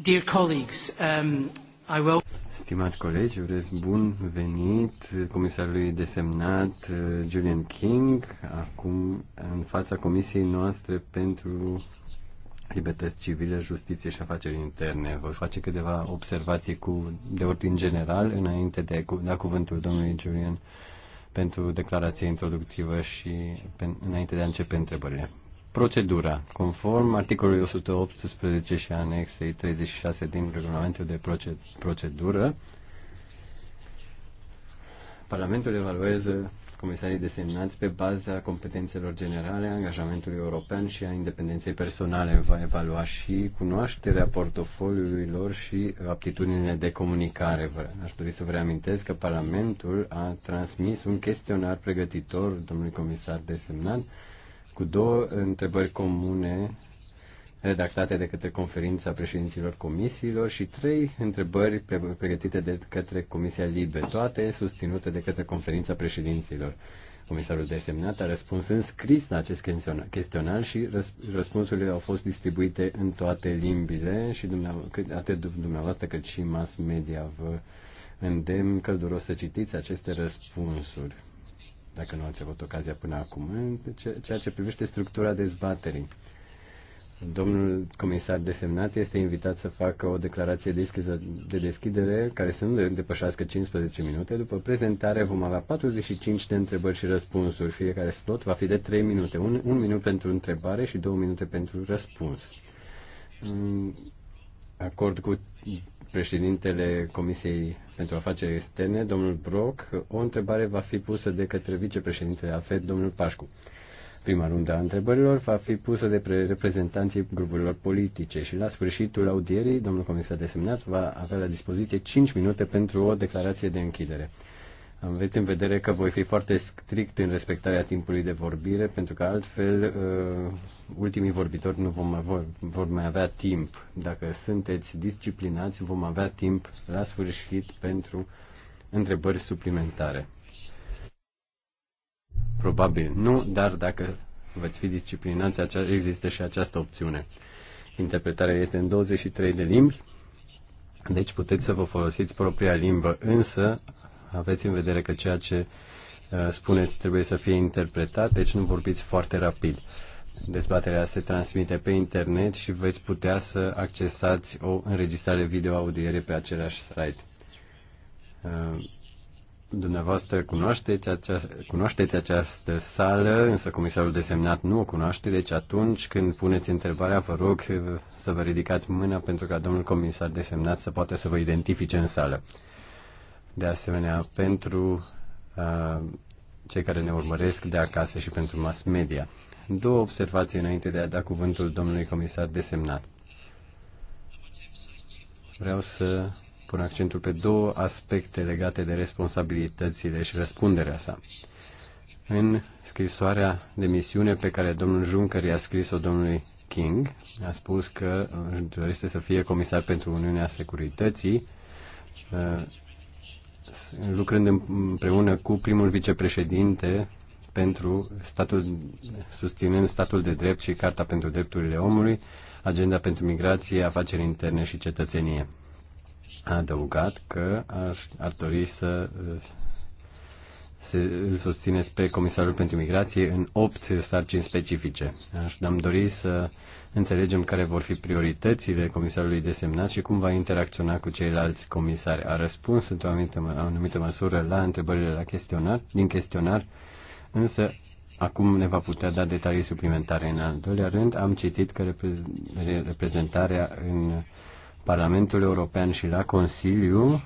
Dear colleagues, um, I will... Stimați colegi, urez bun venit comisarului desemnat uh, Julian King, acum în fața comisiei noastre pentru libertăți civile, justiție și afaceri interne. Voi face câteva observații cu, de ordin general înainte de a da cuvântul domnului Julian pentru declarația introductivă și pe, înainte de a începe întrebările. Procedura. Conform articolului 118 și anexei 36 din regulamentul de procedură, Parlamentul evaluează comisarii desemnați pe baza competențelor generale, angajamentului european și a independenței personale. Va evalua și cunoașterea portofoliului lor și aptitudinile de comunicare. Aș dori să vă reamintesc că Parlamentul a transmis un chestionar pregătitor domnului comisar desemnat cu două întrebări comune redactate de către conferința președinților comisiilor și trei întrebări pregătite de către Comisia Libe, toate susținute de către conferința președinților. Comisarul desemnat a răspuns în scris la acest chestionar și răspunsurile au fost distribuite în toate limbile și atât dumneavoastră cât și mass media vă îndemn călduros să citiți aceste răspunsuri dacă nu ați avut ocazia până acum, în ceea ce privește structura dezbaterii. Domnul comisar desemnat este invitat să facă o declarație de deschidere care să nu depășească 15 minute. După prezentare vom avea 45 de întrebări și răspunsuri. Fiecare slot va fi de 3 minute. Un, un minut pentru întrebare și 2 minute pentru răspuns. În acord cu președintele Comisiei pentru afaceri externe, domnul Broc, o întrebare va fi pusă de către vicepreședintele AFED, domnul Pașcu. Prima rundă a întrebărilor va fi pusă de reprezentanții grupurilor politice și la sfârșitul audierii, domnul comisar desemnat va avea la dispoziție 5 minute pentru o declarație de închidere. Aveți în vedere că voi fi foarte strict în respectarea timpului de vorbire, pentru că altfel uh, ultimii vorbitori nu vom, vor, vor mai avea timp. Dacă sunteți disciplinați, vom avea timp la sfârșit pentru întrebări suplimentare. Probabil nu, dar dacă veți fi disciplinați, există și această opțiune. Interpretarea este în 23 de limbi, deci puteți să vă folosiți propria limbă, însă aveți în vedere că ceea ce uh, spuneți trebuie să fie interpretat, deci nu vorbiți foarte rapid. Dezbaterea se transmite pe internet și veți putea să accesați o înregistrare video-audiere pe același site. Uh, dumneavoastră cunoașteți, acea, cunoașteți această sală, însă comisarul desemnat nu o cunoaște, deci atunci când puneți întrebarea, vă rog uh, să vă ridicați mâna pentru ca domnul comisar desemnat să poată să vă identifice în sală. De asemenea, pentru uh, cei care ne urmăresc de acasă și pentru mass media două observații înainte de a da cuvântul domnului comisar desemnat. Vreau să pun accentul pe două aspecte legate de responsabilitățile și răspunderea sa. În scrisoarea de misiune pe care domnul Juncker i-a scris-o domnului King, a spus că dorește să fie comisar pentru Uniunea Securității, uh, lucrând împreună cu primul vicepreședinte pentru statul, susținând statul de drept și Carta pentru Drepturile Omului, Agenda pentru Migrație, Afaceri Interne și Cetățenie. A adăugat că ar, ar dori să se, îl susțineți pe Comisarul pentru Migrație în opt sarcini specifice. Aș am dori să înțelegem care vor fi prioritățile comisarului desemnat și cum va interacționa cu ceilalți comisari. A răspuns într-o anumită, anumită măsură la întrebările la chestionar, din chestionar Însă, acum ne va putea da detalii suplimentare. În al doilea rând, am citit că reprezentarea în Parlamentul European și la Consiliu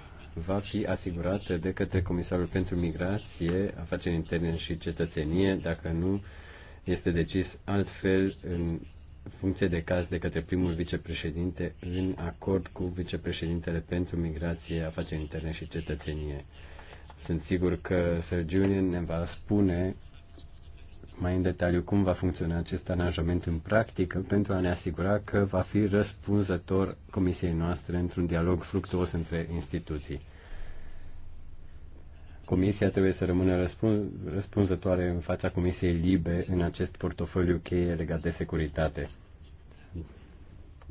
va fi asigurată de către Comisarul pentru Migrație, Afaceri Interne și Cetățenie, dacă nu este decis altfel în funcție de caz de către primul vicepreședinte în acord cu vicepreședintele pentru migrație, afaceri interne și cetățenie. Sunt sigur că Sir Julian ne va spune mai în detaliu cum va funcționa acest aranjament în practică pentru a ne asigura că va fi răspunzător comisiei noastre într-un dialog fructuos între instituții. Comisia trebuie să rămână răspunzătoare în fața Comisiei Libe în acest portofoliu cheie legat de securitate.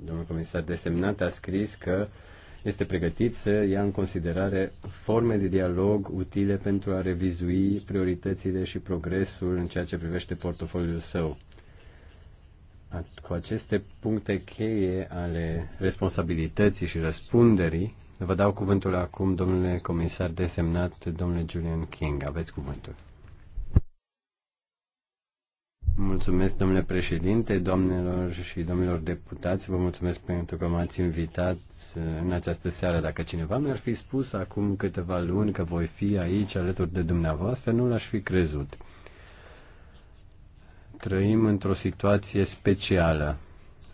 Domnul comisar desemnat a scris că uh, este pregătit să ia în considerare forme de dialog utile pentru a revizui prioritățile și progresul în ceea ce privește portofoliul său. Cu aceste puncte cheie ale responsabilității și răspunderii, vă dau cuvântul acum, domnule comisar desemnat, domnule Julian King. Aveți cuvântul. mulțumesc, domnule președinte, doamnelor și domnilor deputați. Vă mulțumesc pentru că m-ați invitat uh, în această seară. Dacă cineva mi-ar fi spus acum câteva luni că voi fi aici alături de dumneavoastră, nu l-aș fi crezut. Trăim într-o situație specială.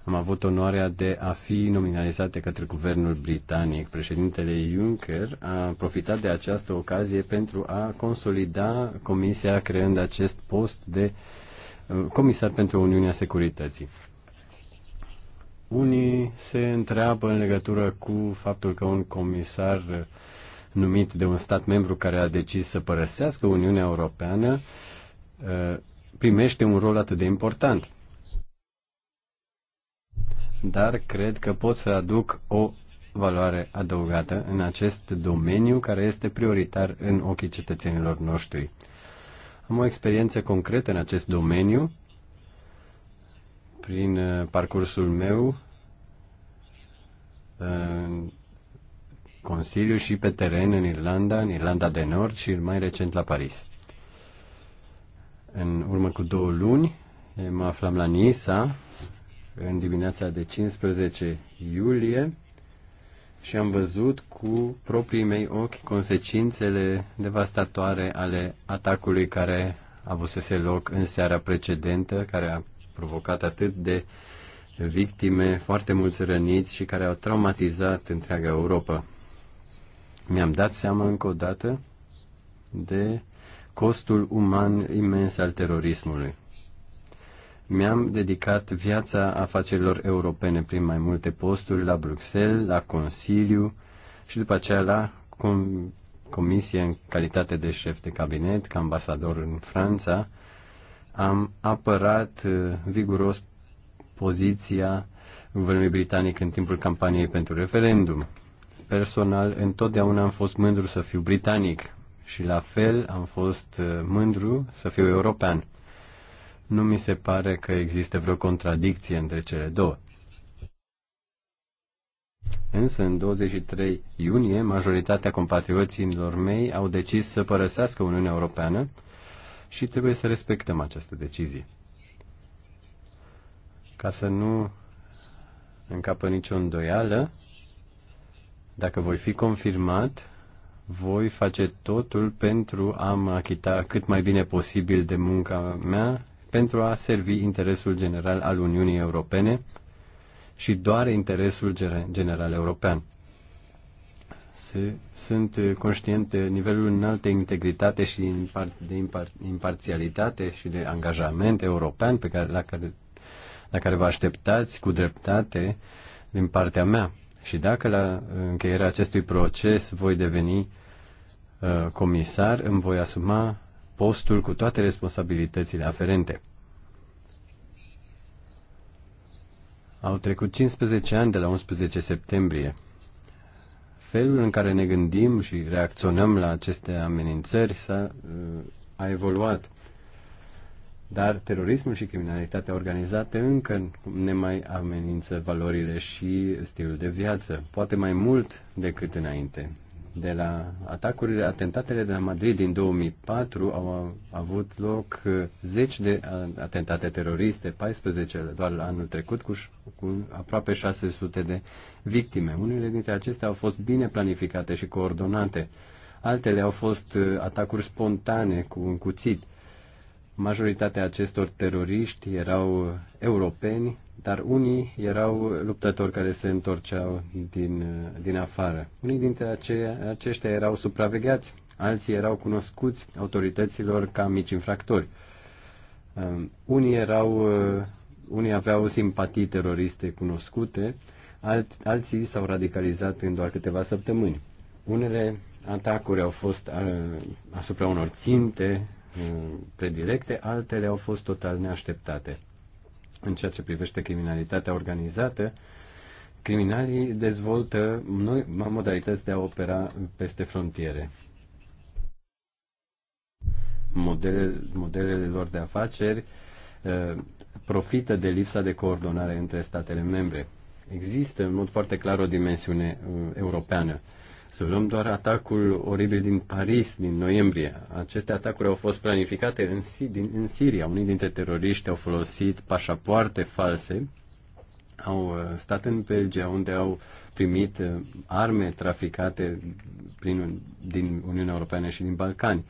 Am avut onoarea de a fi nominalizate către guvernul britanic. Președintele Juncker a profitat de această ocazie pentru a consolida comisia creând acest post de uh, comisar pentru Uniunea Securității. Unii se întreabă în legătură cu faptul că un comisar numit de un stat membru care a decis să părăsească Uniunea Europeană uh, primește un rol atât de important. Dar cred că pot să aduc o valoare adăugată în acest domeniu care este prioritar în ochii cetățenilor noștri. Am o experiență concretă în acest domeniu prin uh, parcursul meu uh, în Consiliu și pe teren în Irlanda, în Irlanda de Nord și mai recent la Paris. În urmă cu două luni mă aflam la Nisa în dimineața de 15 iulie și am văzut cu proprii mei ochi consecințele devastatoare ale atacului care a avusese loc în seara precedentă, care a provocat atât de victime, foarte mulți răniți și care au traumatizat întreaga Europa. Mi-am dat seama încă o dată de costul uman imens al terorismului. Mi-am dedicat viața afacerilor europene prin mai multe posturi la Bruxelles, la Consiliu și după aceea la com- Comisie în calitate de șef de cabinet, ca ambasador în Franța. Am apărat uh, viguros poziția guvernului britanic în timpul campaniei pentru referendum. Personal, întotdeauna am fost mândru să fiu britanic și la fel am fost uh, mândru să fiu european. Nu mi se pare că există vreo contradicție între cele două. Însă, în 23 iunie, majoritatea compatrioților mei au decis să părăsească Uniunea Europeană și trebuie să respectăm această decizie. Ca să nu încapă nicio îndoială, dacă voi fi confirmat, voi face totul pentru a mă achita cât mai bine posibil de munca mea pentru a servi interesul general al Uniunii Europene și doar interesul general european. Sunt conștient de nivelul înalt de integritate și de imparțialitate și de angajament european pe care, la, care, la care vă așteptați cu dreptate din partea mea. Și dacă la încheierea acestui proces voi deveni uh, comisar, îmi voi asuma postul cu toate responsabilitățile aferente. Au trecut 15 ani de la 11 septembrie. Felul în care ne gândim și reacționăm la aceste amenințări s-a, uh, a evoluat. Dar terorismul și criminalitatea organizată încă ne mai amenință valorile și stilul de viață, poate mai mult decât înainte de la atacurile, atentatele de la Madrid din 2004 au avut loc uh, zeci de uh, atentate teroriste, 14 doar anul trecut, cu, cu aproape 600 de victime. Unele dintre acestea au fost bine planificate și coordonate, altele au fost uh, atacuri spontane cu un cuțit. Majoritatea acestor teroriști erau europeni dar unii erau luptători care se întorceau din, din afară. Unii dintre aceia, aceștia erau supravegheați, alții erau cunoscuți autorităților ca mici infractori. Um, unii erau, uh, unii aveau simpatii teroriste cunoscute, alt, alții s-au radicalizat în doar câteva săptămâni. Unele atacuri au fost uh, asupra unor ținte uh, predirecte, altele au fost total neașteptate. În ceea ce privește criminalitatea organizată, criminalii dezvoltă noi modalități de a opera peste frontiere. Modele, modelele lor de afaceri uh, profită de lipsa de coordonare între statele membre. Există în mod foarte clar o dimensiune uh, europeană. Să luăm doar atacul oribil din Paris, din noiembrie. Aceste atacuri au fost planificate în, si- din, în Siria. Unii dintre teroriști au folosit pașapoarte false, au uh, stat în Belgia, unde au primit uh, arme traficate prin, din Uniunea Europeană și din Balcani.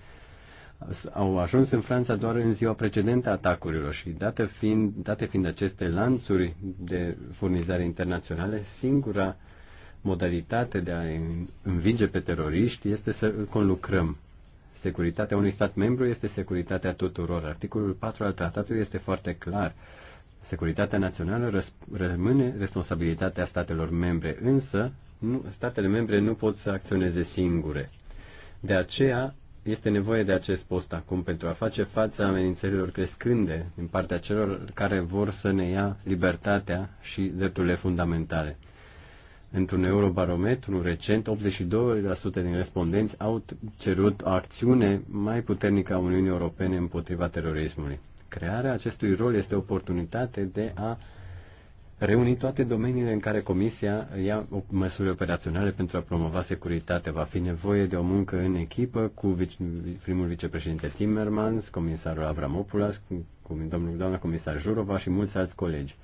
Au ajuns în Franța doar în ziua precedentă a atacurilor și date fiind, date fiind aceste lanțuri de furnizare internaționale, singura uh, modalitate de a învinge pe teroriști este să conlucrăm. Securitatea unui stat membru este securitatea tuturor. Articolul 4 al tratatului este foarte clar. Securitatea națională rămâne responsabilitatea statelor membre, însă nu, statele membre nu pot să acționeze singure. De aceea este nevoie de acest post acum pentru a face față amenințărilor crescânde din partea celor care vor să ne ia libertatea și drepturile fundamentale. Într-un eurobarometru recent, 82% din respondenți au cerut o acțiune mai puternică a Uniunii Europene împotriva terorismului. Crearea acestui rol este o oportunitate de a reuni toate domeniile în care Comisia ia măsuri operaționale pentru a promova securitatea. Va fi nevoie de o muncă în echipă cu primul vicepreședinte Timmermans, comisarul Avramopoulos, cu domnul, doamna comisar Jurova și mulți alți colegi.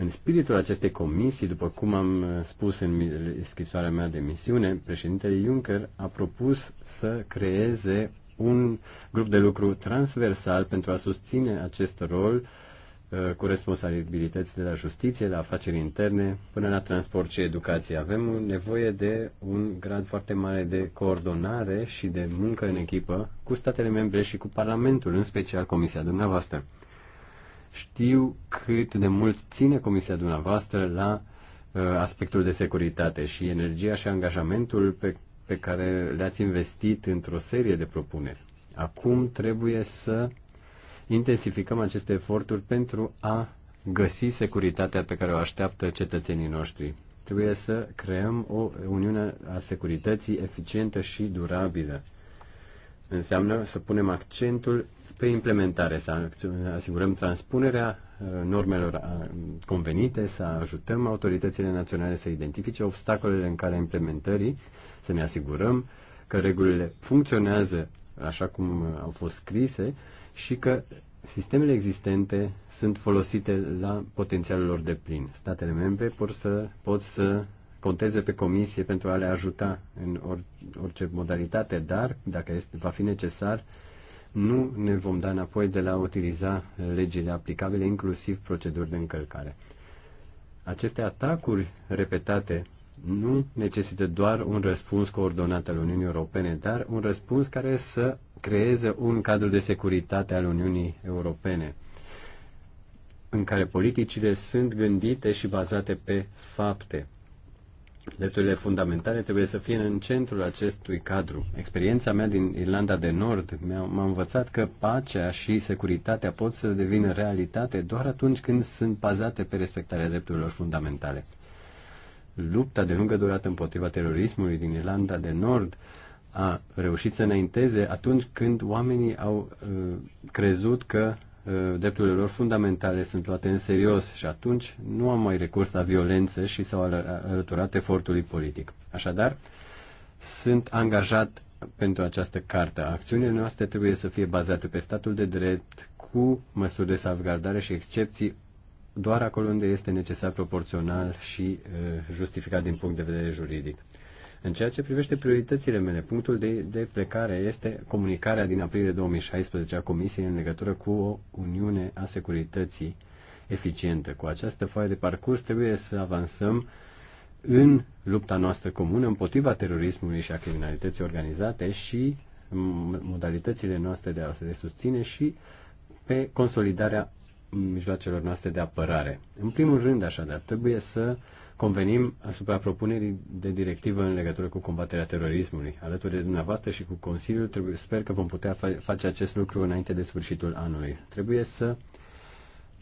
În spiritul acestei comisii, după cum am eh, spus în scrisoarea mea de misiune, președintele Juncker a propus să creeze un grup de lucru transversal pentru a susține acest rol eh, cu responsabilități de la justiție, la afaceri interne, până la transport și educație. Avem nevoie de un grad foarte mare de coordonare și de muncă în echipă cu statele membre și cu Parlamentul, în special Comisia dumneavoastră. Știu cât de mult ține Comisia dumneavoastră la uh, aspectul de securitate și energia și angajamentul pe, pe care le-ați investit într-o serie de propuneri. Acum trebuie să intensificăm aceste eforturi pentru a găsi securitatea pe care o așteaptă cetățenii noștri. Trebuie să creăm o uniune a securității eficientă și durabilă. Înseamnă să punem accentul pe implementare, să asigurăm transpunerea uh, normelor uh, convenite, să ajutăm autoritățile naționale să identifice obstacolele în calea implementării, să ne asigurăm că regulile funcționează așa cum uh, au fost scrise și că sistemele existente sunt folosite la potențialul lor de plin. Statele membre pot să, pot să conteze pe comisie pentru a le ajuta în orice modalitate, dar, dacă este, va fi necesar, uh, nu ne vom da înapoi de la utiliza legile aplicabile, inclusiv proceduri de încălcare. Aceste atacuri repetate nu necesită doar un răspuns coordonat al Uniunii Europene, dar un răspuns care să creeze un cadru de securitate al Uniunii Europene, în care politicile sunt gândite și bazate pe fapte. Drepturile fundamentale trebuie să fie în centrul acestui cadru. Experiența mea din Irlanda de Nord m-a învățat că pacea și securitatea pot să devină realitate doar atunci când sunt bazate pe respectarea drepturilor fundamentale. Lupta de lungă durată împotriva terorismului din Irlanda de Nord a reușit să înainteze atunci când oamenii au uh, crezut că Uh, drepturile lor fundamentale sunt luate în serios și atunci nu am mai recurs la violență și s-au alăturat efortului politic. Așadar, sunt angajat pentru această carte. Acțiunile noastre trebuie să fie bazate pe statul de drept cu măsuri de salvgardare și excepții doar acolo unde este necesar proporțional și uh, justificat din punct de vedere juridic. În ceea ce privește prioritățile mele, punctul de, de plecare este comunicarea din aprilie 2016 a Comisiei în legătură cu o Uniune a Securității eficientă. Cu această foaie de parcurs trebuie să avansăm în lupta noastră comună împotriva terorismului și a criminalității organizate și modalitățile noastre de a le susține și pe consolidarea mijloacelor noastre de apărare. În primul rând, așadar, trebuie să convenim asupra propunerii de directivă în legătură cu combaterea terorismului. Alături de dumneavoastră și cu Consiliul, trebuie, sper că vom putea face acest lucru înainte de sfârșitul anului. Trebuie să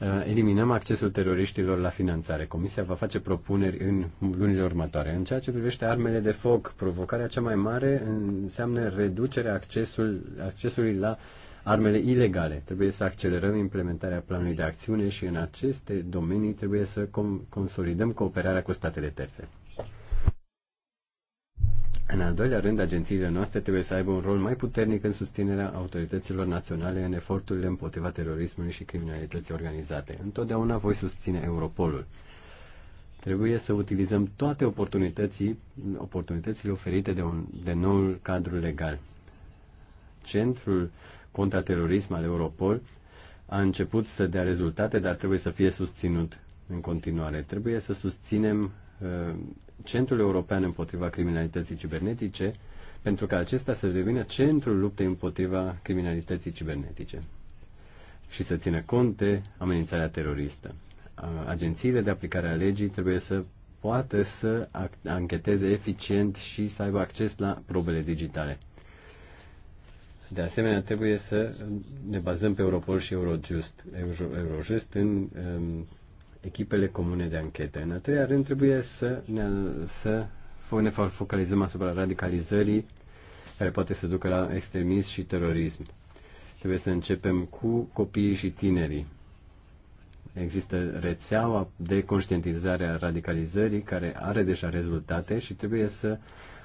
uh, eliminăm accesul teroriștilor la finanțare. Comisia va face propuneri în lunile următoare. În ceea ce privește armele de foc, provocarea cea mai mare înseamnă reducerea accesul, accesului la uh, armele ilegale. Trebuie să accelerăm implementarea planului de acțiune și în aceste domenii trebuie să consolidăm cooperarea cu statele terțe. În al doilea rând, agențiile noastre trebuie să aibă un rol mai puternic în susținerea autorităților naționale în eforturile împotriva terorismului și criminalității organizate. Întotdeauna voi susține Europolul. Trebuie să utilizăm toate oportunității, oportunitățile oferite de, un, de noul cadru legal. Centrul contraterorism al Europol a început să dea rezultate, dar trebuie să fie susținut în continuare. Trebuie să susținem uh, Centrul European împotriva criminalității cibernetice pentru ca acesta să devină centrul luptei împotriva criminalității cibernetice și să țină cont de amenințarea teroristă. Agențiile de aplicare a legii trebuie să poată să ancheteze eficient și să aibă acces la probele digitale. De asemenea, trebuie să ne bazăm pe Europol și Eurojust, Eurojust în um, echipele comune de anchetă. În al treia rând, trebuie să ne, să ne focalizăm asupra radicalizării care poate să ducă la extremism și terorism. Trebuie să începem cu copiii și tinerii. Există rețeaua de conștientizare a radicalizării care are deja rezultate și trebuie să uh,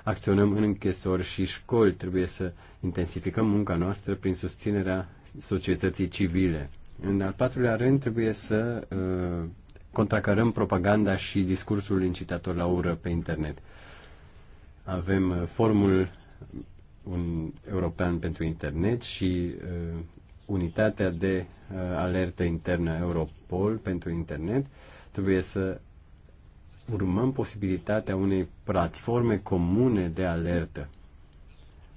acționăm în închisori și școli, trebuie să intensificăm munca noastră prin susținerea societății civile. În al patrulea rând, trebuie să uh, contracarăm propaganda și discursul incitator la ură pe internet. Avem uh, formul un european pentru internet și uh, unitatea de uh, alertă internă Europol pentru internet. Trebuie să urmăm posibilitatea unei platforme comune de alertă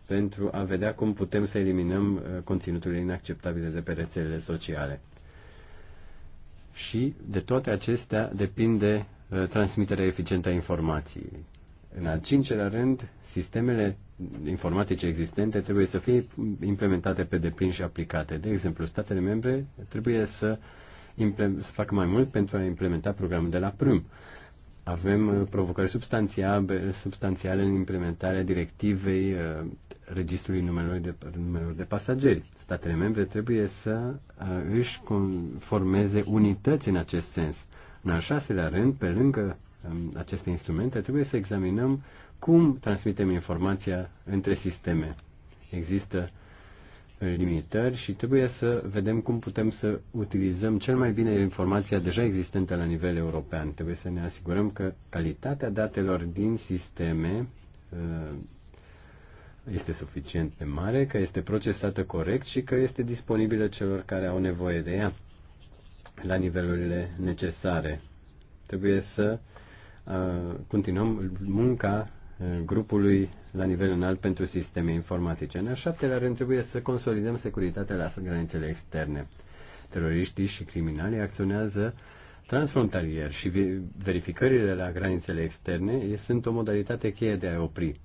pentru a vedea cum putem să eliminăm uh, conținuturile inacceptabile de pe rețelele sociale. Și de toate acestea depinde uh, transmiterea eficientă a informației. În al cincelea rând, sistemele informatice existente trebuie să fie implementate pe deplin și aplicate. De exemplu, statele membre trebuie să, să facă mai mult pentru a implementa programul de la prim avem uh, provocări substanțiale în implementarea directivei uh, registrului numelor de, numelor de pasageri. Statele membre trebuie să uh, își formeze unități în acest sens. În al șaselea rând, pe lângă um, aceste instrumente, trebuie să examinăm cum transmitem informația între sisteme. Există limitări și trebuie să vedem cum putem să utilizăm cel mai bine informația deja existentă la nivel european. Trebuie să ne asigurăm că calitatea datelor din sisteme uh, este suficient de mare, că este procesată corect și că este disponibilă celor care au nevoie de ea la nivelurile necesare. Trebuie să uh, continuăm munca grupului la nivel înalt pentru sisteme informatice. În al șaptelea rând trebuie să consolidăm securitatea la granițele externe. Teroriștii și criminalii acționează transfrontalier și verificările la granițele externe sunt o modalitate cheie de a opri.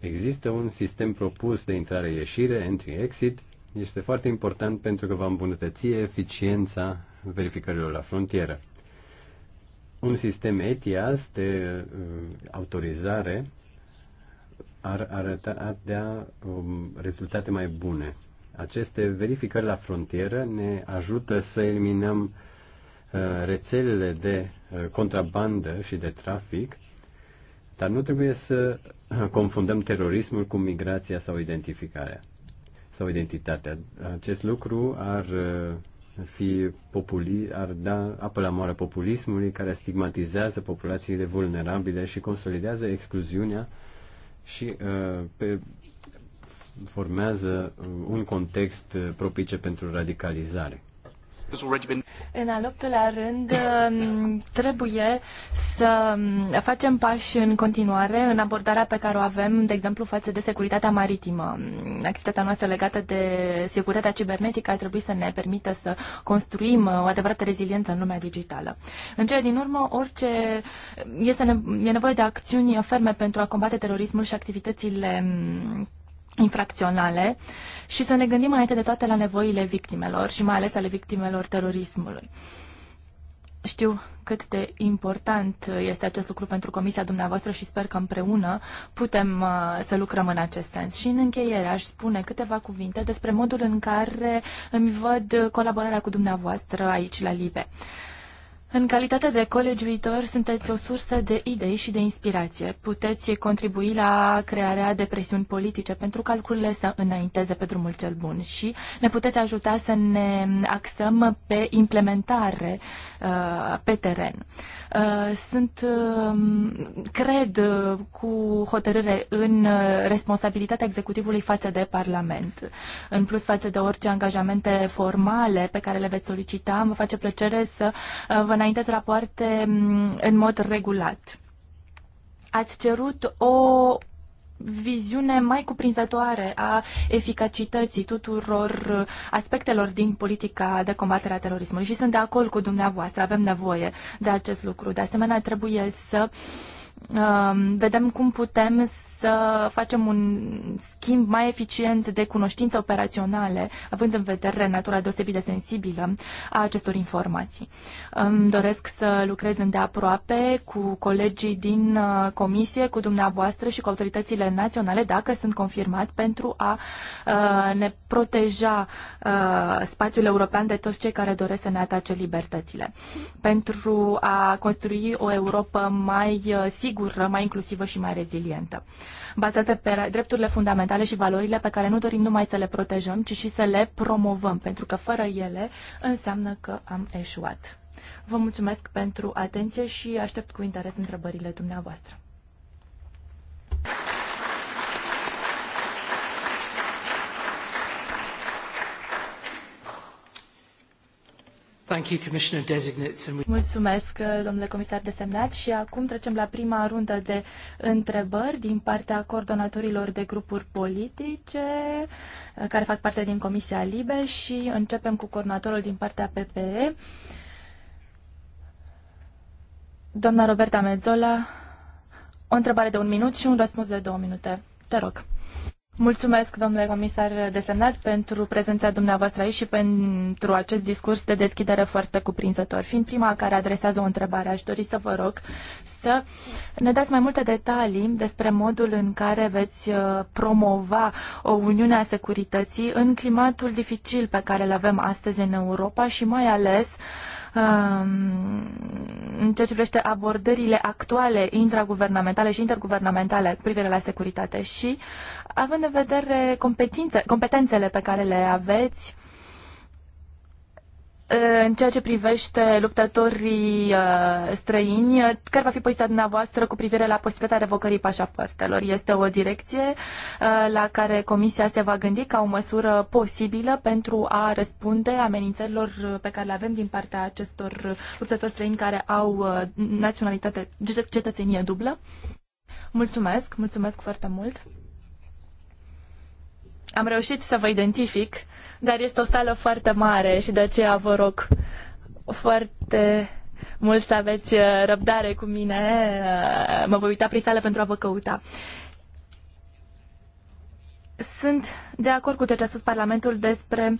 Există un sistem propus de intrare-ieșire, entry-exit, este foarte important pentru că va îmbunătăți eficiența verificărilor la frontieră. Un sistem ETIAS de uh, autorizare ar arăta ar dea um, rezultate mai bune. Aceste verificări la frontieră ne ajută să eliminăm uh, rețelele de uh, contrabandă și de trafic, dar nu trebuie să uh, confundăm terorismul cu migrația sau identificarea sau identitatea. Acest lucru ar uh, fi populi, ar da apă la moară populismului care stigmatizează populațiile vulnerabile și consolidează excluziunea și uh, pe, formează un context propice pentru radicalizare. În al optulea rând, um, trebuie să um, facem pași în continuare în abordarea pe care o avem, de exemplu, față de securitatea maritimă. Um, activitatea noastră legată de securitatea cibernetică ar trebui să ne permită să construim uh, o adevărată reziliență în lumea digitală. În cele din urmă, orice este nevoie de acțiuni ferme pentru a combate terorismul și activitățile infracționale și să ne gândim înainte de toate la nevoile victimelor și mai ales ale victimelor terorismului. Știu cât de important este acest lucru pentru comisia dumneavoastră și sper că împreună putem uh, să lucrăm în acest sens. Și în încheiere aș spune câteva cuvinte despre modul în care îmi văd colaborarea cu dumneavoastră aici la LIBE. În calitate de colegi viitor, sunteți o sursă de idei și de inspirație. Puteți contribui la crearea de presiuni politice pentru calculele să înainteze pe drumul cel bun și ne puteți ajuta să ne axăm pe implementare uh, pe teren. Uh, sunt, um, cred cu hotărâre în responsabilitatea executivului față de Parlament. În plus față de orice angajamente formale pe care le veți solicita, mă face plăcere să uh, vă înaintez rapoarte mm, în mod regulat. Ați cerut o viziune mai cuprinzătoare a eficacității tuturor aspectelor din politica de combatere a terorismului și sunt de acord cu dumneavoastră, avem nevoie de acest lucru. De asemenea, trebuie să um, vedem cum putem să facem un schimb mai eficient de cunoștințe operaționale, având în vedere natura deosebit de sensibilă a acestor informații. Îmi doresc să lucrez îndeaproape cu colegii din uh, comisie, cu dumneavoastră și cu autoritățile naționale, dacă sunt confirmat, pentru a uh, ne proteja uh, spațiul european de toți cei care doresc să ne atace libertățile. Pentru a construi o Europa mai sigură, mai inclusivă și mai rezilientă bazate pe drepturile fundamentale și valorile pe care nu dorim numai să le protejăm, ci și să le promovăm, pentru că fără ele înseamnă că am eșuat. Vă mulțumesc pentru atenție și aștept cu interes întrebările dumneavoastră. Mulțumesc, domnule comisar desemnat. Și acum trecem la prima rundă de întrebări din partea coordonatorilor de grupuri politice care fac parte din Comisia Libe și începem cu coordonatorul din partea PPE. Doamna Roberta Mezzola, o întrebare de un minut și un răspuns de două minute. Te rog. Mulțumesc, domnule comisar desemnat, pentru prezența dumneavoastră aici și pentru acest discurs de deschidere foarte cuprinzător. Fiind prima care adresează o întrebare, aș dori să vă rog să ne dați mai multe detalii despre modul în care veți uh, promova o Uniune a Securității în climatul dificil pe care îl avem astăzi în Europa și mai ales uh, în ceea ce privește abordările actuale intraguvernamentale și interguvernamentale cu privire la securitate și având în vedere competențele pe care le aveți, în ceea ce privește luptătorii uh, străini, care va fi poziția dumneavoastră cu privire la posibilitatea revocării pașapoartelor? Este o direcție uh, la care Comisia se va gândi ca o măsură posibilă pentru a răspunde amenințărilor pe care le avem din partea acestor luptători străini care au uh, naționalitate, cetățenie dublă? Mulțumesc, mulțumesc foarte mult! Am reușit să vă identific dar este o sală foarte mare și de aceea vă rog foarte mult să aveți uh, răbdare cu mine. Uh, mă voi uita prin sală pentru a vă căuta. Sunt de acord cu ceea ce a spus Parlamentul despre uh,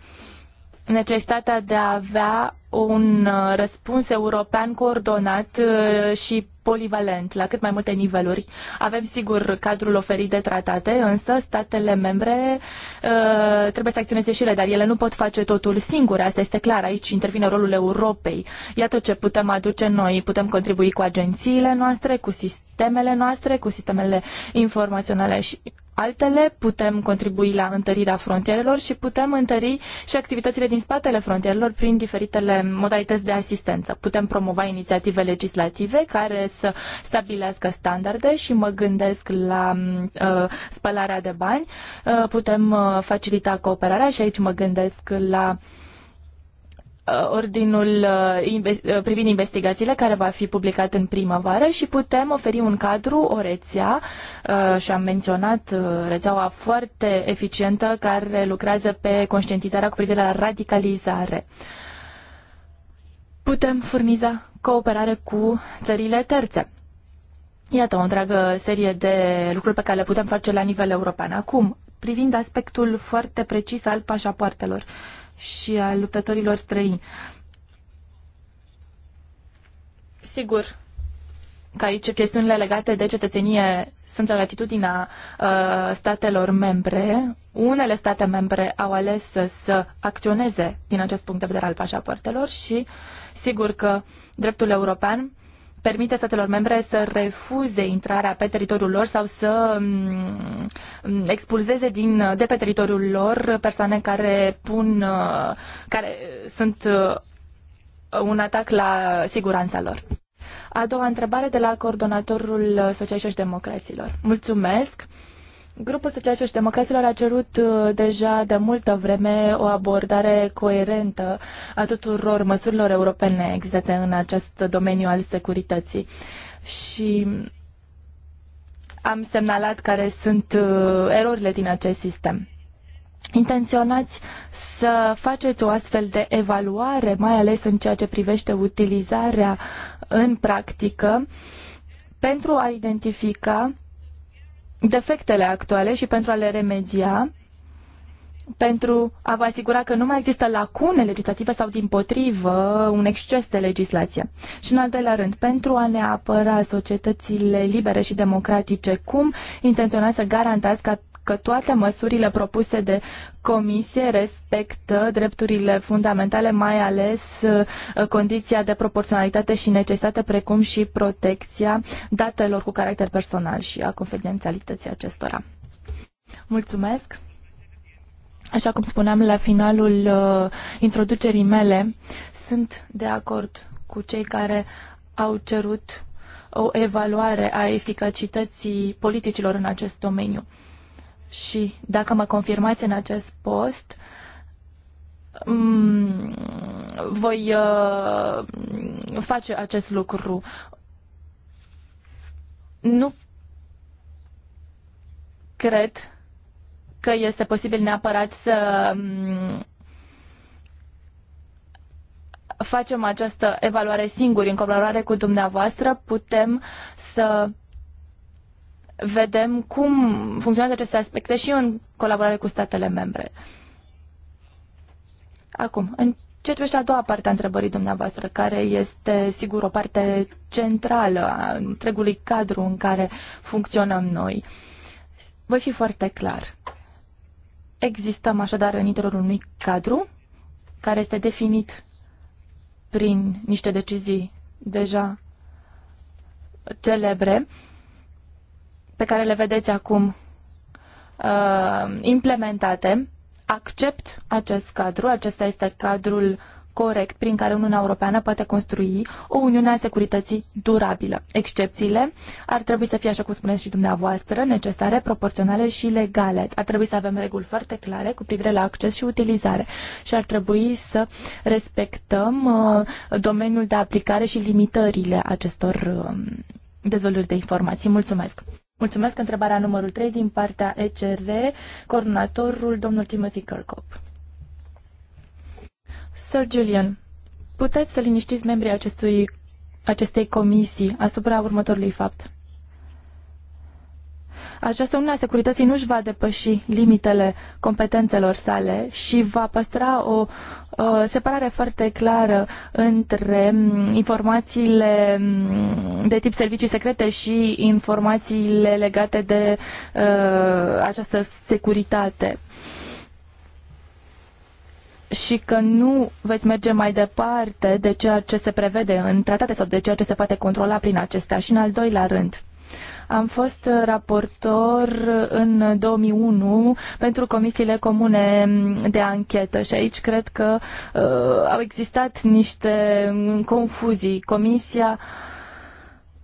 necesitatea de a avea un uh, răspuns european coordonat uh, și polivalent la cât mai multe niveluri. Avem sigur cadrul oferit de tratate, însă statele membre uh, trebuie să acționeze și ele, dar ele nu pot face totul singure, asta este clar, aici intervine rolul Europei. Iată ce putem aduce noi, putem contribui cu agențiile noastre, cu sistemele noastre, cu sistemele informaționale și altele, putem contribui la întărirea frontierelor și putem întări și activitățile din spatele frontierelor prin diferitele modalități de asistență. Putem promova inițiative legislative care să stabilească standarde și mă gândesc la mm, uh, spălarea de bani. Uh, putem uh, facilita cooperarea și aici mă gândesc la uh, Uh, ordinul uh, uh, privind investigațiile care va fi publicat în primăvară și putem oferi un cadru, o rețea și am menționat rețeaua foarte eficientă care lucrează pe conștientizarea cu privire la radicalizare. Putem furniza cooperare cu țările terțe. Iată o întreagă serie de lucruri pe care le putem face la nivel european. Acum, privind aspectul foarte precis al pașapoartelor. Uh, și a luptătorilor străini. Sigur că aici chestiunile legate de cetățenie sunt la latitudinea uh, statelor membre. Unele state membre au ales să, să acționeze din acest punct de vedere al pașapoartelor și sigur că dreptul european permite statelor membre să refuze intrarea pe teritoriul lor sau să mm, mm, expulzeze din, de pe teritoriul lor persoane care pun, uh, care sunt uh, un atac la siguranța lor. A doua întrebare de la coordonatorul Socialiștilor și Democraților. Mulțumesc! Grupul Socialiștilor și Democraților a cerut uh, deja de multă vreme o abordare coerentă a tuturor măsurilor europene existente în acest domeniu al securității. Și am semnalat care sunt uh, erorile din acest sistem. Intenționați să faceți o astfel de evaluare, mai ales în ceea ce privește utilizarea în practică, pentru a identifica defectele actuale și pentru a le remedia, pentru a vă asigura că nu mai există lacune legislative sau, din potrivă, un exces de legislație. Și, în al doilea rând, pentru a ne apăra societățile libere și democratice, cum intenționați să garantați ca că toate măsurile propuse de Comisie respectă drepturile fundamentale, mai ales uh, condiția de proporționalitate și necesitate, precum și protecția datelor cu caracter personal și a confidențialității acestora. Mulțumesc! Așa cum spuneam la finalul uh, introducerii mele, sunt de acord cu cei care au cerut o evaluare a eficacității politicilor în acest domeniu și dacă mă confirmați în acest post, mm, voi uh, face acest lucru. Nu cred că este posibil neapărat să mm, facem această evaluare singuri în colaborare cu dumneavoastră, putem să vedem cum funcționează aceste aspecte și în colaborare cu statele membre. Acum, în ce trebuie a doua parte a întrebării dumneavoastră, care este, sigur, o parte centrală a întregului cadru în care funcționăm noi, voi fi foarte clar. Existăm așadar în interiorul unui cadru care este definit prin niște decizii deja celebre pe care le vedeți acum uh, implementate. Accept acest cadru, acesta este cadrul corect prin care Uniunea Europeană poate construi o Uniune a Securității durabilă. Excepțiile ar trebui să fie, așa cum spuneți și dumneavoastră, necesare, proporționale și legale. Ar trebui să avem reguli foarte clare cu privire la acces și utilizare și ar trebui să respectăm uh, domeniul de aplicare și limitările acestor uh, dezvoltări de informații. Mulțumesc! Mulțumesc. Întrebarea numărul 3 din partea ECR, coordonatorul domnul Timothy Kirkhope. Sir Julian, puteți să liniștiți membrii acestui, acestei comisii asupra următorului fapt. Această Uniune a Securității nu își va depăși limitele competențelor sale și va păstra o separare foarte clară între mm, informațiile mm, de tip servicii secrete și informațiile legate de uh, această securitate și că nu veți merge mai departe de ceea ce se prevede în tratate sau de ceea ce se poate controla prin acestea. Și în al doilea rând, am fost uh, raportor uh, în 2001 pentru comisiile comune mm, de anchetă și aici cred că uh, au existat niște mm, confuzii. Comisia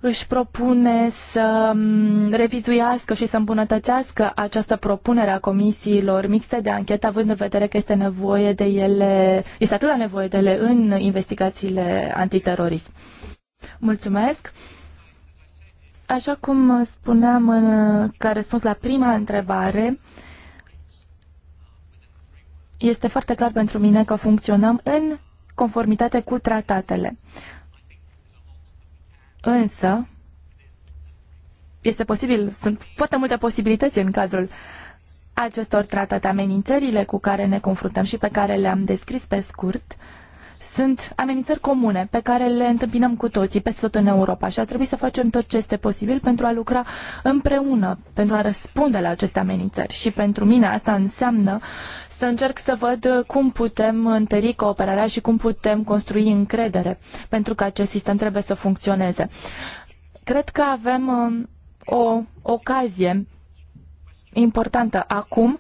își propune să mm, revizuiască și să îmbunătățească această propunere a comisiilor mixte de anchetă, având în vedere că este nevoie de ele, este de nevoie de ele în investigațiile antiterorism. Mulțumesc! Așa cum spuneam în, ca răspuns la prima întrebare, este foarte clar pentru mine că funcționăm în conformitate cu tratatele. Însă, este posibil, sunt foarte multe posibilități în cadrul acestor tratate, amenințările cu care ne confruntăm și pe care le-am descris pe scurt, sunt amenințări comune pe care le întâmpinăm cu toții peste tot în Europa și ar trebui să facem tot ce este posibil pentru a lucra împreună, pentru a răspunde la aceste amenințări. Și pentru mine asta înseamnă să încerc să văd cum putem întări cooperarea și cum putem construi încredere, pentru că acest sistem trebuie să funcționeze. Cred că avem um, o ocazie importantă acum,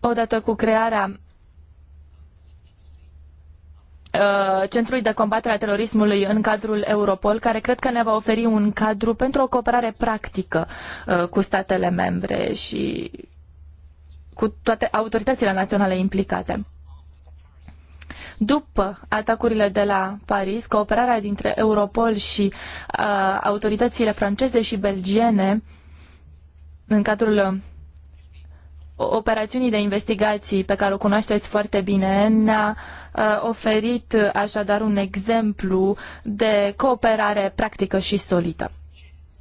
odată cu crearea Uh, Centrului de Combatere a Terorismului în cadrul Europol, care cred că ne va oferi un cadru pentru o cooperare practică uh, cu statele membre și cu toate autoritățile naționale implicate. După atacurile de la Paris, cooperarea dintre Europol și uh, autoritățile franceze și belgiene în cadrul uh, operațiunii de investigații pe care o cunoașteți foarte bine ne-a uh, Uh, oferit uh, așadar un exemplu de cooperare practică și solidă.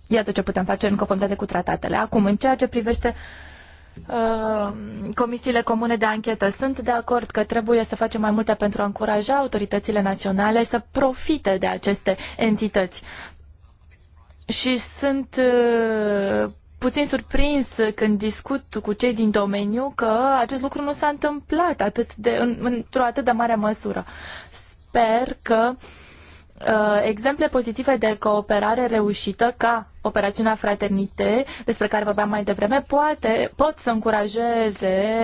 Iată ce putem face în conformitate cu tratatele. Acum, în ceea ce privește uh, comisiile comune de anchetă. Sunt de acord că trebuie să facem mai multe pentru a încuraja autoritățile naționale să profite de aceste entități. Și sunt puțin surprins când discut cu cei din domeniu că acest lucru nu s-a întâmplat atât de, în, într-o atât de mare măsură. Sper că uh, exemple pozitive de cooperare reușită ca operațiunea Fraternite, despre care vorbeam mai devreme, poate, pot să încurajeze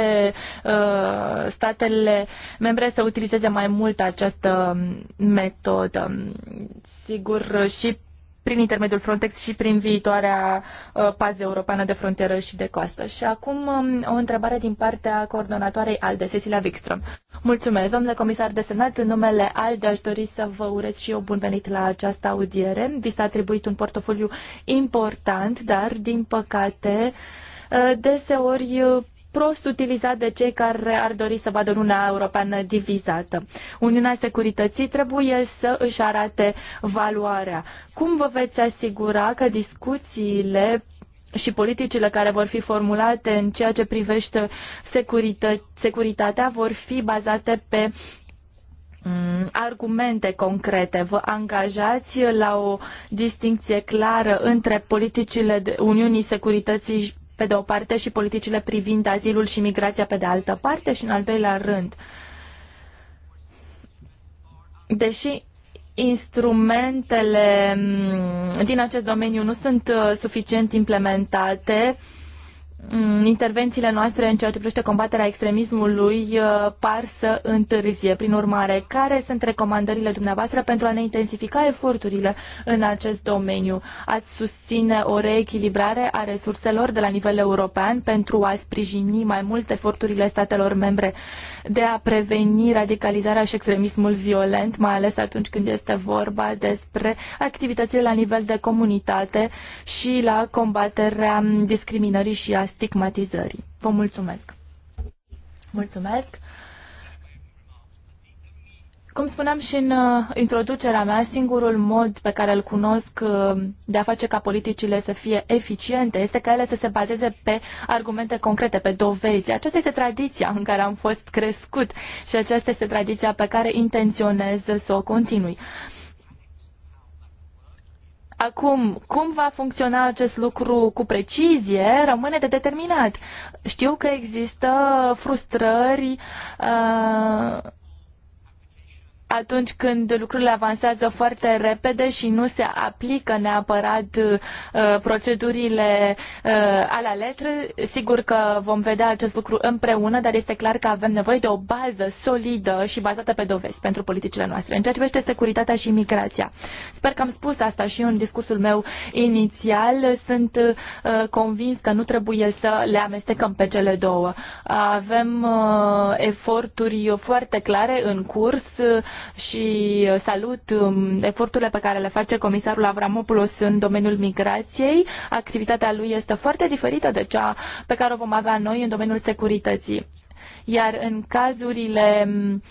uh, statele membre să utilizeze mai mult această metodă. Sigur, și prin intermediul Frontex și prin viitoarea uh, pază europeană de frontieră și de coastă. Și acum um, o întrebare din partea coordonatoarei ALDE, Cecilia Wikström. Mulțumesc, domnule comisar de senat, în numele ALDE aș dori să vă urez și eu bun venit la această audiere. Vi s-a atribuit un portofoliu important, dar din păcate uh, deseori uh, prost utilizat de cei care ar dori să vadă Uniunea Europeană divizată. Uniunea Securității trebuie să își arate valoarea. Cum vă veți asigura că discuțiile și politicile care vor fi formulate în ceea ce privește securită- securitatea vor fi bazate pe mm, argumente concrete. Vă angajați la o distinție clară între politicile Uniunii Securității pe de o parte și politicile privind azilul și migrația pe de altă parte și în al doilea rând. Deși instrumentele mm, din acest domeniu nu sunt uh, suficient implementate, Mm, intervențiile noastre în ceea ce privește combaterea extremismului uh, par să întârzie. Prin urmare, care sunt recomandările dumneavoastră pentru a ne intensifica eforturile în acest domeniu? Ați susține o reechilibrare a resurselor de la nivel european pentru a sprijini mai mult eforturile statelor membre de a preveni radicalizarea și extremismul violent, mai ales atunci când este vorba despre activitățile la nivel de comunitate și la combaterea discriminării și a stigmatizării. Vă mulțumesc! Mulțumesc! Cum spuneam și în uh, introducerea mea, singurul mod pe care îl cunosc uh, de a face ca politicile să fie eficiente este ca ele să se bazeze pe argumente concrete, pe dovezi. Aceasta este tradiția în care am fost crescut și aceasta este tradiția pe care intenționez să o continui. Acum, cum va funcționa acest lucru cu precizie rămâne de determinat. Știu că există frustrări uh, atunci când lucrurile avansează foarte repede și nu se aplică neapărat uh, procedurile uh, a la letră. Sigur că vom vedea acest lucru împreună, dar este clar că avem nevoie de o bază solidă și bazată pe dovezi pentru politicile noastre. În ceea ce privește securitatea și migrația. Sper că am spus asta și în discursul meu inițial. Sunt uh, convins că nu trebuie să le amestecăm pe cele două. Avem uh, eforturi foarte clare în curs. Uh, și uh, salut um, eforturile pe care le face comisarul Avramopoulos în domeniul migrației. Activitatea lui este foarte diferită de cea pe care o vom avea noi în domeniul securității. Iar în cazurile um,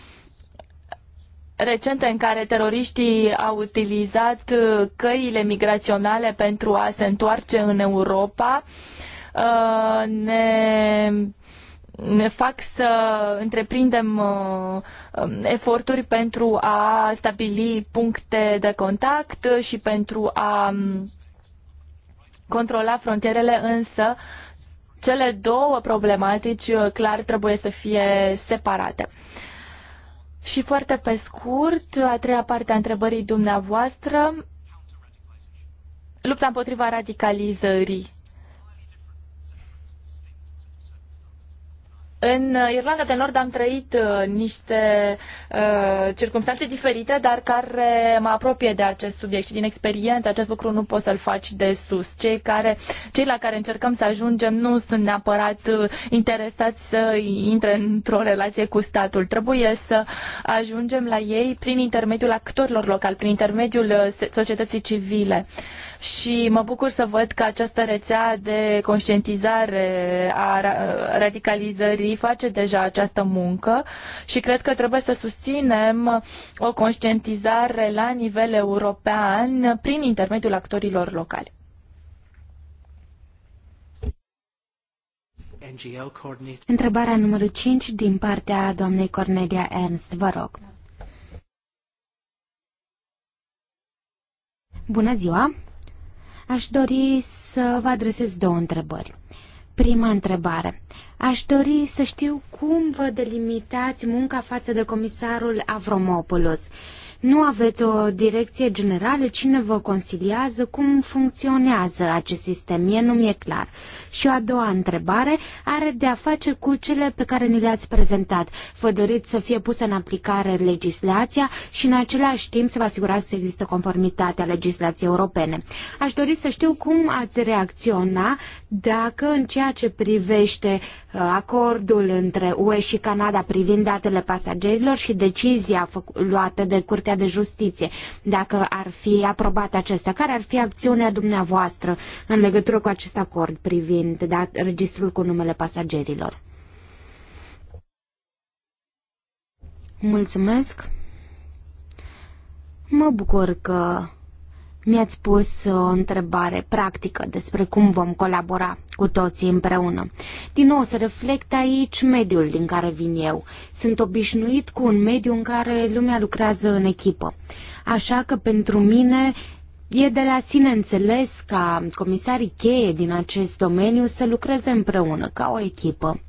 recente în care teroriștii au utilizat uh, căile migraționale pentru a se întoarce în Europa, uh, ne ne fac să întreprindem uh, um, eforturi pentru a stabili puncte de contact și pentru a um, controla frontierele, însă cele două problematici uh, clar trebuie să fie separate. Și foarte pe scurt, a treia parte a întrebării dumneavoastră, lupta împotriva radicalizării. În Irlanda de Nord am trăit uh, niște uh, circunstanțe diferite, dar care mă apropie de acest subiect și din experiență acest lucru nu poți să-l faci de sus. Cei, care, cei la care încercăm să ajungem nu sunt neapărat uh, interesați să intre într-o relație cu statul. Trebuie să ajungem la ei prin intermediul actorilor locali, prin intermediul uh, societății civile. Uh, și mă bucur să văd că această rețea de conștientizare a radicalizării face deja această muncă și cred că trebuie să susținem o conștientizare la nivel european prin intermediul actorilor locali. Întrebarea numărul 5 din partea doamnei Cornelia Ernst, vă rog. Bună ziua! Aș dori să vă adresez două întrebări. Prima întrebare. Aș dori să știu cum vă delimitați munca față de comisarul Avromopoulos. Nu aveți o direcție generală? Cine vă consiliază? Cum funcționează acest sistem? Mie nu mi-e clar. Uh, și o a doua întrebare are de a face cu cele pe care ni le-ați prezentat. Vă doriți să fie pusă în aplicare legislația și în același timp să vă asigurați că există conformitatea legislației europene. Aș dori să știu cum ați reacționa dacă în ceea ce privește uh, acordul între UE și Canada privind datele pasagerilor și decizia luată de Curtea de Justiție, dacă ar fi aprobat acesta, care ar fi acțiunea dumneavoastră în legătură cu acest acord privind dat, registrul cu numele pasagerilor? Mulțumesc! Mă bucur că mi-ați pus o întrebare practică despre cum vom colabora cu toții împreună. Din nou, se reflectă aici mediul din care vin eu. Sunt obișnuit cu un mediu în care lumea lucrează în echipă. Așa că pentru mine E de la sine înțeles ca comisarii cheie din acest domeniu să lucreze împreună, ca o echipă.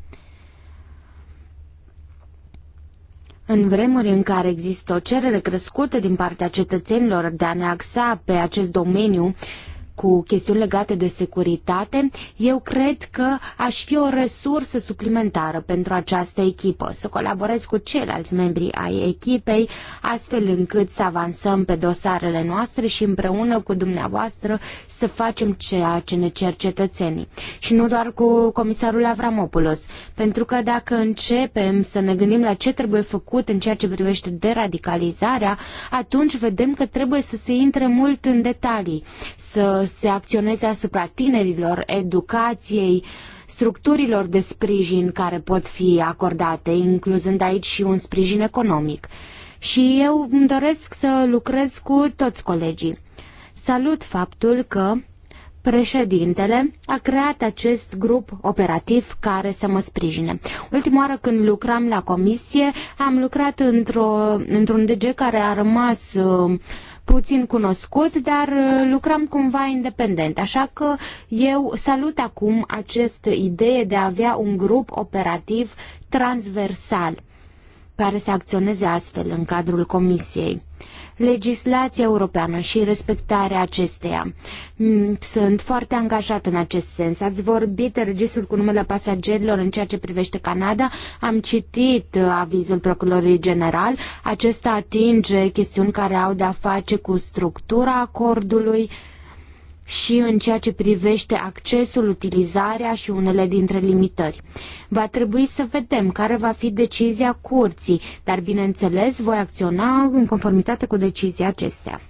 În vremuri în care există o cerere crescută din partea cetățenilor de a ne axa pe acest domeniu cu chestiuni legate de securitate, eu cred că aș fi o resursă suplimentară pentru această echipă, să colaborez cu ceilalți membri ai echipei, astfel încât să avansăm pe dosarele noastre și împreună cu dumneavoastră să facem ceea ce ne cer cetățenii. Și nu doar cu comisarul Avramopoulos, pentru că dacă începem să ne gândim la ce trebuie făcut în ceea ce privește deradicalizarea, atunci vedem că trebuie să se intre mult în detalii, să se acționeze asupra tinerilor, educației, structurilor de sprijin care pot fi acordate, incluzând aici și un sprijin economic. Și eu îmi doresc să lucrez cu toți colegii. Salut faptul că președintele a creat acest grup operativ care să mă sprijine. Ultima oară când lucram la comisie, am lucrat într-un într, DG care a rămas uh, puțin cunoscut, dar uh, lucram cumva independent. Așa că eu salut acum această idee de a avea un grup operativ transversal care să acționeze astfel în cadrul comisiei legislația europeană și respectarea acesteia. Mm, sunt foarte angajat în acest sens. Ați vorbit de registrul cu numele pasagerilor în ceea ce privește Canada. Am citit uh, avizul Procurorului General. Acesta atinge chestiuni care au de-a face cu structura acordului, uh, și în ceea ce privește accesul, utilizarea și unele dintre limitări. Va trebui să vedem care va fi decizia curții, dar bineînțeles voi acționa în conformitate cu decizia acestea.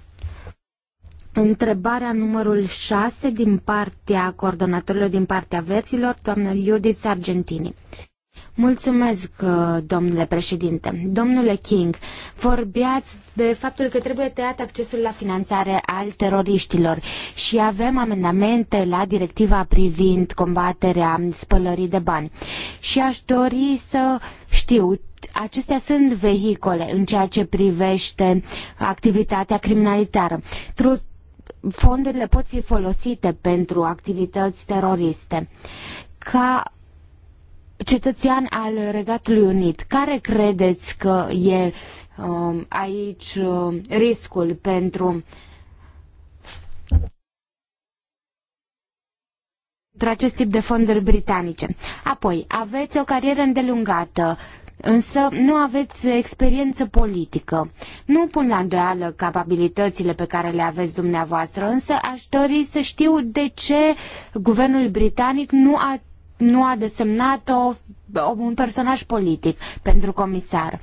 Întrebarea numărul 6 din partea coordonatorilor din partea versilor, doamna Judith Argentini. Mulțumesc, uh, domnule președinte. Domnule King, vorbeați de faptul că trebuie tăiat accesul la finanțare al teroriștilor și avem amendamente la directiva privind combaterea spălării de bani. Și aș dori să știu acestea sunt vehicole în ceea ce privește activitatea criminalitară. Fondurile pot fi folosite pentru activități teroriste. Ca cetățean al Regatului Unit, care credeți că e um, aici um, riscul pentru pentru acest tip de fonduri britanice. Apoi, aveți o carieră îndelungată, însă nu aveți experiență politică. Nu pun la îndoială capabilitățile pe care le aveți dumneavoastră, însă aș dori să știu de ce guvernul britanic nu a nu a desemnat-o un personaj politic pentru comisar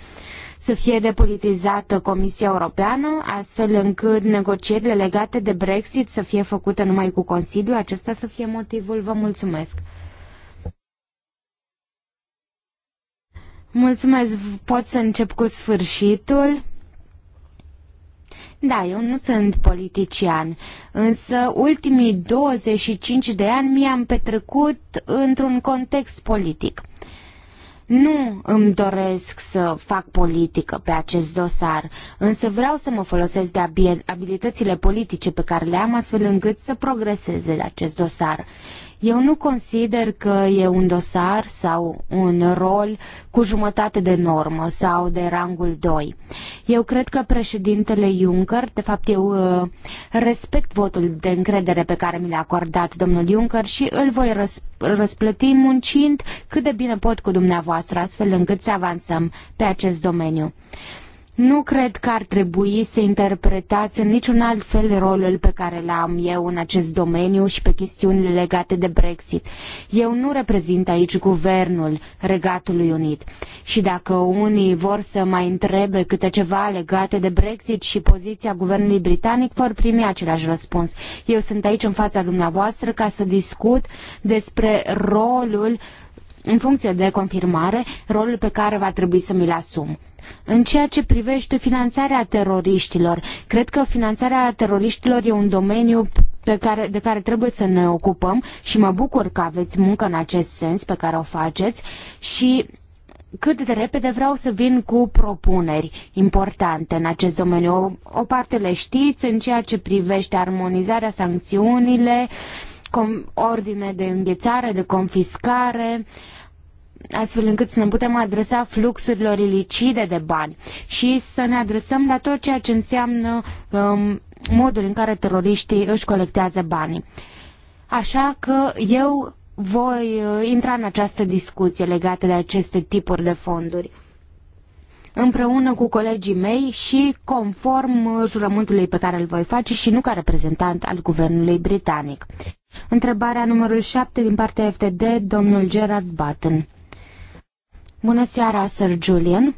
să fie depolitizată Comisia Europeană, astfel încât negocierile legate de Brexit să fie făcute numai cu Consiliu. Acesta să fie motivul. Vă mulțumesc. Mulțumesc. Pot să încep cu sfârșitul. Da, eu nu sunt politician, însă ultimii 25 de ani mi-am petrecut într-un context politic. Nu îmi doresc să fac politică pe acest dosar, însă vreau să mă folosesc de abilitățile politice pe care le am astfel încât să progreseze acest dosar. Eu nu consider că e un dosar sau un rol cu jumătate de normă sau de rangul 2. Eu cred că președintele Juncker, de fapt eu uh, respect votul de încredere pe care mi l-a acordat domnul Juncker și îl voi răsplăti muncind cât de bine pot cu dumneavoastră, astfel încât să avansăm pe acest domeniu. Nu cred că ar trebui să interpretați în niciun alt fel rolul pe care l-am eu în acest domeniu și pe chestiunile legate de Brexit. Eu nu reprezint aici guvernul Regatului Unit. Și dacă unii vor să mai întrebe câte ceva legate de Brexit și poziția guvernului britanic, vor primi același răspuns. Eu sunt aici în fața dumneavoastră ca să discut despre rolul, în funcție de confirmare, rolul pe care va trebui să mi-l asum. În ceea ce privește finanțarea teroriștilor, cred că finanțarea teroriștilor e un domeniu pe care, de care trebuie să ne ocupăm și mă bucur că aveți muncă în acest sens pe care o faceți și cât de repede vreau să vin cu propuneri importante în acest domeniu. O, o parte le știți în ceea ce privește armonizarea sancțiunile, com, ordine de înghețare, de confiscare, uh, astfel încât să ne putem adresa fluxurilor ilicide de bani și să ne adresăm la tot ceea ce înseamnă um, modul în care teroriștii își colectează banii. Așa că eu voi uh, intra în această discuție legată de aceste tipuri de fonduri împreună cu colegii mei și conform uh, jurământului pe care îl voi face și nu ca reprezentant al guvernului britanic. Întrebarea numărul 7 din partea FTD, domnul Gerard Batten. Bună seara, Sir Julian.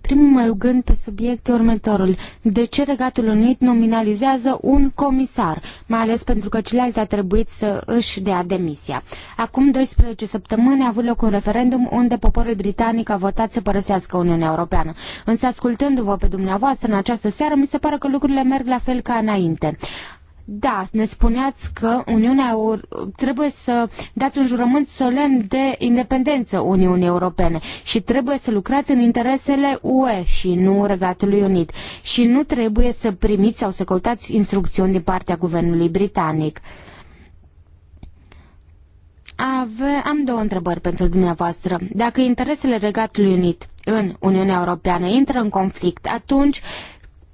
Primul meu gând pe subiect e următorul. De ce Regatul Unit nominalizează un comisar, mai ales pentru că celălalt a trebuit să își dea demisia? Acum 12 săptămâni a avut loc un referendum unde poporul britanic a votat să părăsească Uniunea Europeană. Însă ascultându-vă pe dumneavoastră în această seară, mi se pare că lucrurile merg la fel ca înainte. Da, ne spuneați că Uniunea Euro- trebuie să dați un jurământ solemn de independență Uniunii Europene și trebuie să lucrați în interesele UE și nu Regatului Unit și nu trebuie să primiți sau să căutați instrucțiuni din partea guvernului britanic. Ave, am două întrebări pentru dumneavoastră. Dacă interesele Regatului Unit în Uniunea Europeană intră în conflict, atunci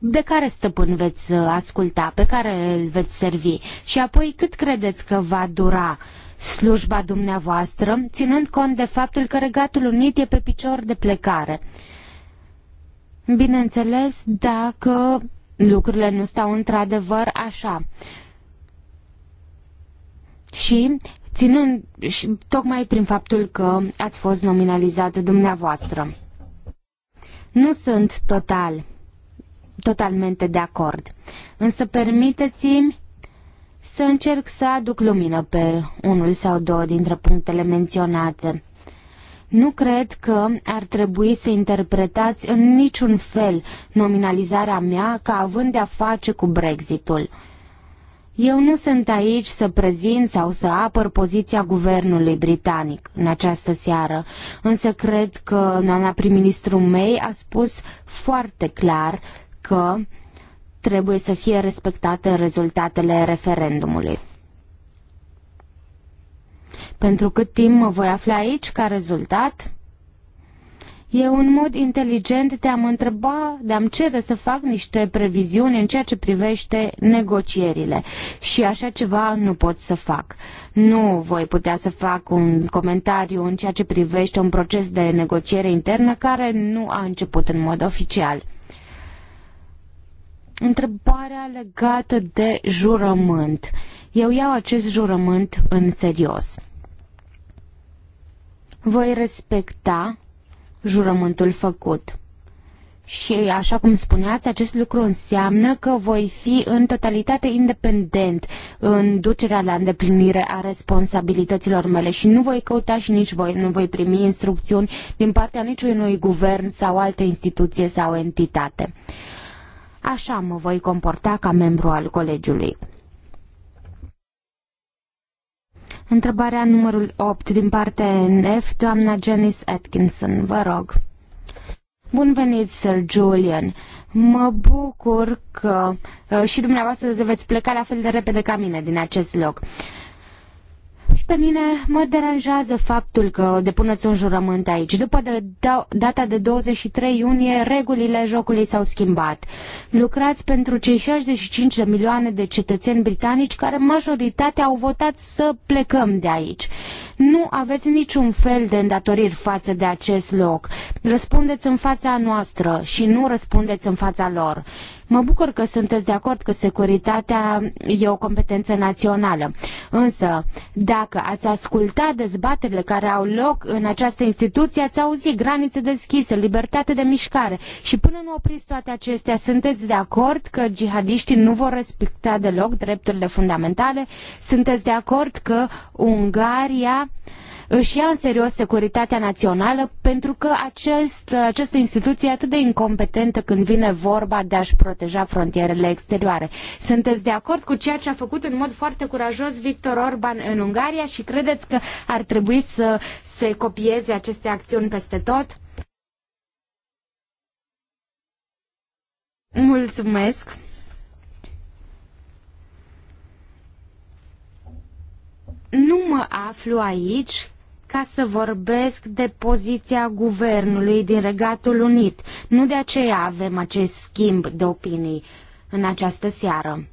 de care stăpân veți uh, asculta, pe care îl veți servi și apoi cât credeți că va dura slujba dumneavoastră, ținând cont de faptul că Regatul Unit e pe picior de plecare. Bineînțeles, dacă lucrurile nu stau într-adevăr așa. Și ținând și tocmai prin faptul că ați fost nominalizat dumneavoastră. Nu sunt total totalmente de acord. Însă permiteți-mi să încerc să aduc lumină pe unul sau două dintre punctele menționate. Nu cred că ar trebui să interpretați în niciun fel nominalizarea mea ca având de-a face cu Brexitul. Eu nu sunt aici să prezint sau să apăr poziția guvernului britanic în această seară, însă cred că doamna prim-ministru May a spus foarte clar că trebuie să fie respectate rezultatele referendumului. Pentru cât timp mă voi afla aici ca rezultat? E un mod inteligent de a-mi întreba, de a-mi cere să fac niște previziuni în ceea ce privește negocierile. Și așa ceva nu pot să fac. Nu voi putea să fac un comentariu în ceea ce privește un proces de negociere internă care nu a început în mod oficial. Întrebarea legată de jurământ. Eu iau acest jurământ în serios. Voi respecta jurământul făcut. Și, așa cum spuneați, acest lucru înseamnă că voi fi în totalitate independent în ducerea la îndeplinire a responsabilităților mele și nu voi căuta și nici voi, nu voi primi instrucțiuni din partea niciunui guvern sau alte instituție sau entitate. Așa mă voi comporta ca membru al colegiului. Întrebarea numărul 8 din partea NF, doamna Janice Atkinson, vă rog. Bun venit, Sir Julian. Mă bucur că uh, și dumneavoastră veți pleca la fel de repede ca mine din acest loc. Uh, și pe mine mă deranjează faptul că depuneți un jurământ aici. După de da, data de 23 iunie, regulile jocului s-au schimbat. Lucrați pentru cei 65 de milioane de cetățeni britanici care majoritatea au votat să plecăm de aici. Nu aveți niciun fel de îndatoriri față de acest loc. Răspundeți în fața noastră și nu răspundeți în fața lor. Mă bucur că sunteți de acord că securitatea e o competență națională. Însă, dacă ați ascultat dezbaterile care au loc în această instituție, ați auzit granițe deschise, libertate de mișcare și până nu opriți toate acestea, sunteți de acord că jihadiștii nu vor respecta deloc drepturile fundamentale? Sunteți de acord că Ungaria uh, își ia în serios securitatea națională pentru că acest, această instituție e atât de incompetentă când vine vorba de a-și proteja frontierele exterioare. Sunteți de acord cu ceea ce a făcut în mod foarte curajos Victor Orban în Ungaria și credeți că ar trebui să se copieze aceste acțiuni peste tot? Mulțumesc! Nu mă aflu aici ca să vorbesc de poziția guvernului din Regatul Unit. Nu de aceea avem acest schimb de opinii în această seară.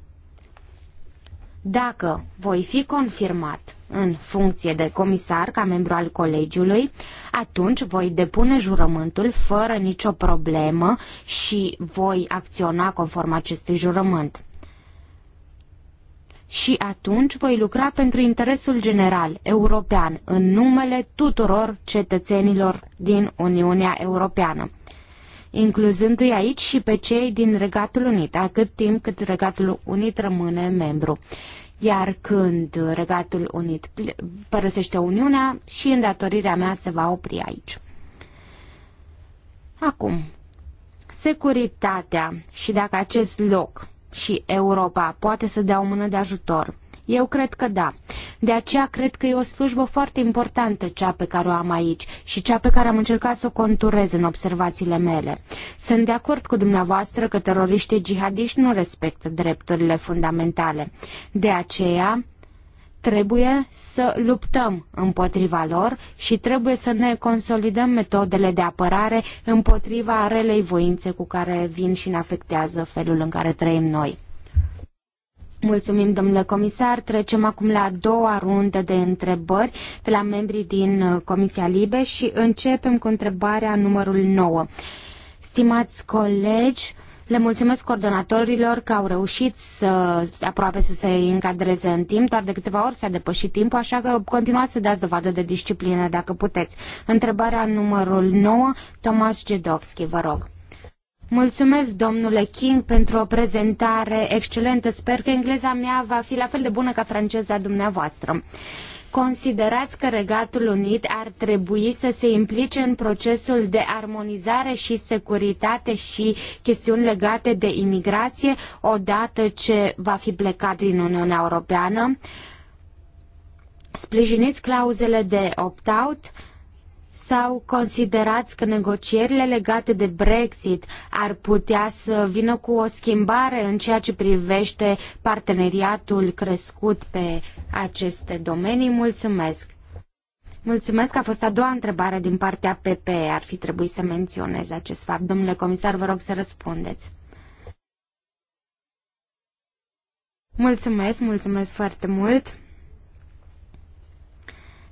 Dacă voi fi confirmat în funcție de comisar ca membru al colegiului, atunci voi depune jurământul fără nicio problemă și voi acționa conform acestui jurământ și atunci voi lucra pentru interesul general european în numele tuturor cetățenilor din Uniunea Europeană, incluzându-i aici și pe cei din Regatul Unit, atât timp cât Regatul Unit rămâne membru. Iar când Regatul Unit părăsește Uniunea și îndatorirea mea se va opri aici. Acum, securitatea și dacă acest loc și Europa poate să dea o mână de ajutor? Eu cred că da. De aceea cred că e o slujbă foarte importantă cea pe care o am aici și cea pe care am încercat să o conturez în observațiile mele. Sunt de acord cu dumneavoastră că teroriștii jihadiști nu respectă drepturile fundamentale. De aceea Trebuie să luptăm împotriva lor și trebuie să ne consolidăm metodele de apărare împotriva relei voințe cu care vin și ne afectează felul în care trăim noi. Mulțumim, domnule comisar. Trecem acum la a doua rundă de întrebări de la membrii din uh, Comisia Libe și începem cu întrebarea numărul 9. Stimați colegi, le mulțumesc coordonatorilor că au reușit să aproape să se încadreze în timp, doar de câteva ori s-a depășit timpul, așa că continuați să dați dovadă de disciplină dacă puteți. Întrebarea numărul 9, Tomas Gedovski, vă rog. Mulțumesc, domnule King, pentru o prezentare excelentă. Sper că engleza mea va fi la fel de bună ca franceza dumneavoastră. Uh, Considerați că Regatul Unit ar trebui să se implice în procesul de armonizare și securitate și chestiuni legate de imigrație odată ce va fi plecat din Uniunea Europeană? Sprijiniți clauzele de opt-out? Sau considerați că negocierile legate de Brexit ar putea să vină cu o schimbare în ceea ce privește parteneriatul crescut pe aceste domenii? Mulțumesc! Mulțumesc, a fost a doua întrebare din partea PP. Ar fi trebuit să menționez acest fapt. Domnule comisar, vă rog să răspundeți. Mulțumesc, mulțumesc foarte mult.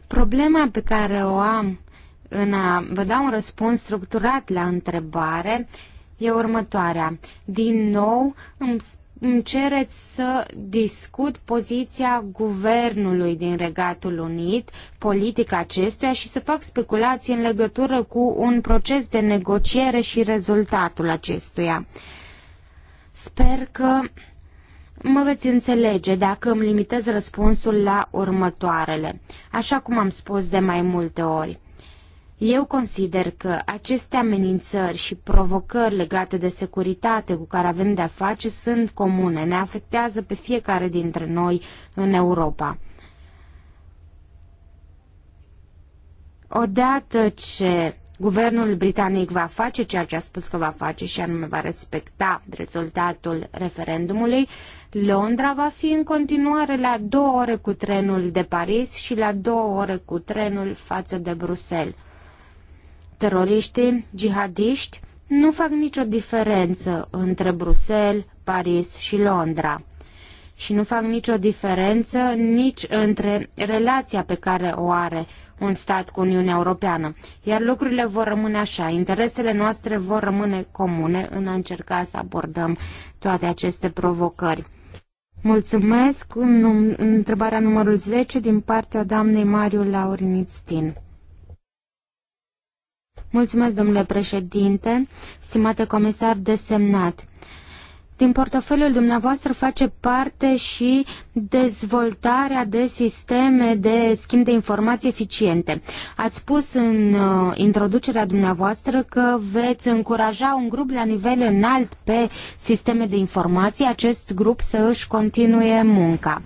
Problema pe care o am în a vă da un răspuns structurat la întrebare e următoarea. Din nou, îmi, îmi cereți să discut poziția guvernului din Regatul Unit, politica acestuia și să fac speculații în legătură cu un proces de negociere și rezultatul acestuia. Sper că Mă veți înțelege dacă îmi limitez răspunsul la următoarele, așa cum am spus de mai multe ori. Eu consider că aceste amenințări și provocări legate de securitate cu care avem de-a face sunt comune, ne afectează pe fiecare dintre noi în Europa. Odată ce guvernul britanic va face ceea ce a spus că va face și anume va respecta rezultatul referendumului, Londra va fi în continuare la două ore cu trenul de Paris și la două ore cu trenul față de Bruxelles teroriști, jihadiști, nu fac nicio diferență între Bruxelles, Paris și Londra și nu fac nicio diferență nici între relația pe care o are un stat cu Uniunea Europeană. Iar lucrurile vor rămâne așa, interesele noastre vor rămâne comune în a încerca să abordăm toate aceste provocări. Mulțumesc. Întrebarea numărul 10 din partea doamnei Mariu Laurinistin. Mulțumesc, domnule președinte, stimate comisar desemnat. Din portofeliul dumneavoastră face parte și dezvoltarea de sisteme de schimb de informații eficiente. Ați spus în uh, introducerea dumneavoastră că veți încuraja un grup la nivel înalt pe sisteme de informații, acest grup să își continue munca.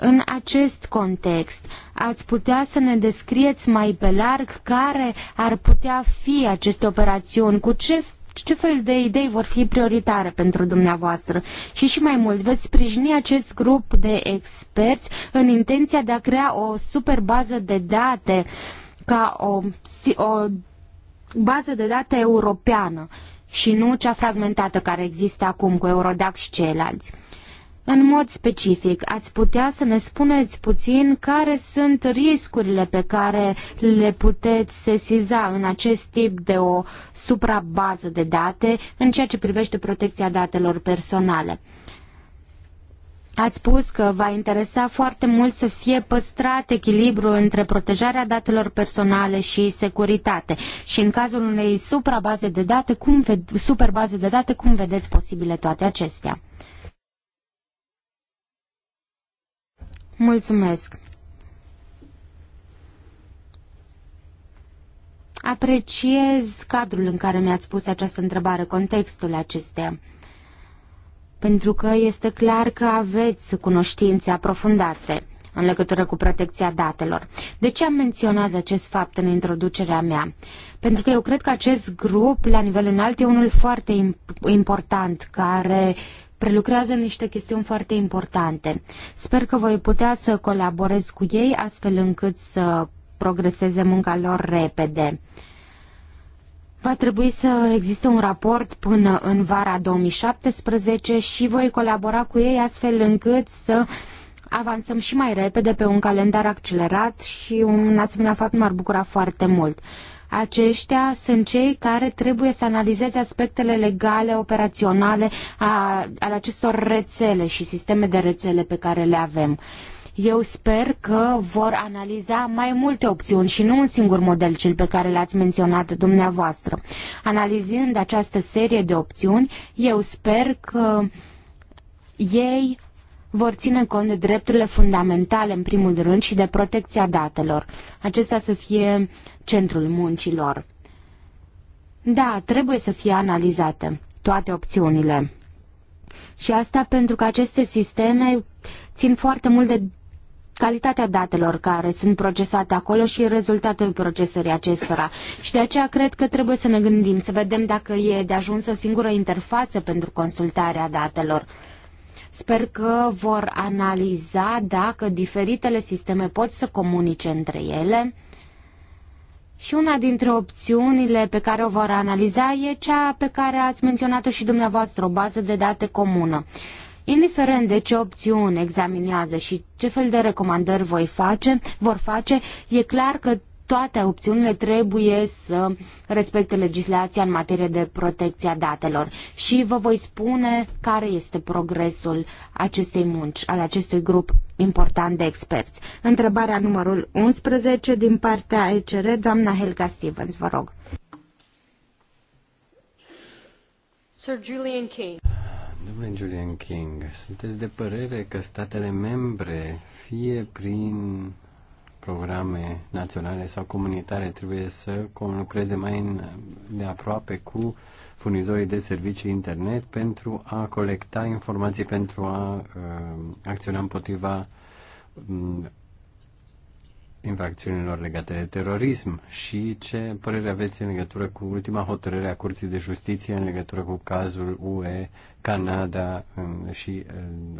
În acest context, uh, Ați putea să ne descrieți mai pe larg care ar putea fi aceste operațiuni, cu ce ce fel de idei vor fi prioritare pentru dumneavoastră. Și și mai mult, veți sprijini acest grup de experți în intenția de a crea o super bază de date ca o, o bază de date europeană și nu cea fragmentată care există acum cu Eurodac și ceilalți. În mod specific, ați putea să ne spuneți puțin care sunt riscurile pe care le puteți sesiza în acest tip de o suprabază de date în ceea ce privește protecția datelor personale. Ați spus că va interesa foarte mult să fie păstrat echilibru între protejarea datelor personale și securitate. Și în cazul unei suprabaze de date, cum superbaze de date, cum vedeți posibile toate acestea? Mulțumesc! Apreciez cadrul în care mi-ați pus această întrebare, contextul acestea, pentru că este clar că aveți cunoștințe aprofundate în legătură cu protecția datelor. De ce am menționat acest fapt în introducerea mea? Pentru că eu cred că acest grup, la nivel înalt, e unul foarte important, care prelucrează niște chestiuni foarte importante. Sper că voi putea să colaborez cu ei astfel încât să progreseze munca lor repede. Va trebui să existe un raport până în vara 2017 și voi colabora cu ei astfel încât să avansăm și mai repede pe un calendar accelerat și un asemenea fapt m-ar bucura foarte mult aceștia sunt cei care trebuie să analizeze aspectele legale, operaționale a, al acestor rețele și sisteme de rețele pe care le avem. Eu sper că vor analiza mai multe opțiuni și nu un singur model, cel pe care l-ați menționat dumneavoastră. Analizând această serie de opțiuni, eu sper că ei vor ține cont de drepturile fundamentale, în primul rând, și de protecția datelor. Acesta să fie centrul muncilor. Da, trebuie să fie analizate toate opțiunile. Și asta pentru că aceste sisteme țin foarte mult de calitatea datelor care sunt procesate acolo și rezultatul procesării acestora. Și de aceea cred că trebuie să ne gândim, să vedem dacă e de ajuns o singură interfață pentru consultarea datelor Sper că vor analiza dacă diferitele sisteme pot să comunice între ele. Și una dintre opțiunile pe care o vor analiza e cea pe care ați menționat-o și dumneavoastră, o bază de date comună. Indiferent de ce opțiuni examinează și ce fel de recomandări voi face, vor face, e clar că toate opțiunile trebuie să respecte legislația în materie de protecția datelor. Și vă voi spune care este progresul acestei munci, al acestui grup important de experți. Întrebarea numărul 11 din partea ECR, doamna Helga Stevens, vă rog. Sir Julian King. Domnule Julian King, sunteți de părere că statele membre, fie prin programe naționale sau comunitare trebuie să lucreze mai în, de aproape cu furnizorii de servicii internet pentru a colecta informații pentru a uh, acționa împotriva mm, infracțiunilor legate de terorism și ce părere aveți în legătură cu ultima hotărâre a Curții de Justiție în legătură cu cazul UE, Canada și uh,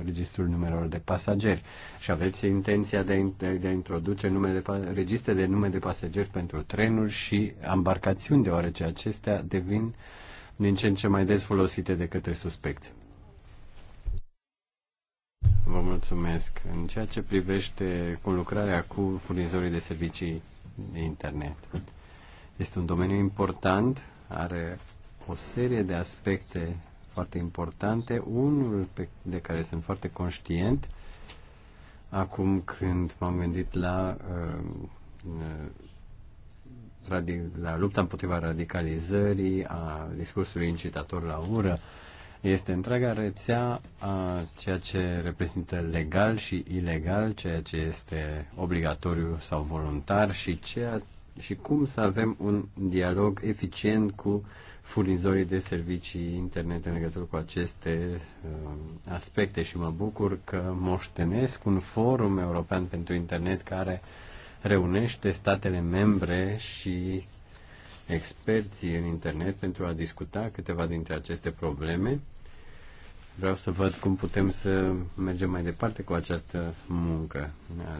registrul numerelor de pasageri. Și aveți intenția de, de, de a introduce nume de, registre de nume de pasageri pentru trenuri și ambarcațiuni, deoarece acestea devin din ce în ce mai des folosite de către suspecți. Vă mulțumesc. În ceea ce privește conlucrarea cu furnizorii de servicii de internet, este un domeniu important, are o serie de aspecte foarte importante, unul pe, de care sunt foarte conștient acum când m-am gândit la, uh, uh, la lupta împotriva radicalizării, a discursului incitator la ură, este întreaga rețea a ceea ce reprezintă legal și ilegal, ceea ce este obligatoriu sau voluntar și, ceea, și cum să avem un dialog eficient cu furnizorii de servicii internet în legătură cu aceste uh, aspecte și mă bucur că moștenesc un forum european pentru internet care reunește statele membre și experții în internet pentru a discuta câteva dintre aceste probleme. Vreau să văd cum putem să mergem mai departe cu această muncă.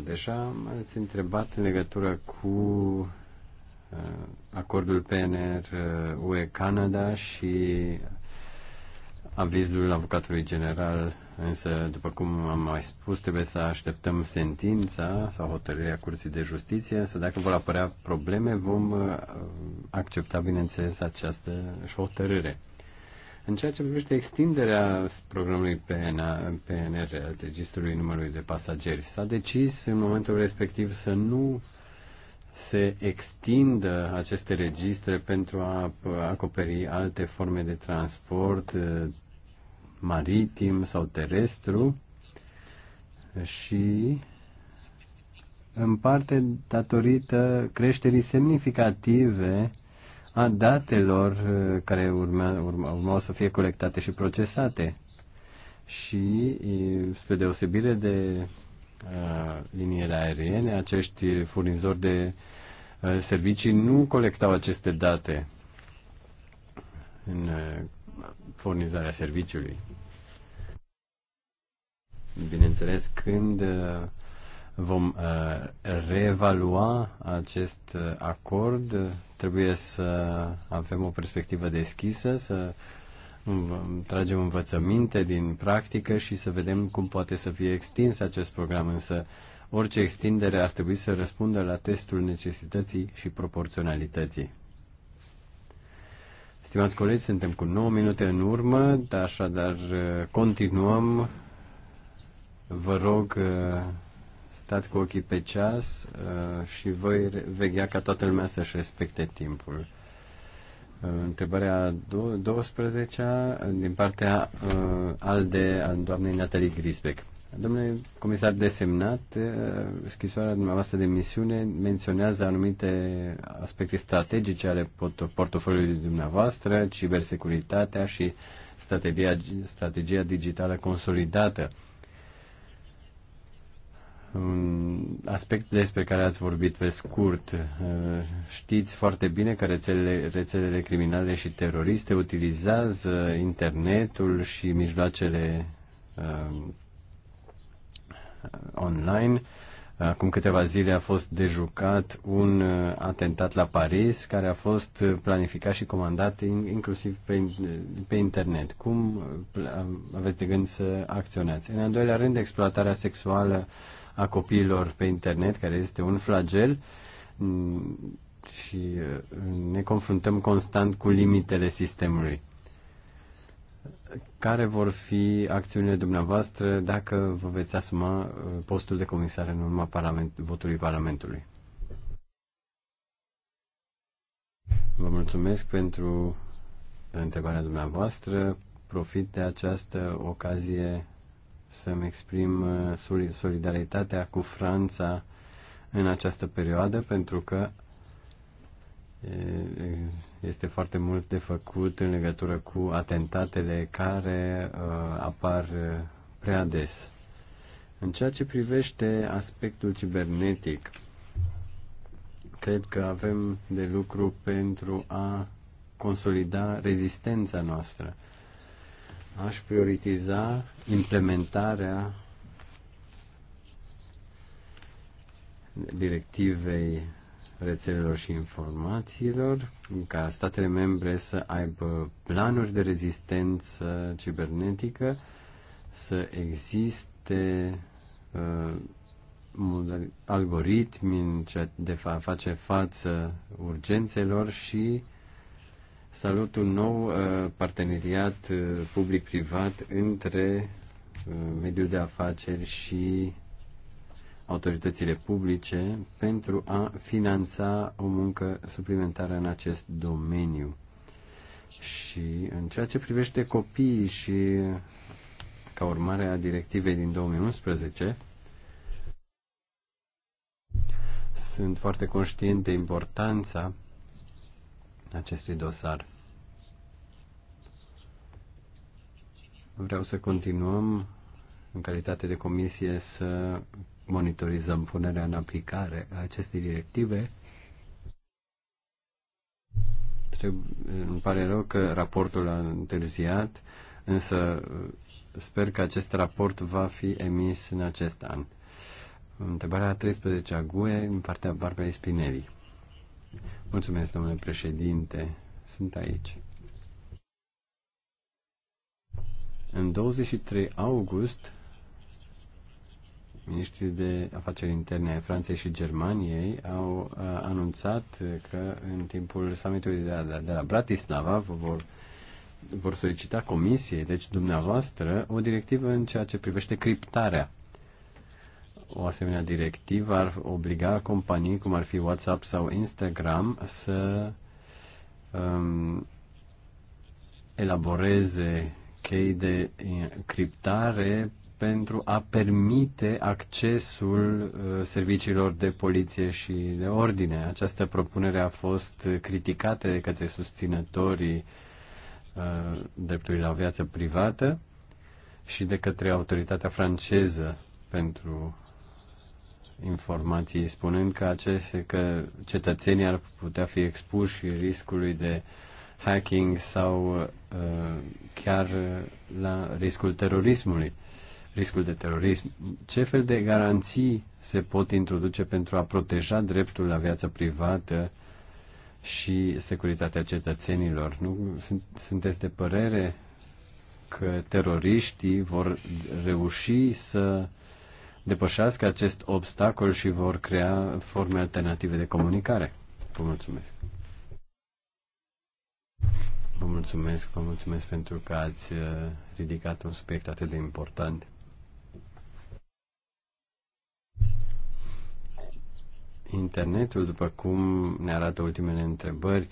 Deja m-ați întrebat în legătură cu uh, acordul PNR UE uh, Canada și avizul avocatului general Însă, după cum am mai spus, trebuie să așteptăm sentința sau hotărârea Curții de Justiție, însă dacă vor apărea probleme, vom uh, accepta, bineînțeles, această hotărâre. În ceea ce privește extinderea programului PNR, PNR al registrului numărului de pasageri, s-a decis în momentul respectiv să nu se extindă aceste registre pentru a acoperi alte forme de transport, maritim sau terestru și în parte datorită creșterii semnificative a datelor uh, care urma, urma, urmau să fie colectate și procesate. Și, uh, spre deosebire de uh, liniile aeriene, acești furnizori de uh, servicii nu colectau aceste date în uh, furnizarea serviciului bineînțeles, când uh, vom uh, reevalua acest uh, acord, trebuie să avem o perspectivă deschisă, să tragem învățăminte din practică și să vedem cum poate să fie extins acest program, însă orice extindere ar trebui să răspundă la testul necesității și proporționalității. Stimați colegi, suntem cu 9 minute în urmă, dar așadar continuăm Vă rog, uh, stați cu ochii pe ceas uh, și voi veghea ca toată lumea să-și respecte timpul. Uh, întrebarea 12 din partea al de al doamnei Natalie Grisbeck. Domnule comisar desemnat, scrisoarea dumneavoastră de misiune menționează anumite aspecte strategice ale portofoliului dumneavoastră, cibersecuritatea și strategia, strategia digitală consolidată un aspect despre care ați vorbit pe scurt. Uh, știți foarte bine că rețelele, rețelele criminale și teroriste utilizează internetul și mijloacele uh, online. Acum câteva zile a fost dejucat un uh, atentat la Paris care a fost uh, planificat și comandat inclusiv pe, pe internet. Cum aveți de gând să acționați? În al doilea rând, exploatarea sexuală uh, a copiilor pe internet, care este un flagel și uh, ne confruntăm constant cu limitele sistemului. Care vor fi acțiunile dumneavoastră dacă vă veți asuma uh, postul de comisar în urma parlament, votului Parlamentului? Vă mulțumesc pentru întrebarea dumneavoastră. Profit de această ocazie să-mi exprim uh, solidaritatea cu Franța în această perioadă, pentru că este foarte mult de făcut în legătură cu atentatele care uh, apar uh, prea des. În ceea ce privește aspectul cibernetic, cred că avem de lucru pentru a consolida rezistența noastră aș prioritiza implementarea directivei rețelelor și informațiilor, ca statele membre să aibă planuri de rezistență cibernetică, să existe uh, algoritmi în ce de a face față urgențelor și uh, Salut un nou uh, parteneriat uh, public-privat între uh, mediul de afaceri și autoritățile publice pentru a finanța o muncă suplimentară în acest domeniu. Și în ceea ce privește copiii și ca urmare a directivei din 2011, sunt foarte conștient de importanța acestui dosar. Vreau să continuăm în calitate de comisie să monitorizăm punerea în aplicare a acestei directive. Trebuie, îmi pare rău că raportul a întârziat, însă uh, sper că acest raport va fi emis în acest an. Întrebarea 13 a GUE în partea Barbei Spinelli. Mulțumesc, domnule președinte. Sunt aici. În 23 august, ministrii de afaceri interne ai Franței și Germaniei au uh, anunțat că în timpul summitului de la, de la Bratislava vor, vor solicita comisiei, deci dumneavoastră, o directivă în ceea ce privește criptarea o asemenea directivă ar obliga companii cum ar fi WhatsApp sau Instagram să um, elaboreze chei de criptare pentru a permite accesul uh, serviciilor de poliție și de ordine. Această propunere a fost criticată de către susținătorii uh, dreptului la viață privată și de către autoritatea franceză pentru informații spunând că, aceste, că cetățenii ar putea fi expuși riscului de hacking sau uh, chiar la riscul terorismului, riscul de terorism. Ce fel de garanții se pot introduce pentru a proteja dreptul la viața privată și securitatea cetățenilor? Nu sunt, sunteți de părere că teroriștii vor reuși să uh, depășească acest obstacol și vor crea forme alternative de comunicare. Vă mulțumesc. Vă mulțumesc, vă mulțumesc pentru că ați uh, ridicat un subiect atât de important. Internetul, după cum ne arată ultimele întrebări,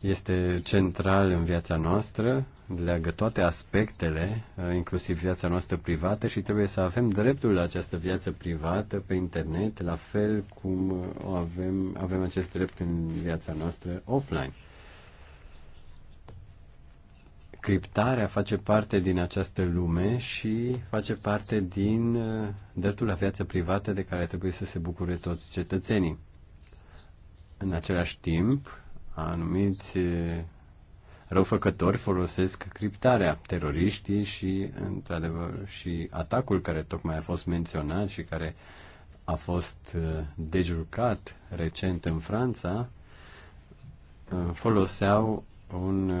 este central în viața noastră, leagă toate aspectele, uh, inclusiv viața noastră privată și trebuie să avem dreptul la această viață privată pe internet, la fel cum uh, o avem, avem acest drept în viața noastră offline. Criptarea face parte din această lume și face parte din uh, dreptul la viață privată de care trebuie să se bucure toți cetățenii. În același timp, anumiți răufăcători folosesc criptarea, teroriștii și, într-adevăr, și atacul care tocmai a fost menționat și care a fost dejurcat recent în Franța, foloseau un,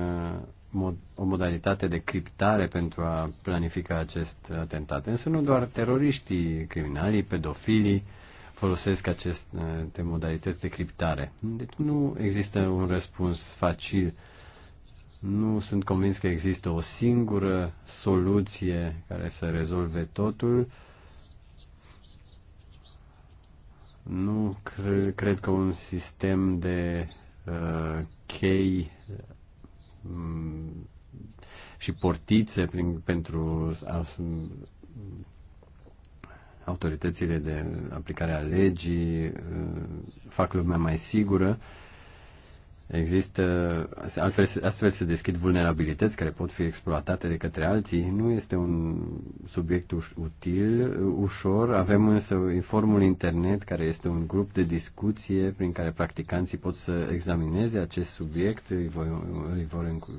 o modalitate de criptare pentru a planifica acest atentat. Însă nu doar teroriștii, criminalii, pedofilii, folosesc aceste uh, modalități de criptare. Deci nu există un răspuns facil. Nu sunt convins că există o singură soluție care să rezolve totul. Nu cre- cred că un sistem de uh, chei mm, și portițe prin, pentru a, autoritățile de aplicare a legii uh, fac lumea mai sigură. Există, altfel, astfel se deschid vulnerabilități care pot fi exploatate de către alții. Nu este un subiect uș- util, ușor. Avem însă informul internet, care este un grup de discuție prin care practicanții pot să examineze acest subiect. Îi voi, îi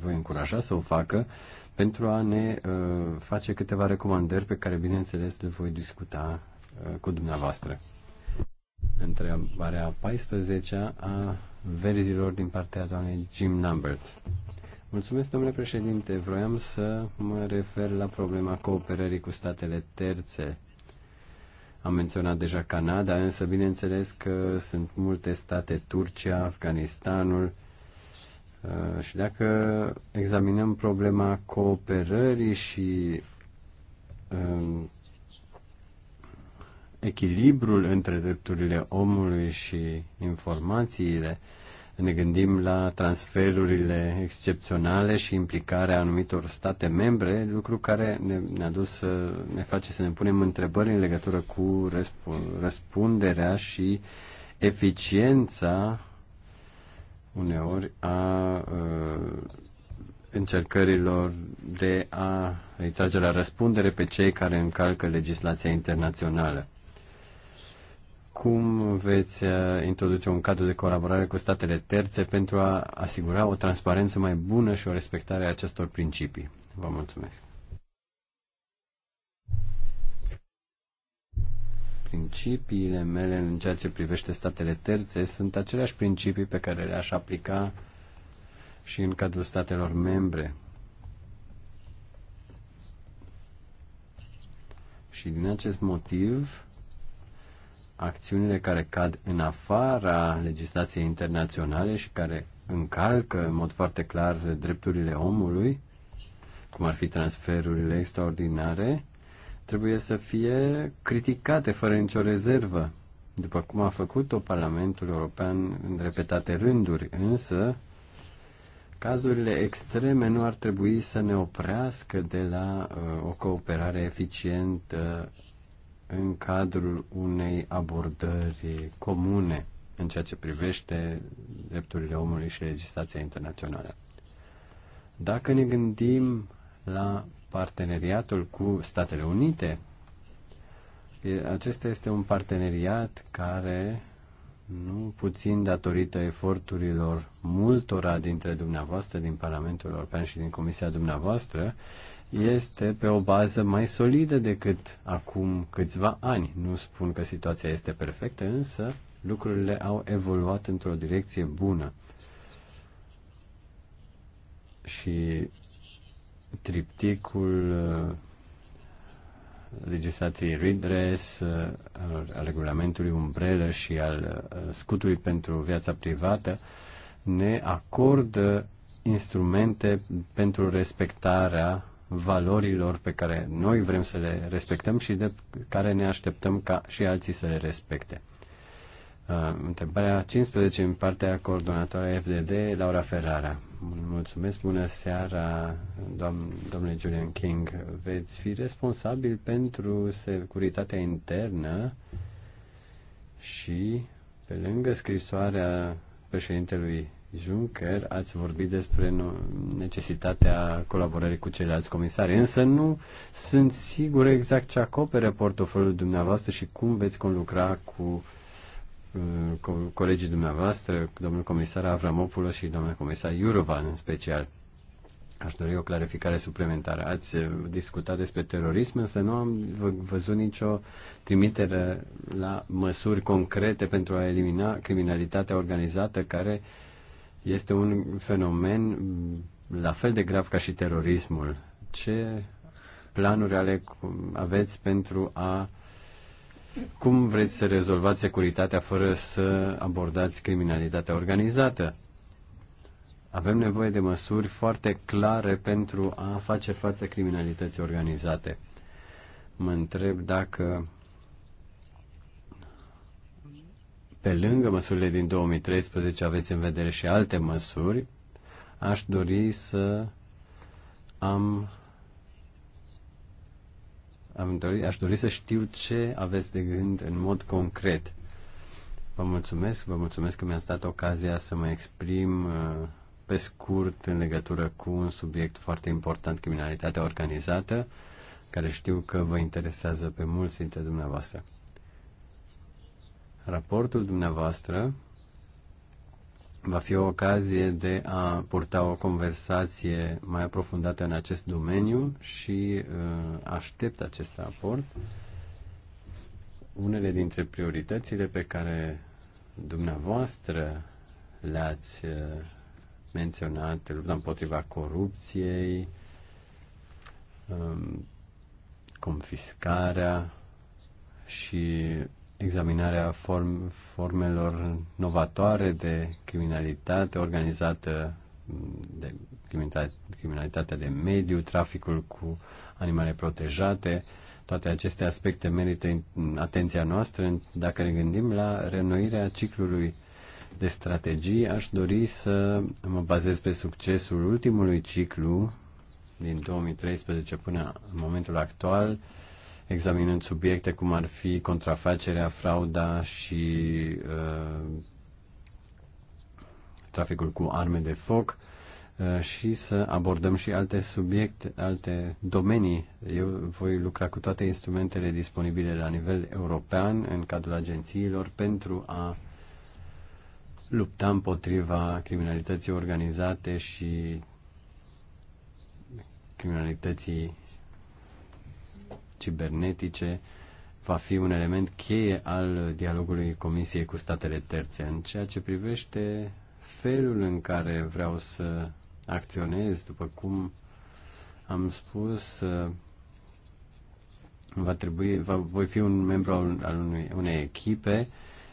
voi încuraja să o facă. Uh, pentru a ne uh, face câteva recomandări pe care, bineînțeles, le voi discuta uh, cu dumneavoastră. Întrebarea 14 a verzilor din partea doamnei Jim Lambert. Mulțumesc, domnule președinte. Vroiam să mă refer la problema cooperării cu statele terțe. Am menționat deja Canada, însă bineînțeles că sunt multe state, Turcia, Afganistanul, uh, Uh, și dacă examinăm problema cooperării și um, echilibrul între drepturile omului și informațiile, ne gândim la transferurile excepționale și implicarea anumitor state membre, lucru care ne, ne-a dus să ne face să ne punem întrebări în legătură cu răspunderea și eficiența uneori a uh, încercărilor de a îi trage la răspundere pe cei care încalcă legislația internațională. Cum veți uh, introduce un cadru de colaborare cu statele terțe pentru a asigura o transparență mai bună și o respectare a acestor principii? Vă mulțumesc. principiile mele în ceea ce privește statele terțe sunt aceleași principii pe care le-aș aplica și în cadrul statelor membre. Și din acest motiv, acțiunile care cad în afara legislației internaționale și care încalcă în mod foarte clar drepturile omului, cum ar fi transferurile extraordinare, trebuie să fie criticate fără nicio rezervă, după cum a făcut-o Parlamentul European în repetate rânduri, însă cazurile extreme nu ar trebui să ne oprească de la uh, o cooperare eficientă în cadrul unei abordări comune în ceea ce privește drepturile omului și legislația internațională. Dacă ne gândim la parteneriatul cu Statele Unite. Acesta este un parteneriat care, nu puțin datorită eforturilor multora dintre dumneavoastră din Parlamentul European și din Comisia dumneavoastră, este pe o bază mai solidă decât acum câțiva ani. Nu spun că situația este perfectă, însă lucrurile au evoluat într-o direcție bună. Și tripticul uh, legislației redress, uh, al regulamentului umbrelă și al uh, scutului pentru viața privată, ne acordă instrumente pentru respectarea valorilor pe care noi vrem să le respectăm și de care ne așteptăm ca și alții să le respecte. Uh, întrebarea 15 în partea coordonatoare FDD, Laura Ferrara. Mulțumesc, bună seara, doam- domnule Julian King. Veți fi responsabil pentru securitatea internă și, pe lângă scrisoarea președintelui Juncker, ați vorbit despre necesitatea colaborării cu ceilalți comisari, însă nu sunt sigur exact ce acoperă portofoliul dumneavoastră și cum veți conlucra cu uh, Mm, colegii dumneavoastră, domnul comisar Avramopoulos și domnul comisar Iurovan în special. Aș dori o clarificare suplimentară. Ați eh, discutat despre terorism, însă nu am văzut nicio trimitere la măsuri concrete pentru a elimina criminalitatea organizată, care este un fenomen la fel de grav ca și terorismul. Ce planuri ale aveți pentru a cum vreți să rezolvați securitatea fără să abordați criminalitatea organizată? Avem nevoie de măsuri foarte clare pentru a face față criminalității organizate. Mă întreb dacă pe lângă măsurile din 2013 aveți în vedere și alte măsuri, aș dori să am am dori, aș dori să știu ce aveți de gând în mod concret. Vă mulțumesc, vă mulțumesc că mi-ați dat ocazia să mă exprim uh, pe scurt în legătură cu un subiect foarte important, criminalitatea organizată, care știu că vă interesează pe mulți dintre dumneavoastră. Raportul dumneavoastră va fi o ocazie de a purta o conversație mai aprofundată în acest domeniu și uh, aștept acest raport. Unele dintre prioritățile pe care dumneavoastră le-ați uh, menționat, lupta împotriva corupției, um, confiscarea și examinarea form, formelor novatoare de criminalitate organizată de criminalitatea de mediu, traficul cu animale protejate, toate aceste aspecte merită atenția noastră. Dacă ne gândim la renoirea ciclului de strategii, aș dori să mă bazez pe succesul ultimului ciclu din 2013 până în momentul actual, examinând subiecte cum ar fi contrafacerea, frauda și uh, traficul cu arme de foc uh, și să abordăm și alte subiecte, alte domenii. Eu voi lucra cu toate instrumentele disponibile la nivel european în cadrul agențiilor pentru a lupta împotriva criminalității organizate și criminalității cibernetice va fi un element cheie al dialogului Comisiei cu statele terțe. În ceea ce privește felul în care vreau să acționez, după cum am spus, uh, va trebui, va, voi fi un membru al unui, unei echipe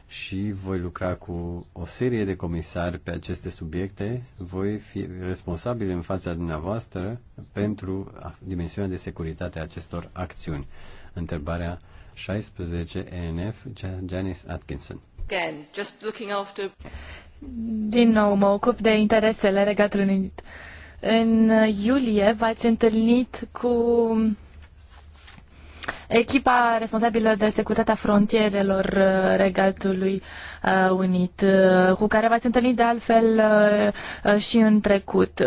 și voi lucra cu o serie de comisari pe aceste subiecte. Voi fi responsabil în fața dumneavoastră pentru dimensiunea de securitate a acestor acțiuni. Întrebarea 16 ENF Janice Atkinson. Again, just looking after... Din nou mă ocup de interesele Regatului Unit. În iulie v-ați întâlnit cu echipa responsabilă de securitatea frontierelor uh, Regatului uh, Unit, uh, cu care v-ați întâlnit de altfel și în trecut.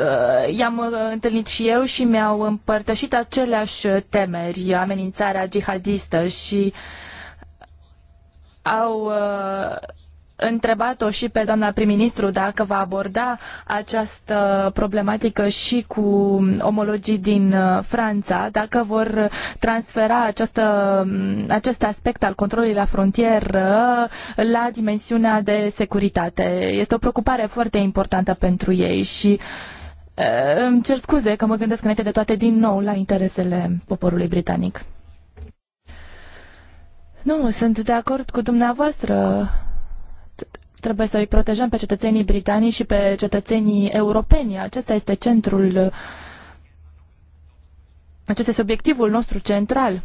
I-am întâlnit și eu și mi-au împărtășit aceleași temeri, amenințarea jihadistă și au întrebat-o și pe doamna prim-ministru dacă va aborda această problematică și cu omologii din uh, Franța, dacă vor transfera această, mm, acest aspect al controlului la frontieră la dimensiunea de securitate. Este o preocupare foarte importantă pentru ei și uh, îmi cer scuze că mă gândesc înainte de toate din nou la interesele poporului britanic. Nu, sunt de acord cu dumneavoastră, Trebuie să îi protejăm pe cetățenii britanici și pe cetățenii europeni. Acesta este centrul, acesta este obiectivul nostru central.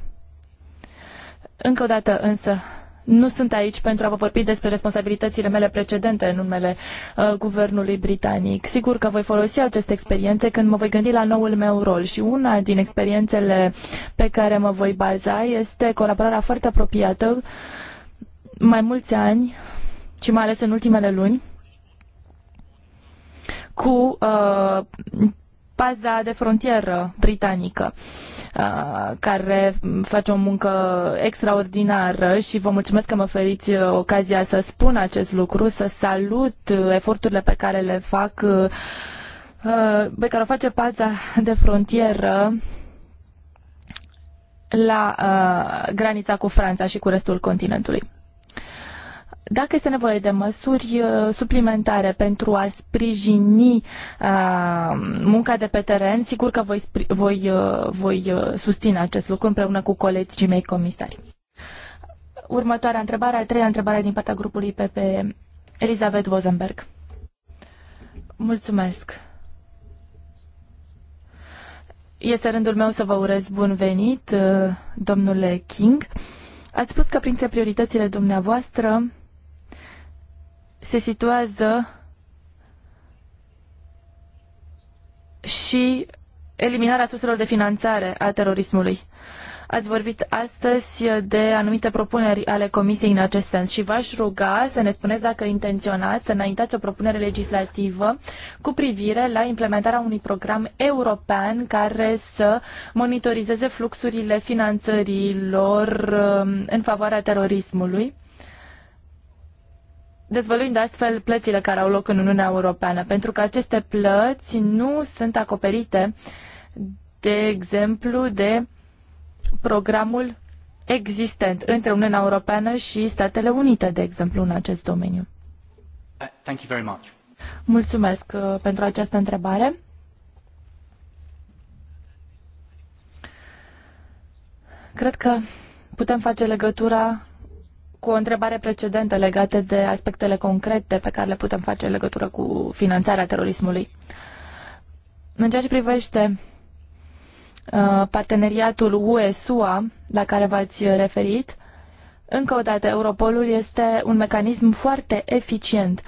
Încă o dată însă, nu sunt aici pentru a vă vorbi despre responsabilitățile mele precedente în numele uh, guvernului britanic. Sigur că voi folosi aceste experiențe când mă voi gândi la noul meu rol și una din experiențele pe care mă voi baza este colaborarea foarte apropiată mai mulți ani ci mai ales în ultimele luni, cu uh, paza de frontieră britanică, uh, care face o muncă extraordinară și vă mulțumesc că mă feriți ocazia să spun acest lucru, să salut eforturile pe care le fac, uh, pe care o face paza de frontieră la uh, granița cu Franța și cu restul continentului. Dacă este nevoie de măsuri uh, suplimentare pentru a sprijini uh, munca de pe teren, sigur că voi, voi, uh, voi susține acest lucru împreună cu colegii mei comisari. Următoarea întrebare, a treia întrebare din partea grupului PP, Elizabeth Wozenberg. Mulțumesc. Este rândul meu să vă urez bun venit, domnule King. Ați spus că printre prioritățile dumneavoastră se situează și eliminarea surselor de finanțare a terorismului. Ați vorbit astăzi de anumite propuneri ale Comisiei în acest sens și v-aș ruga să ne spuneți dacă intenționați să înaintați o propunere legislativă cu privire la implementarea unui program european care să monitorizeze fluxurile finanțărilor um, în favoarea terorismului dezvăluind astfel plățile care au loc în Uniunea Europeană, pentru că aceste plăți nu sunt acoperite, de exemplu, de programul existent între Uniunea Europeană și Statele Unite, de exemplu, în acest domeniu. Uh, thank you very much. Mulțumesc uh, pentru această întrebare. Cred că putem face legătura cu o întrebare precedentă legată de aspectele concrete pe care le putem face în legătură cu finanțarea terorismului. În ceea ce privește uh, parteneriatul UE-SUA la care v-ați referit, încă o dată, Europolul este un mecanism foarte eficient uh,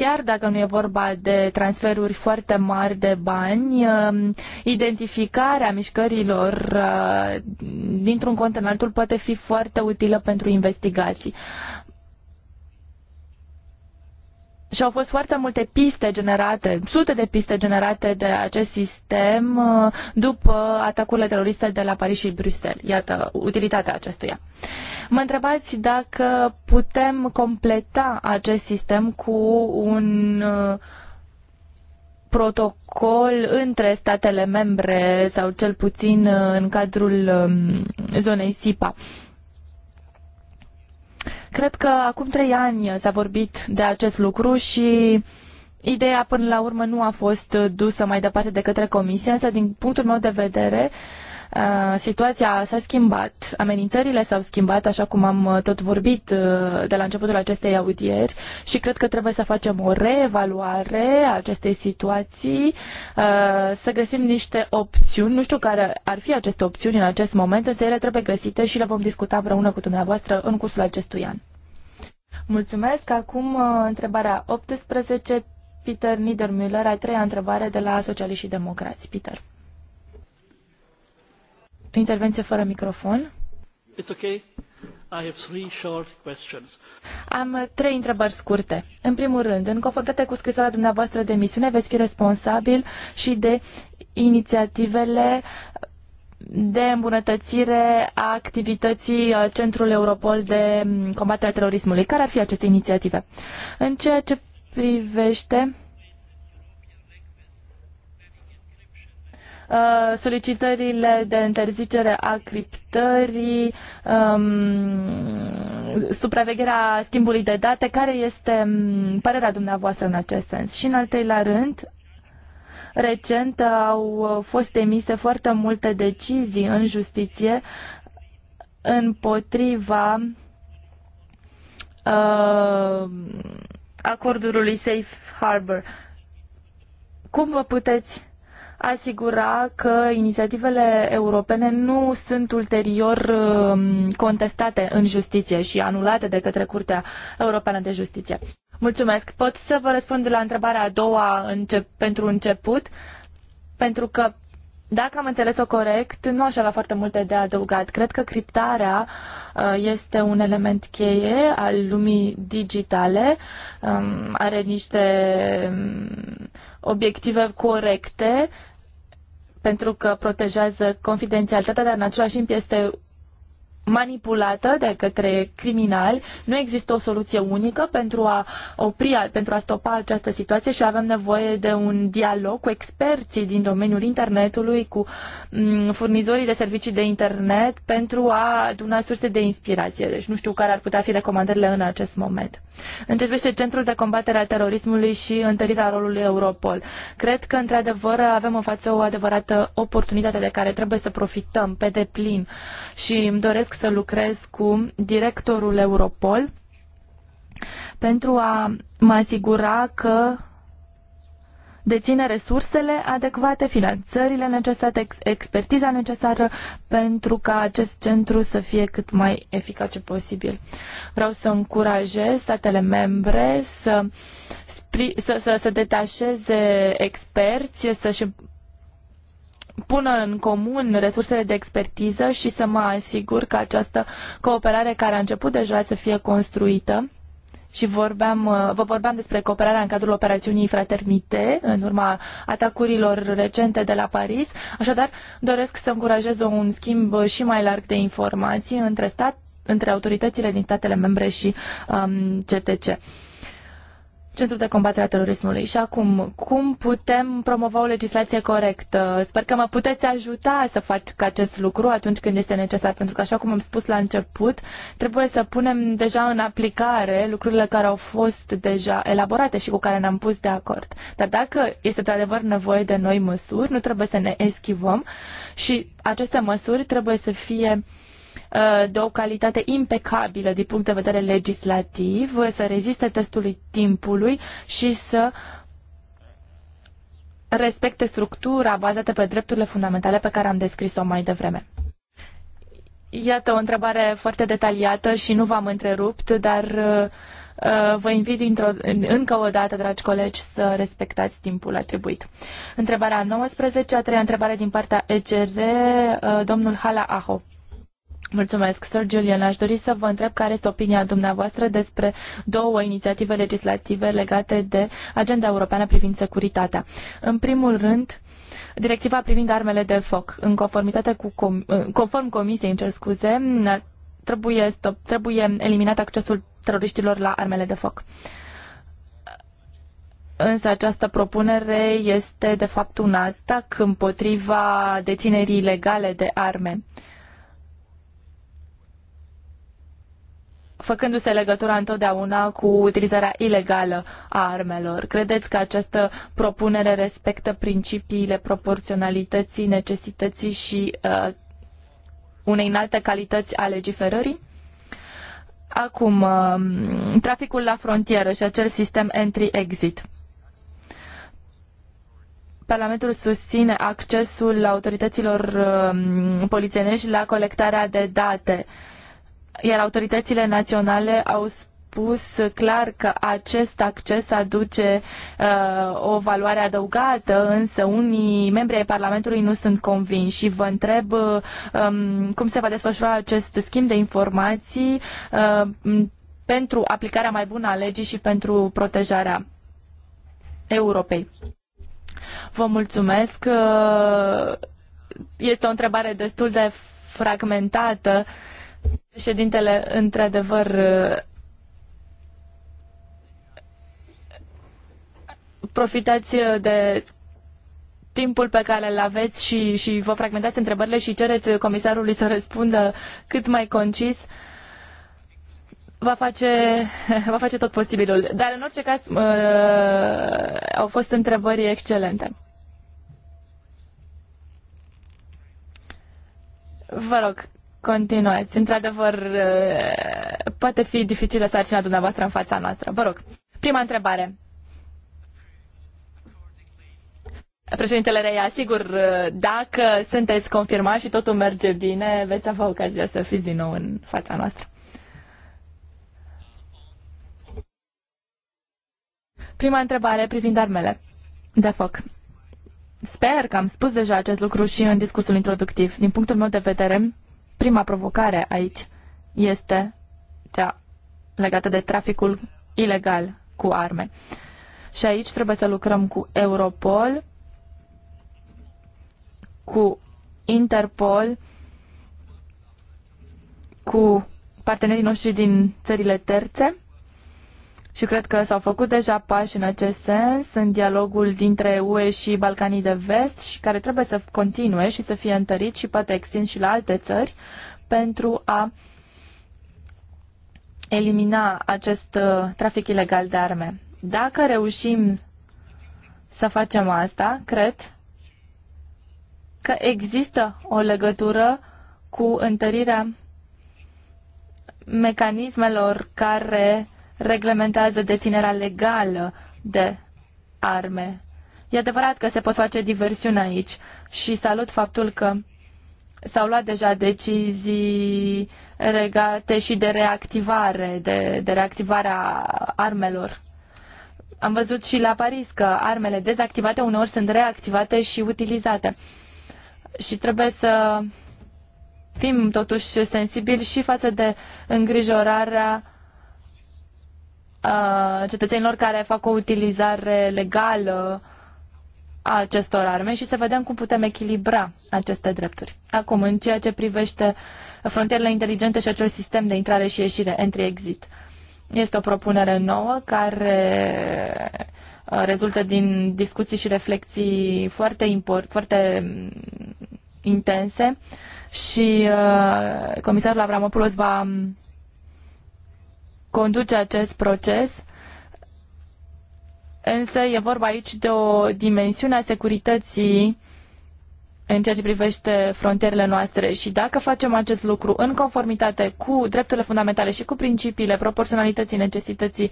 chiar dacă nu e vorba de transferuri foarte mari de bani, um, identificarea mișcărilor uh, dintr-un cont în altul poate fi foarte utilă pentru investigații și au fost foarte multe piste generate, sute de piste generate de acest sistem uh, după atacurile teroriste de la Paris și Bruxelles. Iată utilitatea acestuia. Mă întrebați dacă putem completa acest sistem cu un uh, protocol între statele membre sau cel puțin uh, în cadrul um, zonei SIPA. Cred că acum trei ani s-a vorbit de acest lucru și ideea până la urmă nu a fost dusă mai departe de către comisie, însă din punctul meu de vedere uh, situația s-a schimbat, amenințările s-au schimbat, așa cum am uh, tot vorbit uh, de la începutul acestei audieri și cred că trebuie să facem o reevaluare a acestei situații, uh, să găsim niște opțiuni, nu știu care ar fi aceste opțiuni în acest moment, însă ele trebuie găsite și le vom discuta împreună cu dumneavoastră în cursul acestui an. Mulțumesc. Acum întrebarea 18. Peter Niedermüller, a treia întrebare de la Socialiști și Democrați. Peter. Intervenție fără microfon. It's okay. I have three short questions. Am trei întrebări scurte. În primul rând, în conformitate cu scrisoarea dumneavoastră de misiune, veți fi responsabil și de inițiativele de îmbunătățire a activității uh, Centrului Europol de mm, combatere a terorismului. Care ar fi aceste inițiative? În ceea ce privește Uh, solicitările de interzicere a criptării, um, supravegherea schimbului de date. Care este um, părerea dumneavoastră în acest sens? Și în al treilea rând, recent au fost emise foarte multe decizii în justiție împotriva uh, acordului Safe Harbor. Cum vă puteți asigura că inițiativele europene nu sunt ulterior um, contestate în justiție și anulate de către Curtea Europeană de Justiție. Mulțumesc. Pot să vă răspund la întrebarea a doua înce- pentru început, pentru că dacă am înțeles-o corect, nu aș avea foarte multe de adăugat. Cred că criptarea uh, este un element cheie al lumii digitale, um, are niște um, obiective corecte pentru că protejează confidențialitatea, dar în același timp este manipulată de către criminali. Nu există o soluție unică pentru a opri, pentru a stopa această situație și avem nevoie de un dialog cu experții din domeniul internetului, cu mm, furnizorii de servicii de internet pentru a aduna surse de inspirație. Deci nu știu care ar putea fi recomandările în acest moment. Începește Centrul de Combatere a Terorismului și întărirea rolului Europol. Cred că, într-adevăr, avem în față o adevărată oportunitate de care trebuie să profităm pe deplin și îmi doresc să lucrez cu directorul Europol pentru a mă asigura că deține resursele adecvate, finanțările necesare, expertiza necesară pentru ca acest centru să fie cât mai eficace posibil. Vreau să încurajez statele membre să, să, să, să detașeze experți, să-și pună în comun resursele de expertiză și să mă asigur că această cooperare care a început deja să fie construită și vorbeam, uh, vă vorbeam despre cooperarea în cadrul operațiunii Fraternite în urma atacurilor recente de la Paris. Așadar, doresc să încurajez un schimb și mai larg de informații între stat, între autoritățile din statele membre și um, CTC. Centrul de Combatere a Terorismului. Și acum, cum putem promova o legislație corectă? Sper că mă puteți ajuta să fac acest lucru atunci când este necesar, pentru că, așa cum am spus la început, trebuie să punem deja în aplicare lucrurile care au fost deja elaborate și cu care ne-am pus de acord. Dar dacă este de adevăr nevoie de noi măsuri, nu trebuie să ne eschivăm și aceste măsuri trebuie să fie Uh, de o calitate impecabilă din punct de vedere legislativ, să reziste testului timpului și să respecte structura bazată pe drepturile fundamentale pe care am descris-o mai devreme. Iată o întrebare foarte detaliată și nu v-am întrerupt, dar uh, uh, vă invit încă o dată, dragi colegi, să respectați timpul atribuit. Întrebarea 19, a treia întrebare din partea EGR, domnul Hala Aho. Mulțumesc, Sir Julian. Aș dori să vă întreb care este opinia dumneavoastră despre două inițiative legislative legate de agenda europeană privind securitatea. În primul rând, directiva privind armele de foc. În conformitate cu com- conform comisiei, în cer scuze, trebuie, stop, trebuie eliminat accesul teroriștilor la armele de foc. Însă această propunere este de fapt un atac împotriva deținerii ilegale de arme. Uh, făcându-se legătura întotdeauna cu utilizarea ilegală a armelor. Credeți că această propunere respectă principiile proporționalității, necesității și uh, unei înalte calități a legiferării? Acum, uh, traficul la frontieră și acel sistem entry-exit. Parlamentul susține accesul autorităților uh, polițienești la colectarea de date uh, iar autoritățile naționale au spus clar că acest acces aduce uh, o valoare adăugată, însă unii membri ai Parlamentului nu sunt convinși și vă întreb uh, um, cum se va desfășura acest schimb de informații uh, pentru aplicarea mai bună a legii și pentru protejarea Europei. Vă mulțumesc. Uh, este o întrebare destul de fragmentată. Uh, Președintele, într-adevăr, profitați uh, de timpul pe care îl aveți și, și vă fragmentați întrebările și cereți comisarului să răspundă cât mai concis va face, va face tot posibilul. Dar în orice caz uh, au fost întrebări excelente. Vă rog, continuați. Într-adevăr, poate fi dificilă sarcina dumneavoastră în fața noastră. Vă rog, prima întrebare. Președintele Reia, sigur, dacă sunteți confirmați și totul merge bine, veți avea ocazia să fiți din nou în fața noastră. Prima întrebare privind armele de foc. Sper că am spus deja acest lucru și în discursul introductiv. Din punctul meu de vedere, Prima provocare aici este cea legată de traficul ilegal cu arme. Și aici trebuie să lucrăm cu Europol, cu Interpol, cu partenerii noștri din țările terțe și cred că s-au făcut deja pași în acest sens în dialogul dintre UE și Balcanii de Vest și care trebuie să continue și să fie întărit și poate extins și la alte țări pentru a elimina acest uh, trafic ilegal de arme. Dacă reușim să facem asta, cred că există o legătură cu întărirea mecanismelor care reglementează deținerea legală de arme. E adevărat că se pot face diversiune aici și salut faptul că s-au luat deja decizii legate și de reactivare, de, de reactivarea armelor. Am văzut și la Paris că armele dezactivate uneori sunt reactivate și utilizate. Și trebuie să fim totuși sensibili și față de îngrijorarea cetățenilor care fac o utilizare legală a acestor arme și să vedem cum putem echilibra aceste drepturi. Acum, în ceea ce privește frontierele inteligente și acel sistem de intrare și ieșire, entry-exit, este o propunere nouă care uh, rezultă din discuții și reflexii foarte, import, foarte mm, intense și uh, comisarul Avramopoulos va mm, conduce acest proces, însă e vorba aici de o dimensiune a securității în ceea ce privește frontierele noastre și dacă facem acest lucru în conformitate cu drepturile fundamentale și cu principiile proporționalității, necesității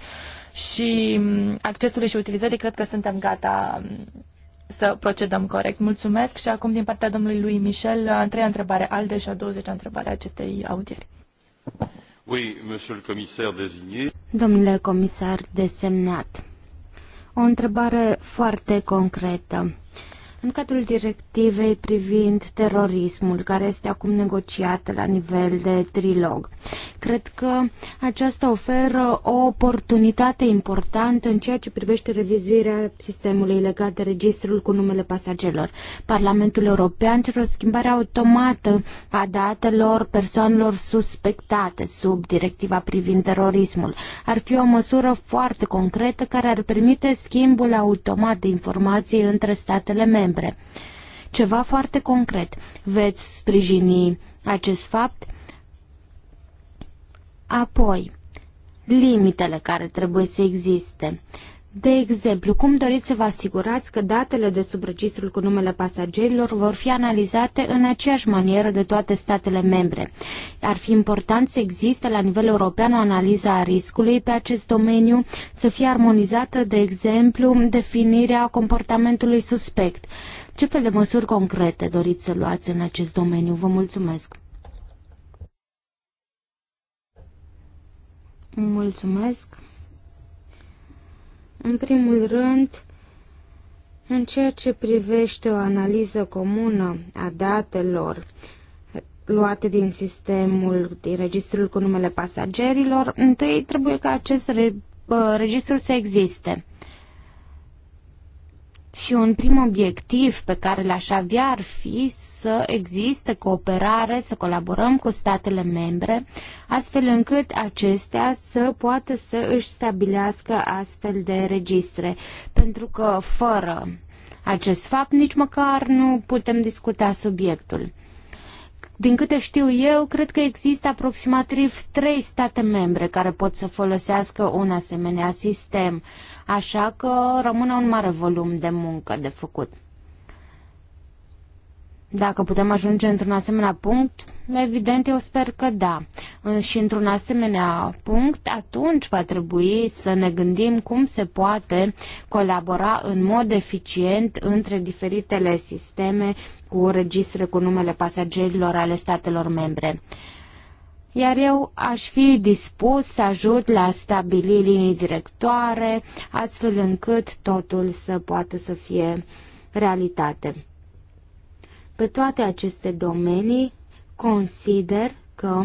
și mm, accesului și utilizării, cred că suntem gata mm, să procedăm corect. Mulțumesc și acum din partea domnului lui Michel, a treia întrebare, al deja 20 -a întrebare a acestei audieri. Oui, monsieur le commissaire désigné. Domnule comisar desemnat, o întrebare foarte concretă. În cadrul directivei privind terorismul, care este acum negociată la nivel de trilog, cred că aceasta oferă o oportunitate importantă în ceea ce privește revizuirea sistemului legat de registrul cu numele pasagerilor. Parlamentul European cer o schimbare automată a datelor persoanelor suspectate sub directiva privind terorismul. Ar fi o măsură foarte concretă care ar permite schimbul automat de informații între statele membre membre. Ceva foarte concret. Veți sprijini acest fapt? Apoi, limitele care trebuie să existe. De exemplu, cum doriți să vă asigurați că datele de sub registrul cu numele pasagerilor vor fi analizate în aceeași manieră de toate statele membre? Ar fi important să existe la nivel european o analiză a riscului pe acest domeniu, să fie armonizată, de exemplu, definirea comportamentului suspect. Ce fel de măsuri concrete doriți să luați în acest domeniu? Vă mulțumesc! Mulțumesc! În primul rând, în ceea ce privește o analiză comună a datelor luate din sistemul, din registrul cu numele pasagerilor, întâi trebuie ca acest re, uh, registru să existe. Și un prim obiectiv pe care l-aș avea ar fi să existe cooperare, să colaborăm cu statele membre, astfel încât acestea să poată să își stabilească astfel de registre. Pentru că fără acest fapt nici măcar nu putem discuta subiectul. Din câte știu eu, cred că există aproximativ trei state membre care pot să folosească un asemenea sistem așa că rămâne un mare volum de muncă de făcut. Dacă putem ajunge într-un asemenea punct, evident eu sper că da. Și într-un asemenea punct, atunci va trebui să ne gândim cum se poate colabora în mod eficient între diferitele sisteme cu registre cu numele pasagerilor ale statelor membre iar eu aș fi dispus să ajut la stabili linii directoare, astfel încât totul să poată să fie realitate. Pe toate aceste domenii consider că,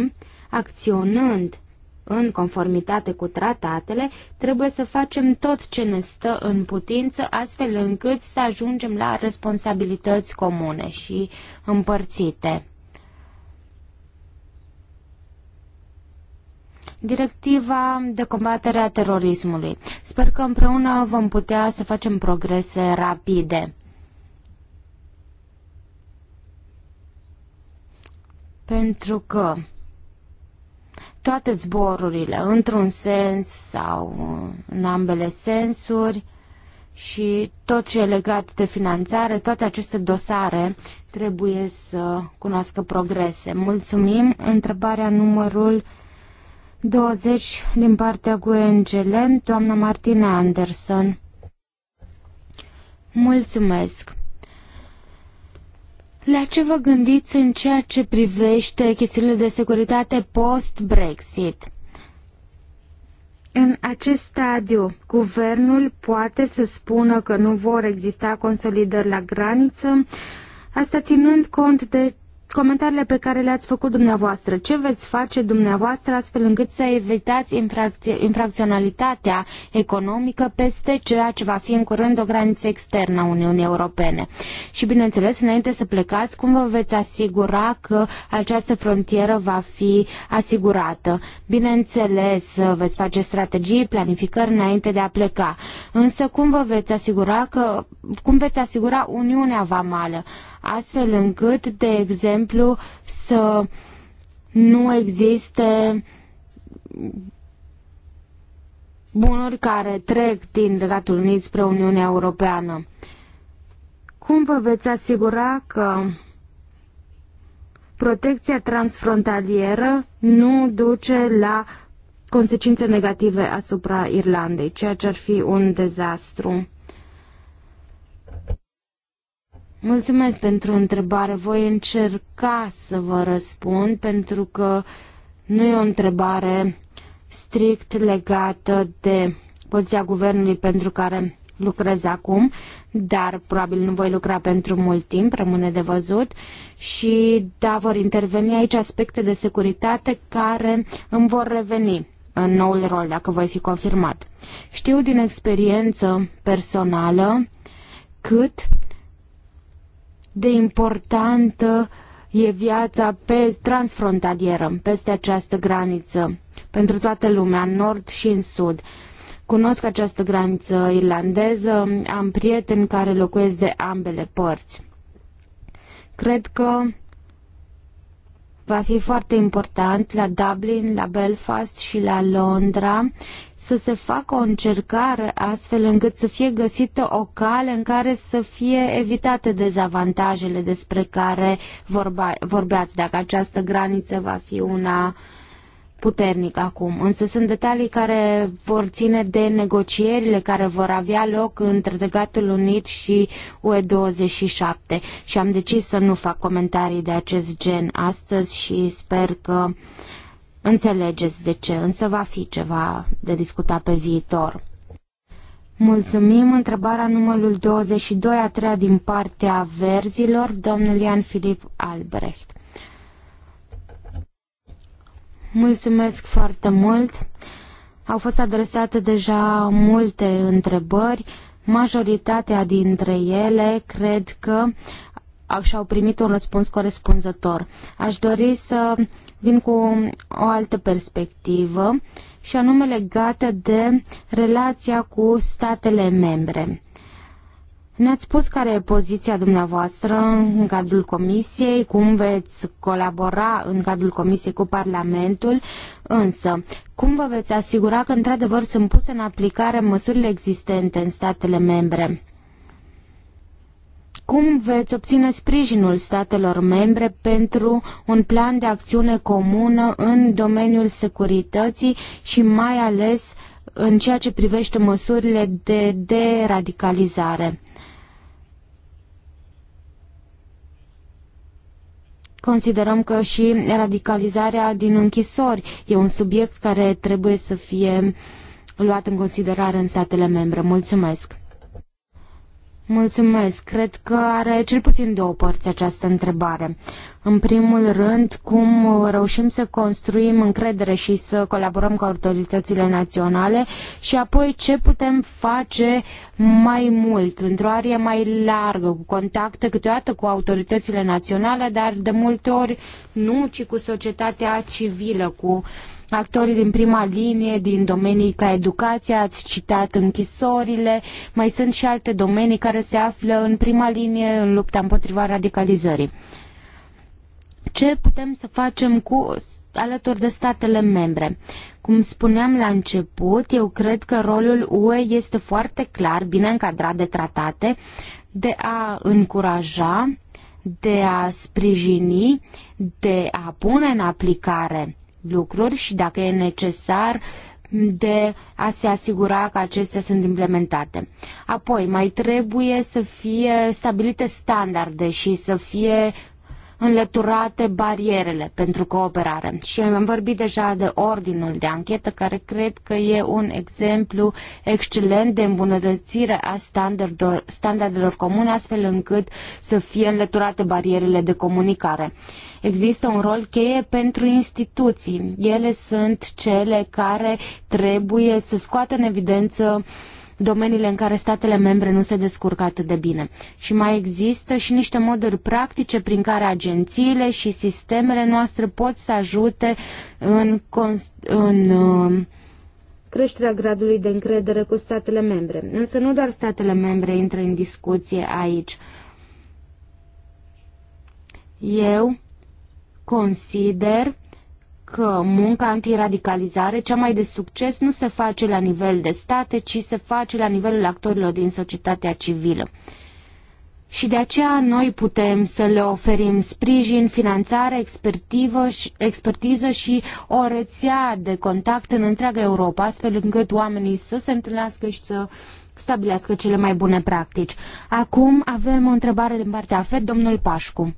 acționând în conformitate cu tratatele, trebuie să facem tot ce ne stă în putință, astfel încât să ajungem la responsabilități comune și împărțite. Directiva de combatere a terorismului. Sper că împreună vom putea să facem progrese rapide. Pentru că toate zborurile, într-un sens sau în ambele sensuri, și tot ce e legat de finanțare, toate aceste dosare trebuie să cunoască progrese. Mulțumim. Întrebarea numărul 20 din partea gue doamna Martina Anderson. Mulțumesc! La ce vă gândiți în ceea ce privește chestiunile de securitate post-Brexit? În acest stadiu, guvernul poate să spună că nu vor exista consolidări la graniță, asta ținând cont de comentariile pe care le-ați făcut dumneavoastră. Ce veți face dumneavoastră astfel încât să evitați infrac- infracționalitatea economică peste ceea ce va fi în curând o graniță externă a Uniunii Europene? Și bineînțeles, înainte să plecați, cum vă veți asigura că această frontieră va fi asigurată? Bineînțeles, veți face strategii, planificări înainte de a pleca. Însă cum vă veți asigura că, cum veți asigura Uniunea Vamală? astfel încât, de exemplu, să nu existe bunuri care trec din Regatul Unit spre Uniunea Europeană. Cum vă veți asigura că protecția transfrontalieră nu duce la consecințe negative asupra Irlandei, ceea ce ar fi un dezastru? Mulțumesc pentru întrebare. Voi încerca să vă răspund pentru că nu e o întrebare strict legată de poziția guvernului pentru care lucrez acum, dar probabil nu voi lucra pentru mult timp, rămâne de văzut. Și da, vor interveni aici aspecte de securitate care îmi vor reveni în noul rol, dacă voi fi confirmat. Știu din experiență personală cât de importantă e viața pe transfrontalieră, peste această graniță, pentru toată lumea, în nord și în sud. Cunosc această graniță irlandeză, am prieteni care locuiesc de ambele părți. Cred că va fi foarte important la Dublin, la Belfast și la Londra să se facă o încercare astfel încât să fie găsită o cale în care să fie evitate dezavantajele despre care vorba, vorbeați, dacă această graniță va fi una uh, puternic acum, însă sunt detalii care vor ține de negocierile care vor avea loc între Regatul Unit și UE27 și am decis să nu fac comentarii de acest gen astăzi și sper că înțelegeți de ce, însă va fi ceva de discutat pe viitor. Mulțumim. Întrebarea numărul 22, a treia din partea verzilor, domnul Ian Filip Albrecht. Mulțumesc foarte mult. Au fost adresate deja multe întrebări. Majoritatea dintre ele cred că și-au primit un răspuns corespunzător. Aș dori să vin cu o altă perspectivă și anume legată de relația cu statele membre. Ne-ați spus care e poziția dumneavoastră în cadrul comisiei, cum veți colabora în cadrul comisiei cu Parlamentul, însă cum vă veți asigura că într-adevăr sunt puse în aplicare măsurile existente în statele membre? Cum veți obține sprijinul statelor membre pentru un plan de acțiune comună în domeniul securității și mai ales în ceea ce privește măsurile de deradicalizare? Considerăm că și radicalizarea din închisori e un subiect care trebuie să fie luat în considerare în statele membre. Mulțumesc! Mulțumesc! Cred că are cel puțin două părți această întrebare. În primul rând, cum reușim să construim încredere și să colaborăm cu autoritățile naționale și apoi ce putem face mai mult, într-o arie mai largă, cu contacte câteodată cu autoritățile naționale, dar de multe ori nu, ci cu societatea civilă, cu actorii din prima linie, din domenii ca educația, ați citat închisorile, mai sunt și alte domenii care se află în prima linie în lupta împotriva radicalizării ce putem să facem cu alături de statele membre. Cum spuneam la început, eu cred că rolul UE este foarte clar, bine încadrat de tratate, de a încuraja, de a sprijini, de a pune în aplicare lucruri și, dacă e necesar, de a se asigura că acestea sunt implementate. Apoi, mai trebuie să fie stabilite standarde și să fie înlăturate barierele pentru cooperare. Și am vorbit deja de ordinul de anchetă, care cred că e un exemplu excelent de îmbunătățire a standardelor, standardelor comune, astfel încât să fie înlăturate barierele de comunicare. Există un rol cheie pentru instituții. Ele sunt cele care trebuie să scoată în evidență uh, domeniile în care statele membre nu se descurcă atât de bine. Și mai există și niște moduri practice prin care agențiile și sistemele noastre pot să ajute în, în uh, creșterea gradului de încredere cu statele membre. Însă nu doar statele membre intră în discuție aici. Eu consider că munca antiradicalizare, cea mai de succes, nu se face la nivel de state, ci se face la nivelul actorilor din societatea civilă. Și de aceea noi putem să le oferim sprijin, finanțare, expertiză și o rețea de contact în întreaga Europa, astfel încât oamenii să se întâlnească și să stabilească cele mai bune practici. Acum avem o întrebare din partea FED, domnul Pașcu.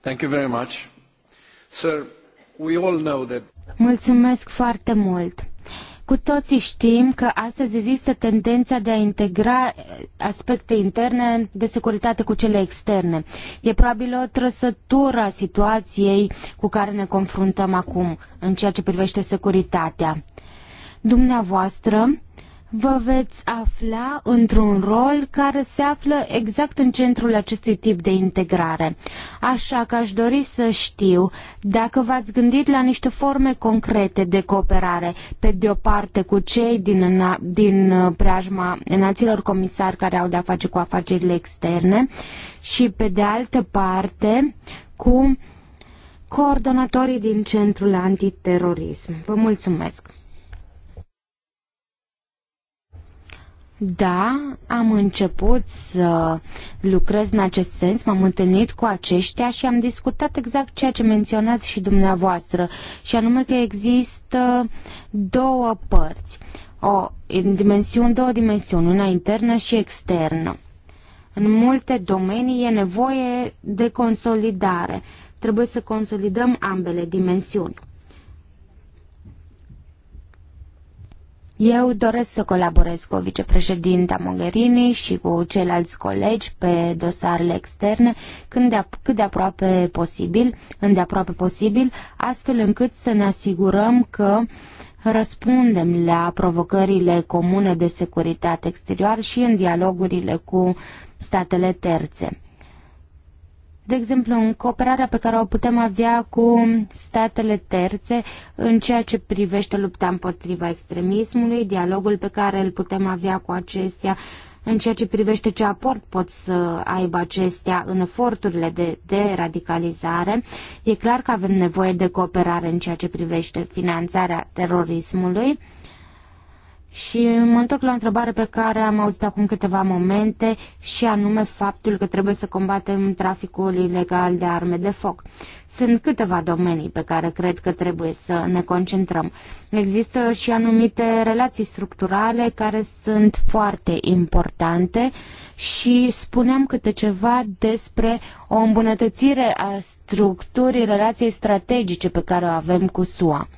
Thank you very much. Sir, we all know that... Mulțumesc foarte mult. Cu toții știm că astăzi există tendența de a integra eh, aspecte interne de securitate cu cele externe. E probabil o trăsătură a situației cu care ne confruntăm acum în ceea ce privește securitatea. Dumneavoastră, vă veți afla într-un rol care se află exact în centrul acestui tip de integrare. Așa că aș dori să știu dacă v-ați gândit la niște forme concrete de cooperare, pe de o parte cu cei din, din uh, preajma națiilor comisari care au de-a face cu afacerile externe și pe de altă parte cu coordonatorii din Centrul Antiterorism. Vă mulțumesc! Da, am început să lucrez în acest sens, m-am întâlnit cu aceștia și am discutat exact ceea ce menționați și dumneavoastră, și anume că există două părți, o dimensiune, două dimensiuni, una internă și externă. În multe domenii e nevoie de consolidare. Trebuie să consolidăm ambele dimensiuni. Eu doresc să colaborez cu vicepreședinta Mogherini și cu ceilalți colegi pe dosarele externe când de, cât de aproape posibil, aproape posibil, astfel încât să ne asigurăm că răspundem la provocările comune de securitate exterior și în dialogurile cu statele terțe de exemplu, în cooperarea pe care o putem avea cu statele terțe în ceea ce privește lupta împotriva extremismului, dialogul pe care îl putem avea cu acestea, în ceea ce privește ce aport pot să aibă acestea în eforturile de de radicalizare, e clar că avem nevoie de cooperare în ceea ce privește finanțarea terorismului. Uh, și mă întorc la o întrebare pe care am auzit acum câteva momente și anume faptul că trebuie să combatem traficul ilegal de arme de foc. Sunt câteva domenii pe care cred că trebuie să ne concentrăm. Există și anumite relații structurale care sunt foarte importante și spuneam câte ceva despre o îmbunătățire a structurii relației strategice pe care o avem cu SUA.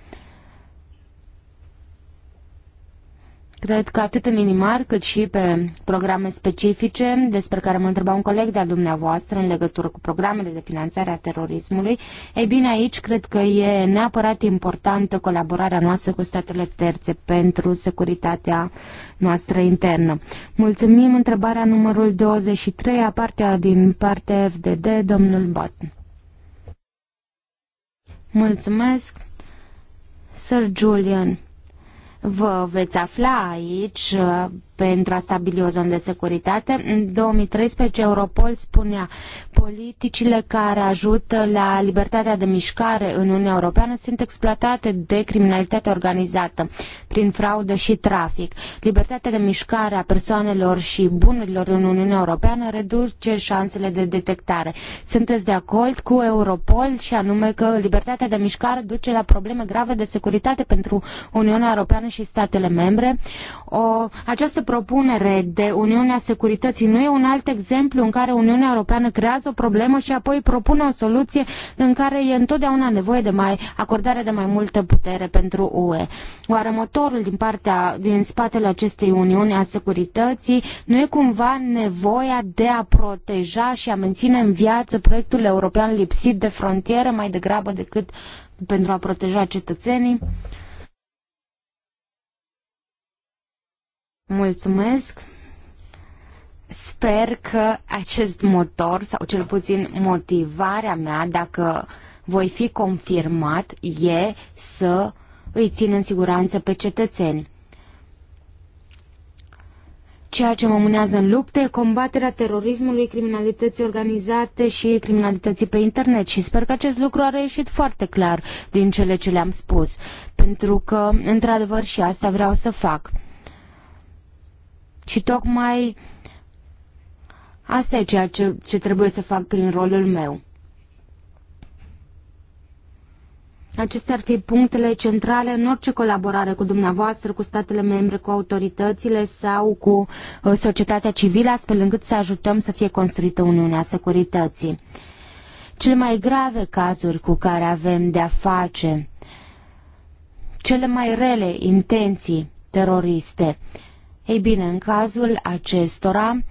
Cred că atât în inimar cât și pe programe specifice, despre care mă întreba un coleg de-a dumneavoastră în legătură cu programele de finanțare a terorismului, ei bine, aici cred că e neapărat importantă colaborarea noastră cu statele terțe pentru securitatea noastră internă. Mulțumim întrebarea numărul 23, a partea din partea FDD, domnul Bot. Mulțumesc, Sir Julian. Vă veți afla aici pentru a stabili o zonă de securitate. În 2013 Europol spunea politicile care ajută la libertatea de mișcare în Uniunea Europeană sunt exploatate de criminalitate organizată prin fraudă și trafic. Libertatea de mișcare a persoanelor și bunurilor în Uniunea Europeană reduce șansele de detectare. Sunteți de acord cu Europol și anume că libertatea de mișcare duce la probleme grave de securitate pentru Uniunea Europeană și statele membre? O, această propunere de Uniunea Securității nu e un alt exemplu în care Uniunea Europeană creează o problemă și apoi propune o soluție în care e întotdeauna nevoie de mai acordare de mai multă putere pentru UE. Oare motorul din partea din spatele acestei Uniuni a Securității nu e cumva nevoia de a proteja și a menține în viață proiectul european lipsit de frontiere mai degrabă decât pentru a proteja cetățenii? Mulțumesc! Sper că acest motor, sau cel puțin motivarea mea, dacă voi fi confirmat, e să îi țin în siguranță pe cetățeni. Ceea ce mă mânează în lupte e combaterea terorismului, criminalității organizate și criminalității pe internet și sper că acest lucru a reieșit foarte clar din cele ce le-am spus, pentru că, într-adevăr, și asta vreau să fac ci tocmai asta e ceea ce, ce trebuie să fac prin rolul meu. Acestea ar fi punctele centrale în orice colaborare cu dumneavoastră, cu statele membre, cu autoritățile sau cu uh, societatea civilă, astfel încât să ajutăm să fie construită Uniunea Securității. Cele mai grave cazuri cu care avem de-a face, cele mai rele intenții teroriste, ei bine, în cazul acestora,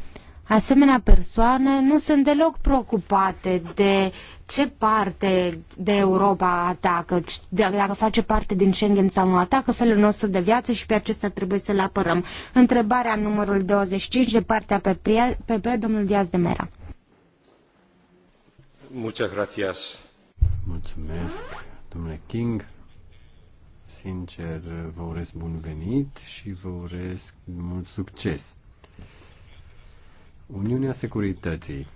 asemenea persoane nu sunt deloc preocupate de ce parte de Europa atacă, dacă face parte din Schengen sau nu atacă felul nostru de viață și pe acesta trebuie să-l apărăm. Întrebarea numărul 25 de partea PP, PP domnul Diaz de Mera. Muchas gracias. Mulțumesc, domnule King. Sincer, vă urez bun venit și vă urez mult succes. Uniunea Securității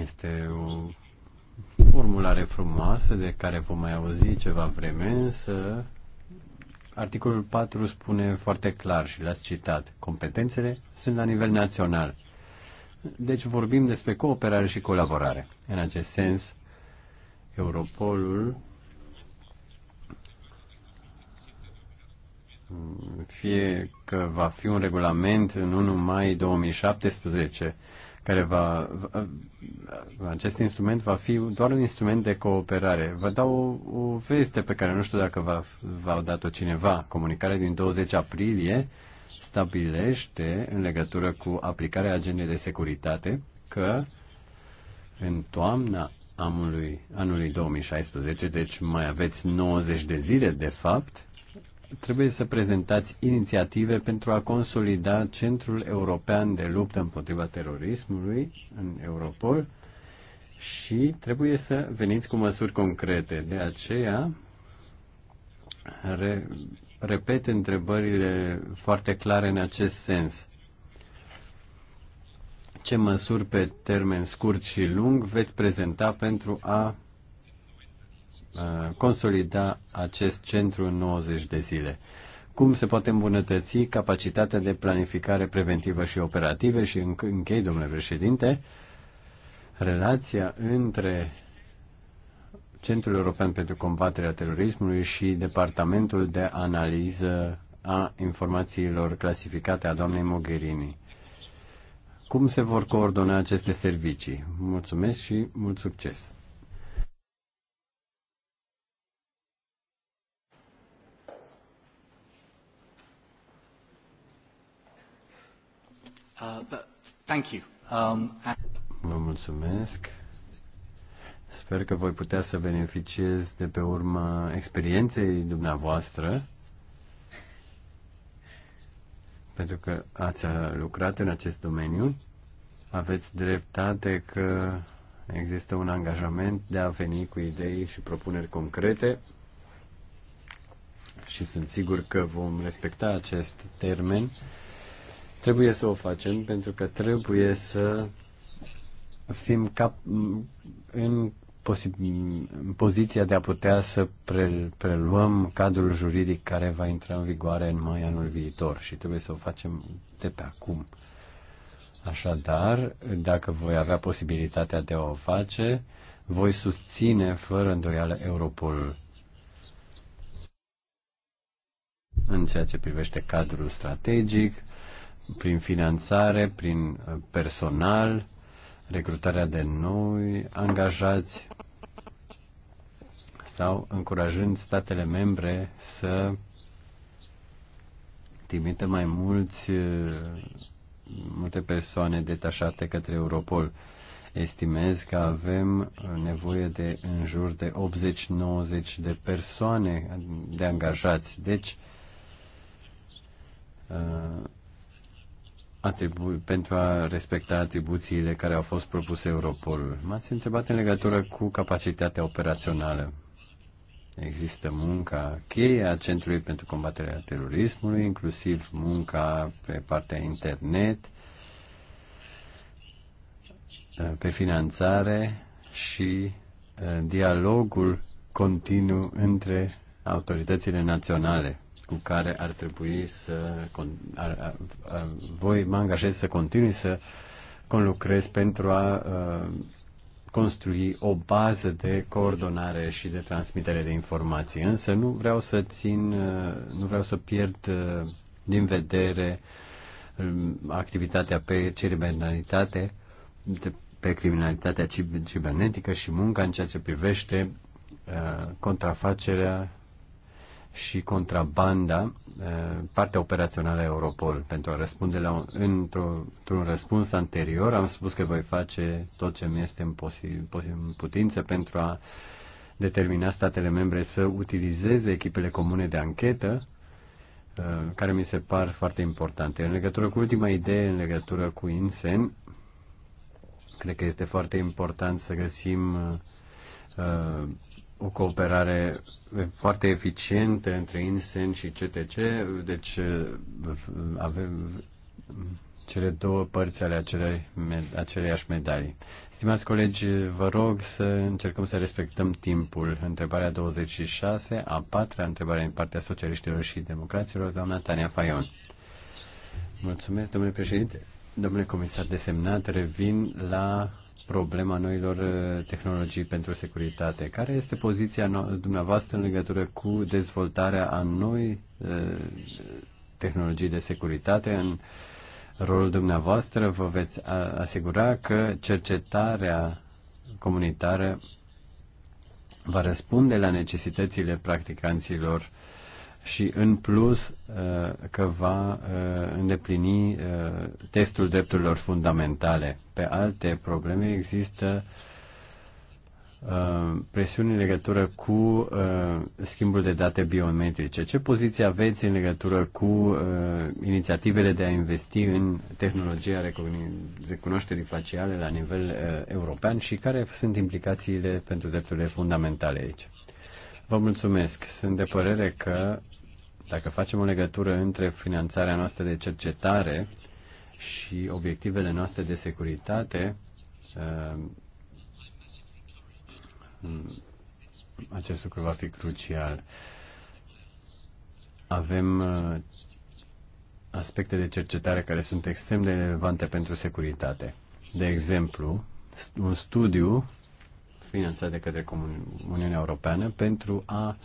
este o formulare frumoasă de care vom mai auzi ceva vreme, însă articolul 4 spune foarte clar și l-ați citat, competențele sunt la nivel național. Deci vorbim despre cooperare și colaborare. În acest sens, Europolul fie că va fi un regulament în 1 mai 2017, care va, va, acest instrument va fi doar un instrument de cooperare. Vă dau o, o veste pe care nu știu dacă va, va dat-o cineva. Comunicarea din 20 aprilie stabilește în legătură cu aplicarea agendei de securitate că în toamna anului, anului 2016, deci mai aveți 90 de zile de fapt, trebuie să prezentați inițiative pentru a consolida Centrul European de Luptă împotriva Terorismului în Europol și trebuie să veniți cu măsuri concrete. De aceea, re, repet întrebările foarte clare în acest sens. Ce măsuri pe termen scurt și lung veți prezenta pentru a Uh, consolida acest centru în 90 de zile. Cum se poate îmbunătăți capacitatea de planificare preventivă și operativă și închei, domnule președinte, relația între Centrul European pentru Combaterea Terorismului și Departamentul de Analiză a Informațiilor Clasificate a doamnei Mogherini. Cum se vor coordona aceste servicii? Mulțumesc și mult succes! Uh, thank you. Um, Vă mulțumesc. Sper că voi putea să beneficiez de pe urma experienței dumneavoastră, pentru că ați lucrat în acest domeniu. Aveți dreptate că există un angajament de a veni cu idei și propuneri concrete și sunt sigur că vom respecta acest termen Trebuie să o facem pentru că trebuie să fim cap în, în poziția de a putea să pre- preluăm cadrul juridic care va intra în vigoare în mai anul viitor și trebuie să o facem de pe acum. Așadar, dacă voi avea posibilitatea de a o face, voi susține fără îndoială Europol în ceea ce privește cadrul strategic, prin finanțare, prin uh, personal, recrutarea de noi angajați sau încurajând statele membre să trimită mai mulți, uh, multe persoane detașate către Europol. Estimez că avem uh, nevoie de în jur de 80-90 de persoane de angajați. Deci, atribu- pentru a respecta atribuțiile care au fost propuse Europolul. M-ați întrebat în legătură cu capacitatea operațională. Există munca cheie a Centrului pentru combaterea terorismului, inclusiv munca pe partea internet, pe finanțare și eh, dialogul continuu între autoritățile naționale cu care ar trebui să ar, ar, ar, voi mă angajez să continui să conlucrez pentru a uh, construi o bază de coordonare și de transmitere de informații. Însă nu vreau să țin, uh, nu vreau să pierd uh, din vedere um, activitatea pe criminalitate, pe criminalitatea cibernetică și munca în ceea ce privește uh, contrafacerea și contrabanda, eh, partea operațională a Europol. Pentru a răspunde la un, într-un răspuns anterior, am spus că voi face tot ce mi este în, posi- în putință pentru a determina statele membre să utilizeze echipele comune de anchetă, eh, care mi se par foarte importante. În legătură cu ultima idee, în legătură cu INSEN, cred că este foarte important să găsim eh, o cooperare foarte eficientă între INSEN și CTC, deci avem cele două părți ale acelei, aceleiași medalii. Stimați colegi, vă rog să încercăm să respectăm timpul. Întrebarea 26, a patra întrebare din partea socialiștilor și democraților, doamna Tania Fayon. Mulțumesc, domnule președinte. Domnule comisar desemnat, revin la problema noilor uh, tehnologii pentru securitate. Care este poziția dumneavoastră în legătură cu dezvoltarea a noi uh, tehnologii de securitate în rolul dumneavoastră? Vă veți uh, asigura că cercetarea comunitară va răspunde la necesitățile practicanților uh, și în plus uh, că va uh, îndeplini uh, testul drepturilor fundamentale. Pe alte probleme există presiuni în legătură cu schimbul de date biometrice. Ce poziție aveți în legătură cu inițiativele de a investi în tehnologia recunoașterii faciale la nivel european și care sunt implicațiile pentru drepturile fundamentale aici? Vă mulțumesc. Sunt de părere că dacă facem o legătură între finanțarea noastră de cercetare și obiectivele noastre de securitate, uh, acest lucru va fi crucial. Avem uh, aspecte de cercetare care sunt extrem de relevante pentru securitate. De exemplu, un studiu finanțat de către Uniunea Europeană pentru a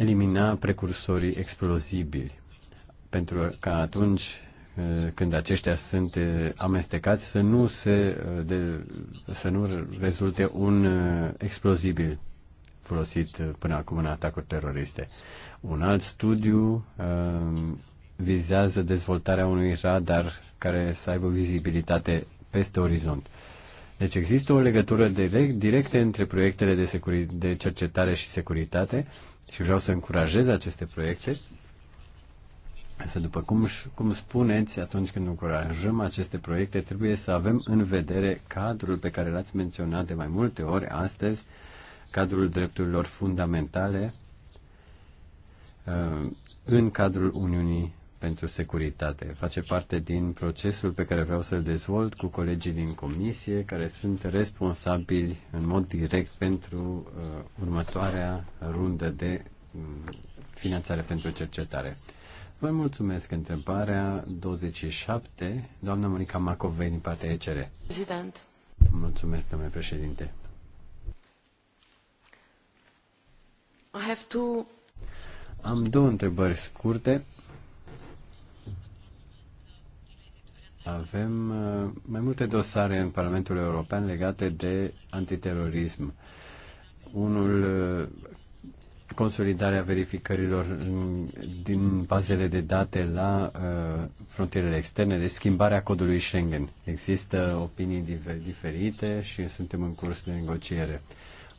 elimina precursorii explozibili, pentru că atunci eh, când aceștia sunt eh, amestecați să nu, se, eh, de, să nu rezulte un explozibil folosit până acum în atacuri teroriste. Un alt studiu vizează dezvoltarea unui radar care să aibă vizibilitate peste orizont. Deci există o legătură direct, directă între proiectele de, securi- de cercetare și securitate și vreau să încurajez aceste proiecte. Însă, după cum, cum spuneți, atunci când încurajăm aceste proiecte, trebuie să avem în vedere cadrul pe care l-ați menționat de mai multe ori astăzi, cadrul drepturilor fundamentale uh, în cadrul Uniunii pentru securitate. Face parte din procesul pe care vreau să-l dezvolt cu colegii din comisie care sunt responsabili în mod direct pentru uh, următoarea rundă de um, finanțare pentru cercetare. Vă mulțumesc. Întrebarea 27, doamna Monica Macovei din partea ECR. Prezident. Mulțumesc, domnule președinte. I have two... Am două întrebări scurte Avem uh, mai multe dosare în Parlamentul European legate de antiterorism. Unul uh, consolidarea verificărilor din bazele de date la uh, frontierele externe, de deci schimbarea codului Schengen. Există opinii diferite și suntem în curs de negociere.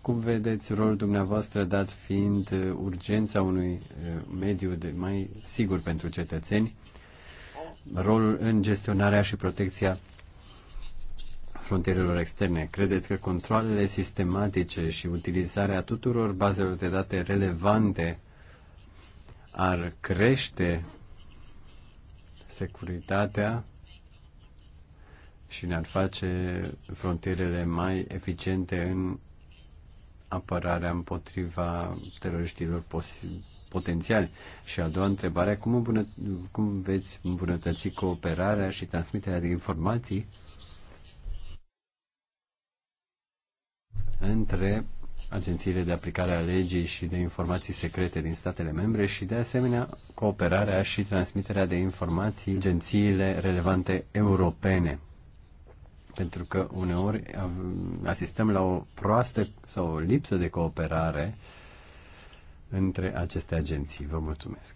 Cum vedeți rolul dumneavoastră dat fiind urgența unui mediu de mai sigur pentru cetățeni rolul în gestionarea și protecția frontierelor externe. Credeți că controlele sistematice și utilizarea tuturor bazelor de date relevante ar crește securitatea și ne-ar face frontierele mai eficiente în apărarea împotriva teroriștilor posibili potențiali? Și a doua întrebare, cum, îmbună, cum veți îmbunătăți cooperarea și transmiterea de informații între agențiile de aplicare a legii și de informații secrete din statele membre și, de asemenea, cooperarea și transmiterea de informații agențiile relevante europene. Pentru că uneori asistăm la o proastă sau o lipsă de cooperare uh, între aceste agenții. Vă mulțumesc.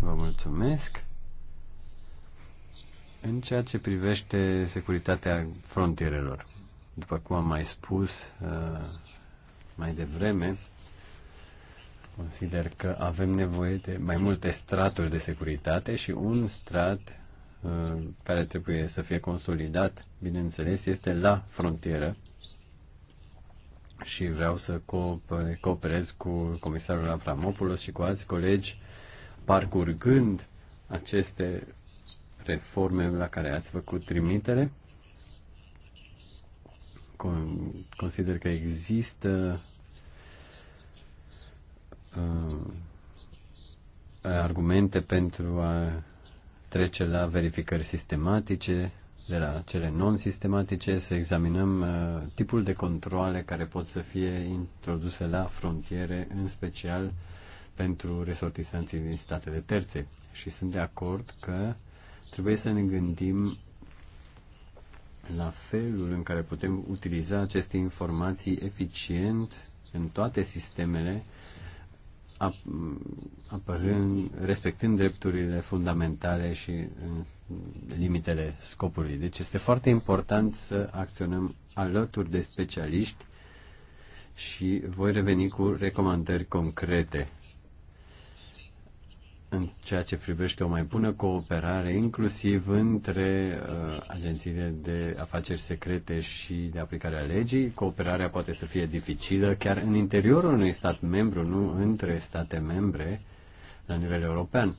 Vă mulțumesc. În ceea ce privește securitatea frontierelor, după cum am mai spus uh, mai devreme, consider că avem nevoie de mai multe straturi de securitate și un strat uh, care trebuie să fie consolidat, bineînțeles, este la frontieră, și vreau să cooperez cu comisarul Avramopoulos și cu alți colegi parcurgând aceste reforme la care ați făcut trimitere. Consider că există uh, argumente pentru a trece la verificări sistematice de la cele non-sistematice, să examinăm uh, tipul de controle care pot să fie introduse la frontiere, în special pentru resortisanții din statele terțe. Și sunt de acord că trebuie să ne gândim la felul în care putem utiliza aceste informații eficient în toate sistemele uh, apărând, respectând drepturile fundamentale și uh, limitele scopului. Deci este foarte important să acționăm alături de specialiști și voi reveni cu recomandări concrete în ceea ce privește o mai bună cooperare, inclusiv între uh, agențiile de afaceri secrete și de aplicare a legii. Cooperarea poate să fie dificilă chiar în interiorul unui stat membru, nu între state membre la nivel european.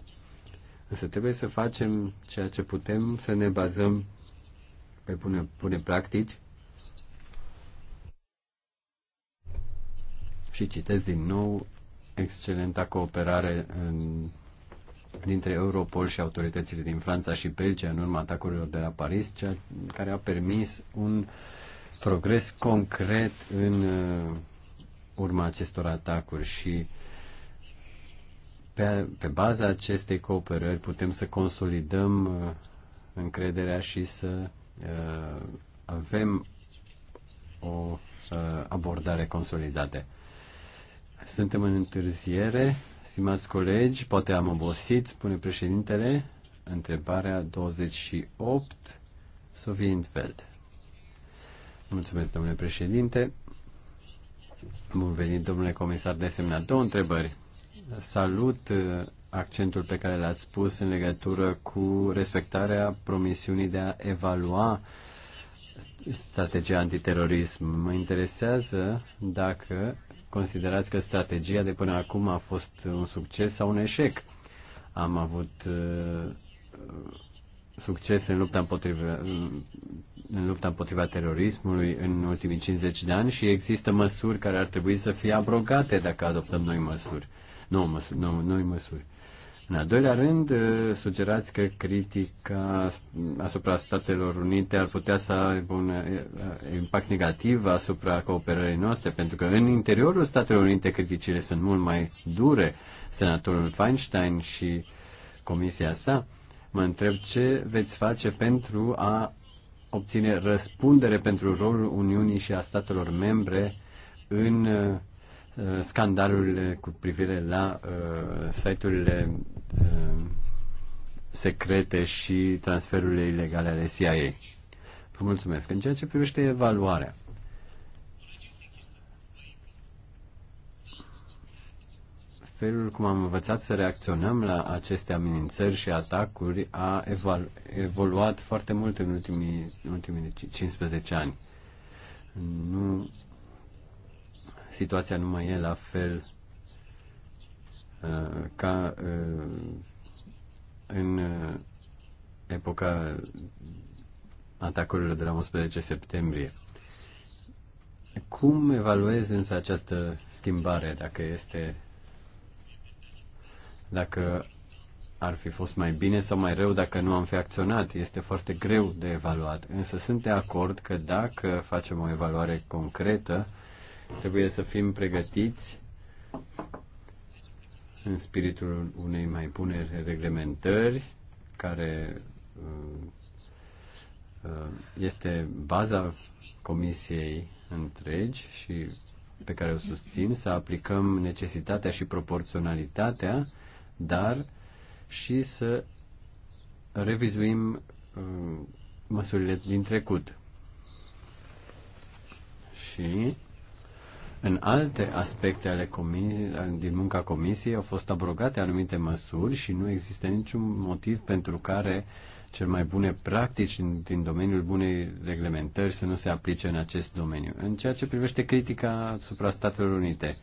Însă trebuie să facem ceea ce putem, să ne bazăm pe bune, bune practici. Și citesc din nou excelenta cooperare în dintre Europol și autoritățile din Franța și Belgia în urma atacurilor de la Paris, ceea care a permis un progres concret în uh, urma acestor atacuri și pe, pe baza acestei cooperări putem să consolidăm uh, încrederea și să uh, avem o abordare consolidată. Suntem în întârziere, stimați colegi, poate am obosit, spune președintele. Întrebarea 28, Sofie Infeld. Mulțumesc, domnule președinte. Bun venit, domnule comisar de desemnat. Două întrebări. Salut uh, accentul pe care l-ați pus în legătură cu respectarea promisiunii de a evalua strategia antiterorism. Mă interesează dacă considerați că strategia de până acum a fost un succes sau un eșec? Am avut uh, succes în lupta împotriva, în lupta împotriva terorismului în ultimii 50 de ani și există măsuri care ar trebui să fie abrogate dacă adoptăm noi măsuri. Nu, măsuri, nu noi măsuri. În al doilea rând, uh, sugerați că critica asupra Statelor Unite ar putea să aibă un uh, impact negativ asupra cooperării noastre, pentru că în interiorul Statelor Unite criticile sunt mult mai dure. Senatorul Feinstein și comisia sa, mă întreb ce veți face pentru a obține răspundere pentru rolul Uniunii și a statelor membre în uh, Uh, scandalurile cu privire la uh, site-urile uh, secrete și transferurile ilegale ale CIA. Vă mulțumesc. În ceea ce privește evaluarea, felul cum am învățat să reacționăm la aceste amenințări și atacuri a evolu- evoluat foarte mult în ultimii, în ultimii 15 ani. Nu situația nu mai e la fel uh, ca uh, în uh, epoca atacurilor de la 11 septembrie. Cum evaluezi însă această schimbare, dacă este dacă ar fi fost mai bine sau mai rău dacă nu am fi acționat. Este foarte greu de evaluat, însă sunt de acord că dacă facem o evaluare concretă, Trebuie să fim pregătiți în spiritul unei mai bune reglementări care uh, uh, este baza comisiei întregi și pe care o susțin, să aplicăm necesitatea și proporționalitatea, dar și să revizuim uh, măsurile din trecut. Și în alte aspecte ale comi- din munca comisiei au fost abrogate anumite măsuri și nu există niciun motiv pentru care cel mai bune practici din domeniul bunei reglementări să nu se aplice în acest domeniu. În ceea ce privește critica asupra Statelor Unite,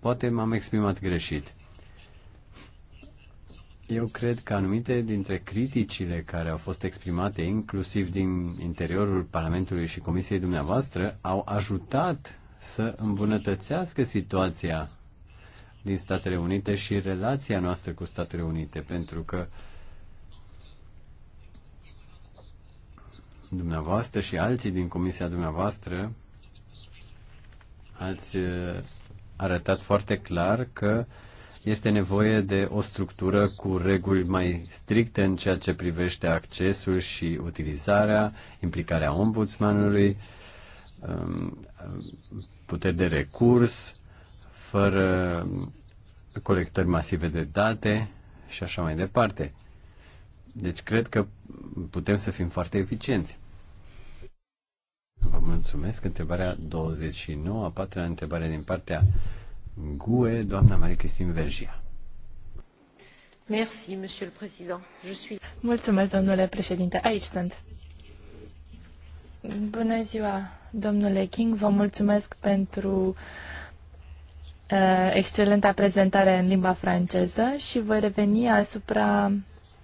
poate m-am exprimat greșit. Eu cred că anumite dintre criticile care au fost exprimate, inclusiv din interiorul Parlamentului și Comisiei dumneavoastră, au ajutat să îmbunătățească situația din Statele Unite și relația noastră cu Statele Unite, pentru că dumneavoastră și alții din comisia dumneavoastră ați uh, arătat foarte clar că este nevoie de o structură cu reguli mai stricte în ceea ce privește accesul și utilizarea, implicarea ombudsmanului, um, puteri de recurs, fără colectări masive de date și așa mai departe. Deci cred că putem să fim foarte eficienți. Vă mulțumesc. Întrebarea 29, a patra întrebare din partea GUE, doamna Marie-Christine Vergia. Merci, monsieur le président. Je suis... Mulțumesc, domnule președinte. Aici sunt. Bună ziua, Domnule King, vă mulțumesc pentru uh, excelenta prezentare în limba franceză și voi reveni asupra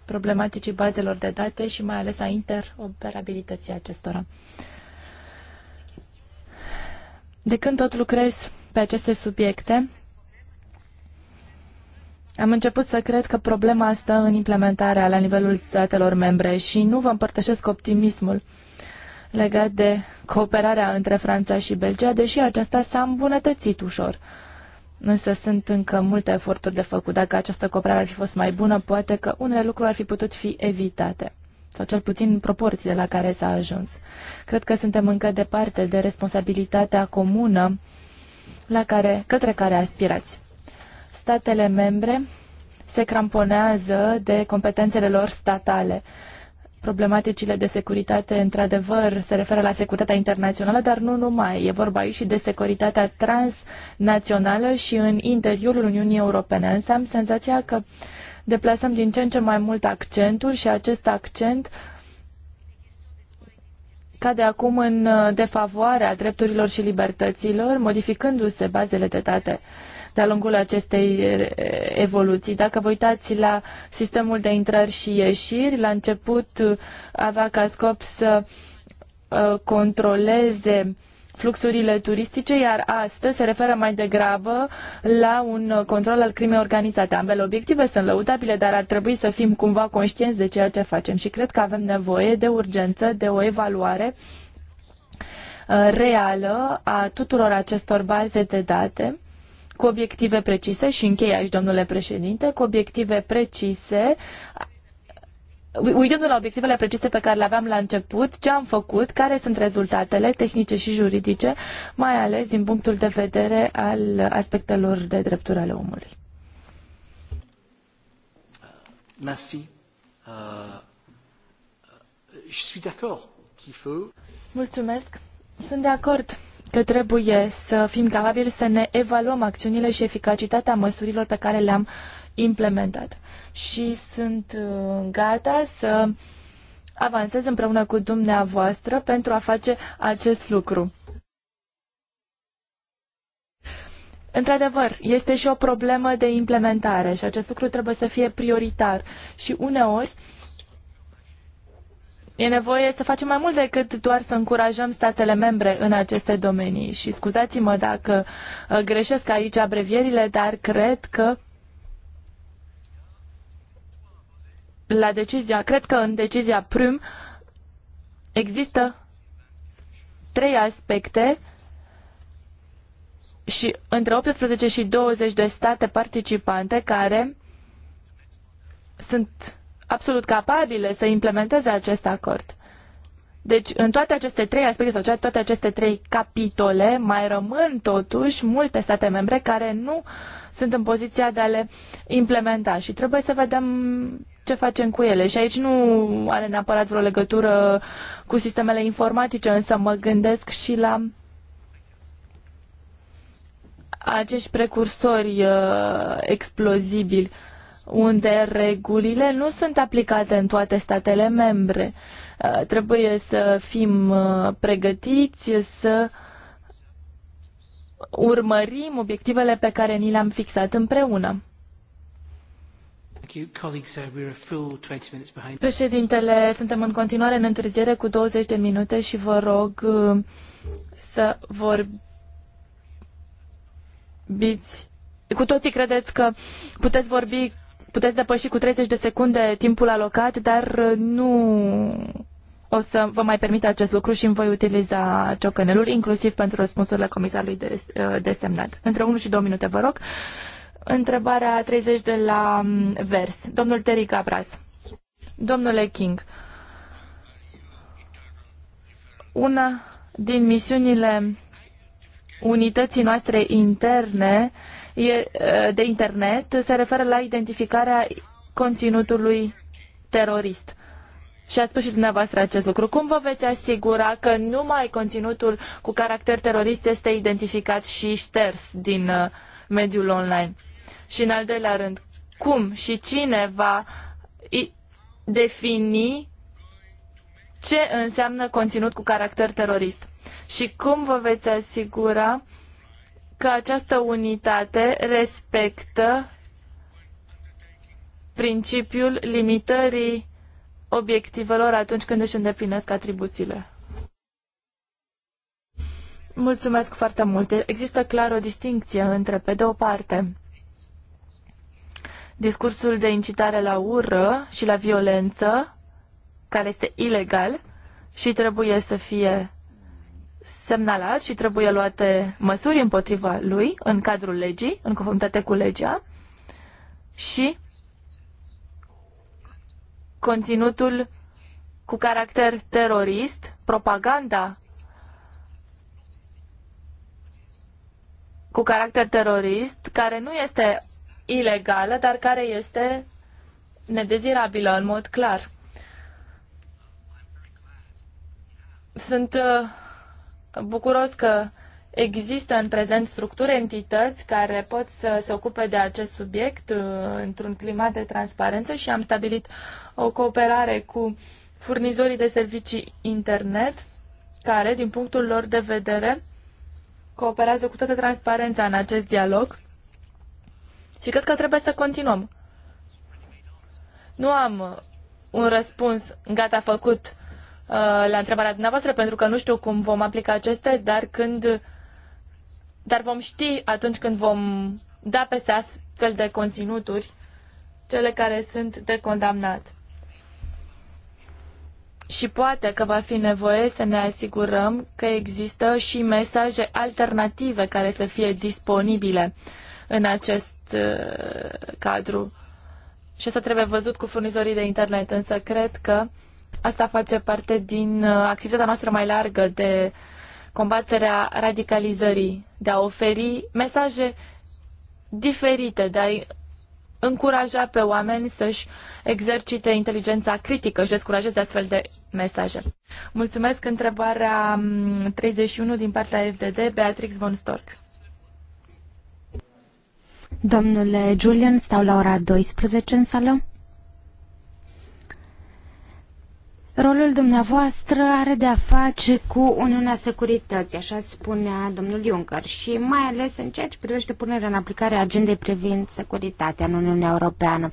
problematicii bazelor de date și mai ales a interoperabilității acestora. De când tot lucrez pe aceste subiecte, am început să cred că problema stă în implementarea la nivelul statelor membre și nu vă împărtășesc optimismul legat de cooperarea între Franța și Belgia, deși aceasta s-a îmbunătățit ușor. Însă sunt încă multe eforturi de făcut. Dacă această cooperare ar fi fost mai bună, poate că unele lucruri ar fi putut fi evitate, sau cel puțin proporțiile la care s-a ajuns. Cred că suntem încă departe de responsabilitatea comună la care, către care aspirați. Statele membre se cramponează de competențele lor statale Problematicile de securitate, într-adevăr, se referă la securitatea internațională, dar nu numai. E vorba aici și de securitatea transnațională și în interiorul Uniunii Europene. Însă am senzația că deplasăm din ce în ce mai mult accentul și acest accent cade acum în uh, defavoarea drepturilor și libertăților, modificându-se bazele de date de-a lungul acestei evoluții. Dacă vă uitați la sistemul de intrări și ieșiri, la început avea ca scop să uh, controleze fluxurile turistice, iar astăzi se referă mai degrabă la un control al crimei organizate. Ambele obiective sunt lăudabile, dar ar trebui să fim cumva conștienți de ceea ce facem și cred că avem nevoie de urgență, de o evaluare uh, reală a tuturor acestor baze de date cu obiective precise și închei aici, domnule președinte, cu obiective precise uitându-ne la obiectivele precise pe care le aveam la început, ce am făcut, care sunt rezultatele tehnice și juridice, mai ales din punctul de vedere al aspectelor de drepturi ale omului. Merci. Uh, je suis d'accord Mulțumesc. Sunt de acord că trebuie să fim capabili să ne evaluăm acțiunile și eficacitatea măsurilor pe care le-am implementat. Și sunt uh, gata să avansez împreună cu dumneavoastră pentru a face acest lucru. Într-adevăr, este și o problemă de implementare și acest lucru trebuie să fie prioritar. Și uneori, uh, E nevoie să facem mai mult decât doar să încurajăm statele membre în aceste domenii. Și scuzați-mă dacă uh, greșesc aici abrevierile, dar cred că la decizia, cred că în decizia prim există trei aspecte și între 18 și 20 de state participante care sunt absolut capabile să implementeze acest acord. Deci, în toate aceste trei aspecte sau toate aceste trei capitole, mai rămân totuși multe state membre care nu sunt în poziția de a le implementa și trebuie să vedem ce facem cu ele. Și aici nu are neapărat vreo legătură cu sistemele informatice, însă mă gândesc și la acești precursori uh, explozibili. Uh, unde regulile nu sunt aplicate în toate statele membre. Uh, trebuie să fim uh, pregătiți să urmărim obiectivele pe care ni le-am fixat împreună. Uh, Președintele, suntem în continuare în întârziere cu 20 de minute și vă rog să vorbiți. Cu toții credeți că puteți vorbi puteți depăși cu 30 de secunde timpul alocat, dar uh, nu o să vă mai permit acest lucru și îmi voi utiliza ciocănelul, inclusiv pentru răspunsurile comisarului de, uh, semnat. Între 1 și 2 minute, vă rog. Întrebarea 30 de la mm, vers. Domnul Terry Cabras. Domnule King, una din misiunile unității noastre interne uh, de internet se referă la identificarea conținutului terorist. Și ați spus și dumneavoastră acest lucru. Cum vă veți asigura că numai conținutul cu caracter terorist este identificat și șters din uh, mediul online? Și în al doilea rând, cum și cine va defini ce înseamnă conținut cu caracter terorist? Și cum vă veți asigura uh, că această unitate respectă principiul limitării obiectivelor atunci când își îndeplinesc atribuțiile. Mulțumesc foarte mult. Există clar o distinție între, pe de o parte, discursul de incitare la ură și la violență, care este ilegal și trebuie să fie semnalat și trebuie luate măsuri împotriva lui în cadrul legii, în conformitate cu legea și conținutul cu caracter terorist, propaganda cu caracter terorist, care nu este ilegală, dar care este nedezirabilă în mod clar. Sunt uh, bucuros că există în prezent structuri, entități care pot să se ocupe de acest subiect uh, într-un climat de transparență și am stabilit o cooperare cu furnizorii de servicii internet care, din punctul lor de vedere, cooperează cu toată transparența în acest dialog și cred că trebuie să continuăm. Nu am un răspuns gata făcut Uh, la întrebarea dumneavoastră, pentru că nu știu cum vom aplica acest test, dar când dar vom ști atunci când vom da peste astfel de conținuturi cele care sunt de condamnat. Și poate că va fi nevoie să ne asigurăm că există și mesaje alternative care să fie disponibile în acest uh, cadru. Și asta trebuie văzut cu furnizorii de internet, însă cred că uh, Asta face parte din uh, activitatea noastră mai largă de combaterea radicalizării, de a oferi mesaje diferite, de a încuraja pe oameni să-și exercite inteligența critică și descurajeze de astfel de mesaje. Mulțumesc. Întrebarea 31 mm, din partea FDD, Beatrix von Stork. Domnule Julian, stau la ora 12 în sală. Rolul dumneavoastră are de-a face cu Uniunea Securității, așa spunea domnul Juncker, și mai ales în ceea ce privește punerea în aplicare a agendei privind securitatea în Uniunea Europeană.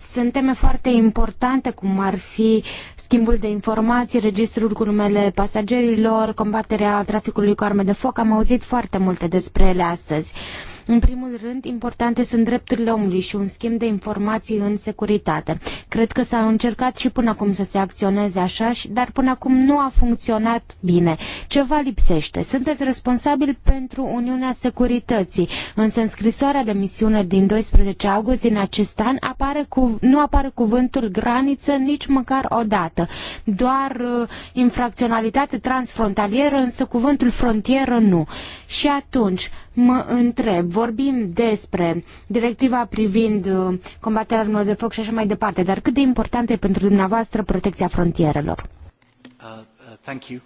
Sunt teme foarte importante, cum ar fi schimbul de informații, registrul cu numele pasagerilor, combaterea traficului cu arme de foc. Am auzit foarte multe despre ele astăzi. Uh, în primul rând, importante sunt drepturile omului și un schimb de informații în securitate. Cred că s-a încercat și până acum să se acționeze așa, dar până acum nu a funcționat bine. Ceva lipsește. Sunteți responsabil pentru Uniunea Securității, însă în scrisoarea de misiune din 12 august din acest an apare cu, nu apare cuvântul graniță nici măcar o dată. Doar uh, infracționalitate transfrontalieră, însă cuvântul frontieră nu. Și atunci mă întreb, Vorbim despre directiva privind uh, combaterea armelor de foc și așa mai departe, dar cât de importantă e pentru dumneavoastră protecția frontierelor? Uh, uh, thank you.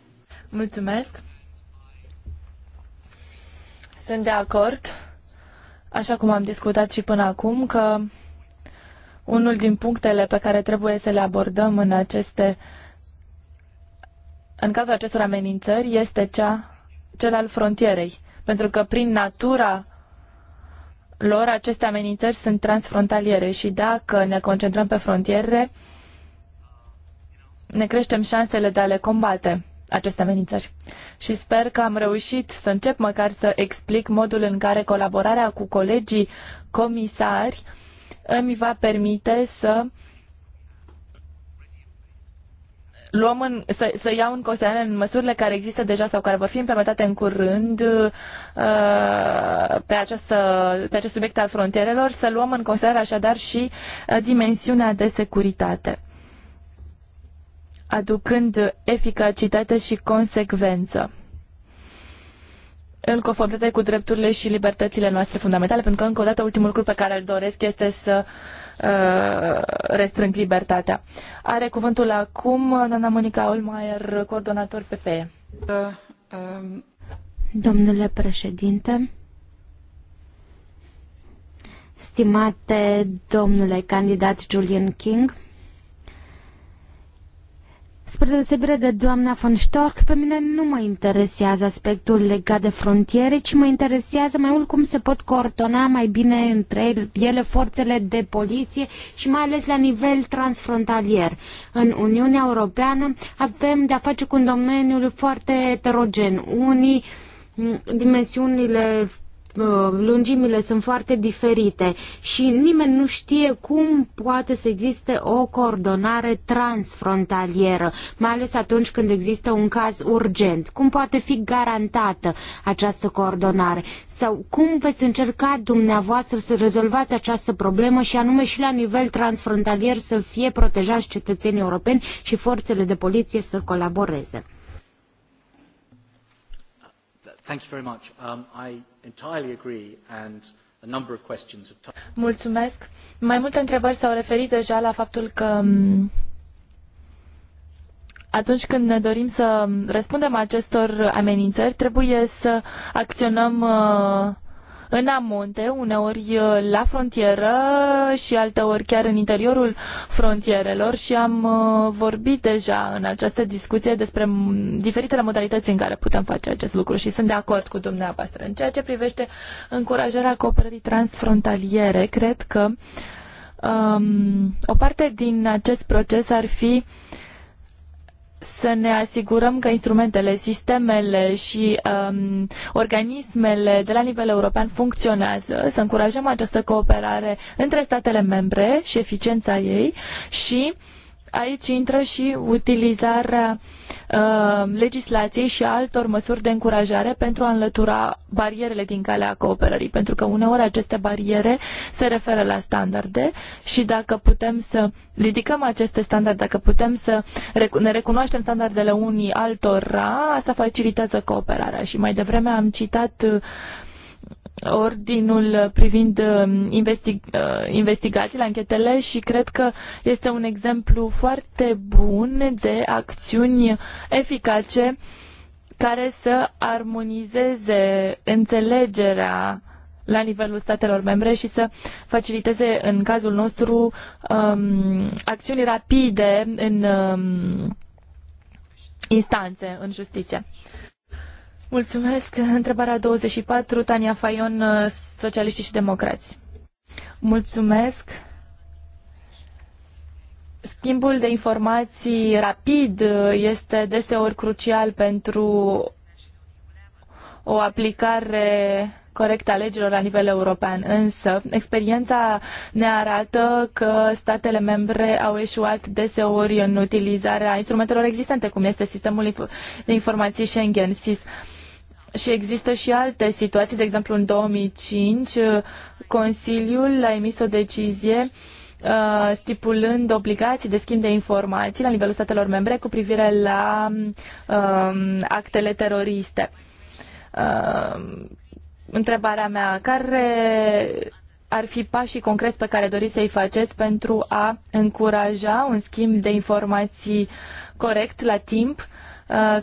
Mulțumesc. Sunt de acord, așa cum am discutat și până acum, că unul din punctele pe care trebuie să le abordăm în aceste în cazul acestor amenințări este cea, cel al frontierei, pentru că prin natura lor, aceste amenințări sunt transfrontaliere și dacă ne concentrăm pe frontiere, ne creștem șansele de a le combate aceste amenințări. Și sper că am reușit să încep măcar să explic modul în care colaborarea cu colegii comisari îmi va permite să uh, luăm în, să, să iau în considerare în măsurile care există deja sau care vor fi implementate în curând uh, pe, această, pe acest subiect al frontierelor, să luăm în considerare așadar și uh, dimensiunea de securitate, aducând eficacitate și consecvență în conformitate cu drepturile și libertățile noastre fundamentale, pentru că, încă o dată, ultimul lucru pe care îl doresc este să uh, Uh, restrâng libertatea. Are cuvântul acum doamna Monica Olmaier, coordonator PPE. Domnule președinte, stimate domnule candidat Julian King, Spre deosebire de doamna von Storch, pe mine nu mă interesează aspectul legat de frontiere, ci mă interesează mai mult cum se pot coordona mai bine între ele forțele de poliție și mai ales la nivel transfrontalier. În Uniunea Europeană avem de-a face cu un domeniu foarte heterogen. Unii dimensiunile Uh, lungimile sunt foarte diferite și nimeni nu știe cum poate să existe o coordonare transfrontalieră, mai ales atunci când există un caz urgent. Cum poate fi garantată această coordonare? Sau cum veți încerca dumneavoastră să rezolvați această problemă și anume și la nivel transfrontalier să fie protejați cetățenii europeni și forțele de poliție să colaboreze? Thank you very much. Um, I entirely agree and a number of questions have Mulțumesc. Mai multe întrebări s-au referit deja la faptul că mm, atunci când ne dorim să răspundem acestor amenințări, trebuie să acționăm uh, în amonte, uneori uh, la frontieră și alteori chiar în interiorul frontierelor și am uh, vorbit deja în această discuție despre diferitele modalități în care putem face acest lucru și sunt de acord cu dumneavoastră. În ceea ce privește încurajarea cooperării transfrontaliere, cred că um, o parte din acest proces ar fi uh, să ne asigurăm că instrumentele, sistemele și um, organismele de la nivel european funcționează, să încurajăm această cooperare între statele membre și eficiența ei și uh, aici intră și utilizarea uh, legislației și altor măsuri de încurajare pentru a înlătura barierele din calea cooperării, pentru că uneori aceste bariere se referă la standarde și dacă putem să ridicăm aceste standarde, dacă putem să ne recunoaștem standardele unii altora, asta facilitează cooperarea. Și mai devreme am citat uh, ordinul privind um, investig- uh, investigațiile, anchetele și cred că este un exemplu foarte bun de acțiuni eficace care să armonizeze înțelegerea la nivelul statelor membre și să faciliteze, în cazul nostru, um, acțiuni rapide în um, instanțe, în justiție. Mulțumesc. Întrebarea 24, Tania Faion, uh, Socialiștii și Democrați. Mulțumesc. Schimbul de informații rapid uh, este deseori crucial pentru o aplicare corectă a legilor la nivel european. Însă, experiența ne arată că statele membre au eșuat deseori în utilizarea instrumentelor existente, cum este sistemul de informații Schengen, SIS. Uh, și există și alte situații, de exemplu în 2005 uh, Consiliul a emis o decizie uh, stipulând obligații de schimb de informații la nivelul statelor membre cu privire la um, actele teroriste. Um, întrebarea mea, care ar fi pașii concreți pe care doriți să-i faceți pentru a încuraja un schimb de informații corect la timp uh,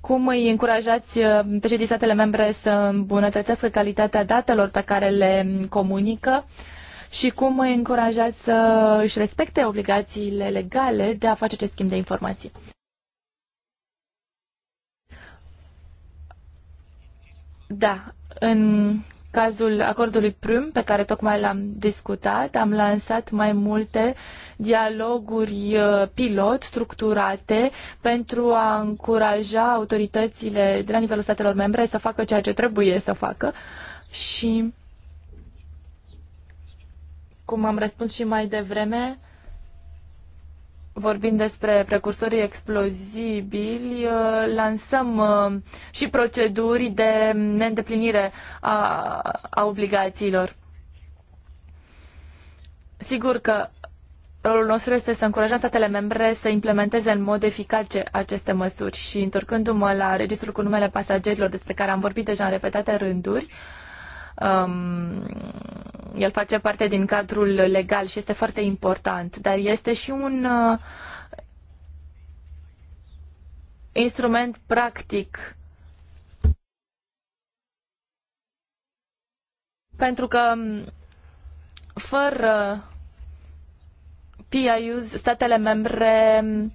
cum îi încurajați uh, președii statele membre să îmbunătățească calitatea datelor pe care le comunică și cum îi încurajați să își respecte obligațiile legale de a face acest schimb de informații? Da, în cazul acordului Prüm, pe care tocmai l-am discutat, am lansat mai multe dialoguri uh, pilot structurate pentru a încuraja autoritățile de la nivelul statelor membre să facă ceea ce trebuie să facă și cum am răspuns și mai devreme, vorbim despre precursorii explozibili, uh, lansăm uh, și proceduri de neîndeplinire a, a obligațiilor. Sigur că rolul nostru este să încurajăm statele membre să implementeze în mod eficace aceste măsuri și întorcându-mă la registrul cu numele pasagerilor despre care am vorbit deja în repetate rânduri, uh, um, el face parte din cadrul legal și este foarte important, dar este și un uh, instrument practic pentru că um, fără PIUs statele membre um,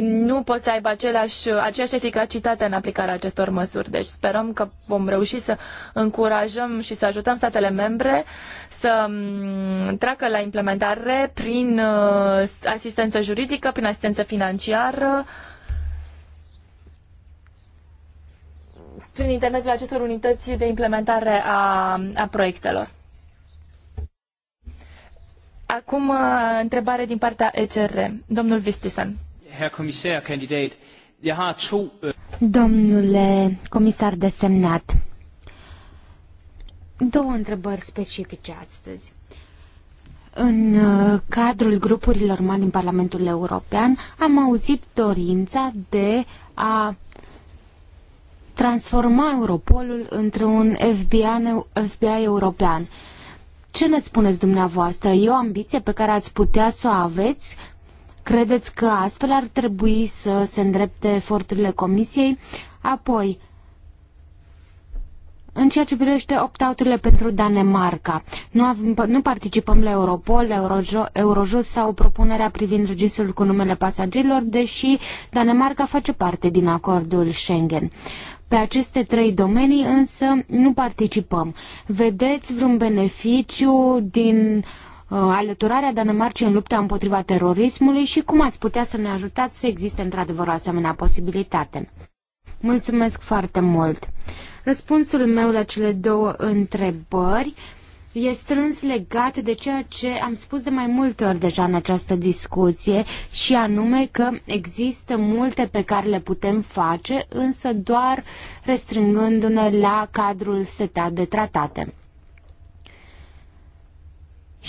nu pot să aibă aceleași, aceeași eficacitate în aplicarea acestor măsuri. Deci sperăm că vom reuși să încurajăm și să ajutăm statele membre să mm, treacă la implementare prin uh, asistență juridică, prin asistență financiară, prin intermediul acestor unități de implementare a, a proiectelor. Acum, uh, întrebare din partea ECR. Domnul Vistisan herr kommissærkandidat, jeg har to... Øh, Domnule comisar desemnat, două întrebări specifice astăzi. În uh, cadrul grupurilor mari din Parlamentul European am auzit dorința de a transforma Europolul într-un FBI, FBI european. Ce ne spuneți dumneavoastră? E o ambiție pe care ați putea să o aveți Credeți că astfel ar trebui să se îndrepte eforturile Comisiei? Apoi, în ceea ce privește opt-out-urile pentru Danemarca, nu, avem, nu participăm la Europol, Eurojo, Eurojust sau propunerea privind registrul cu numele pasagerilor, deși Danemarca face parte din acordul Schengen. Pe aceste trei domenii însă nu participăm. Vedeți vreun beneficiu din uh, Uh, alăturarea Danemarcii în lupta împotriva terorismului și cum ați putea să ne ajutați să existe într-adevăr o asemenea posibilitate. Mulțumesc foarte mult! Răspunsul meu la cele două întrebări e strâns legat de ceea ce am spus de mai multe ori deja în această discuție și anume că există multe pe care le putem face, însă doar restrângându-ne la cadrul setat de tratate.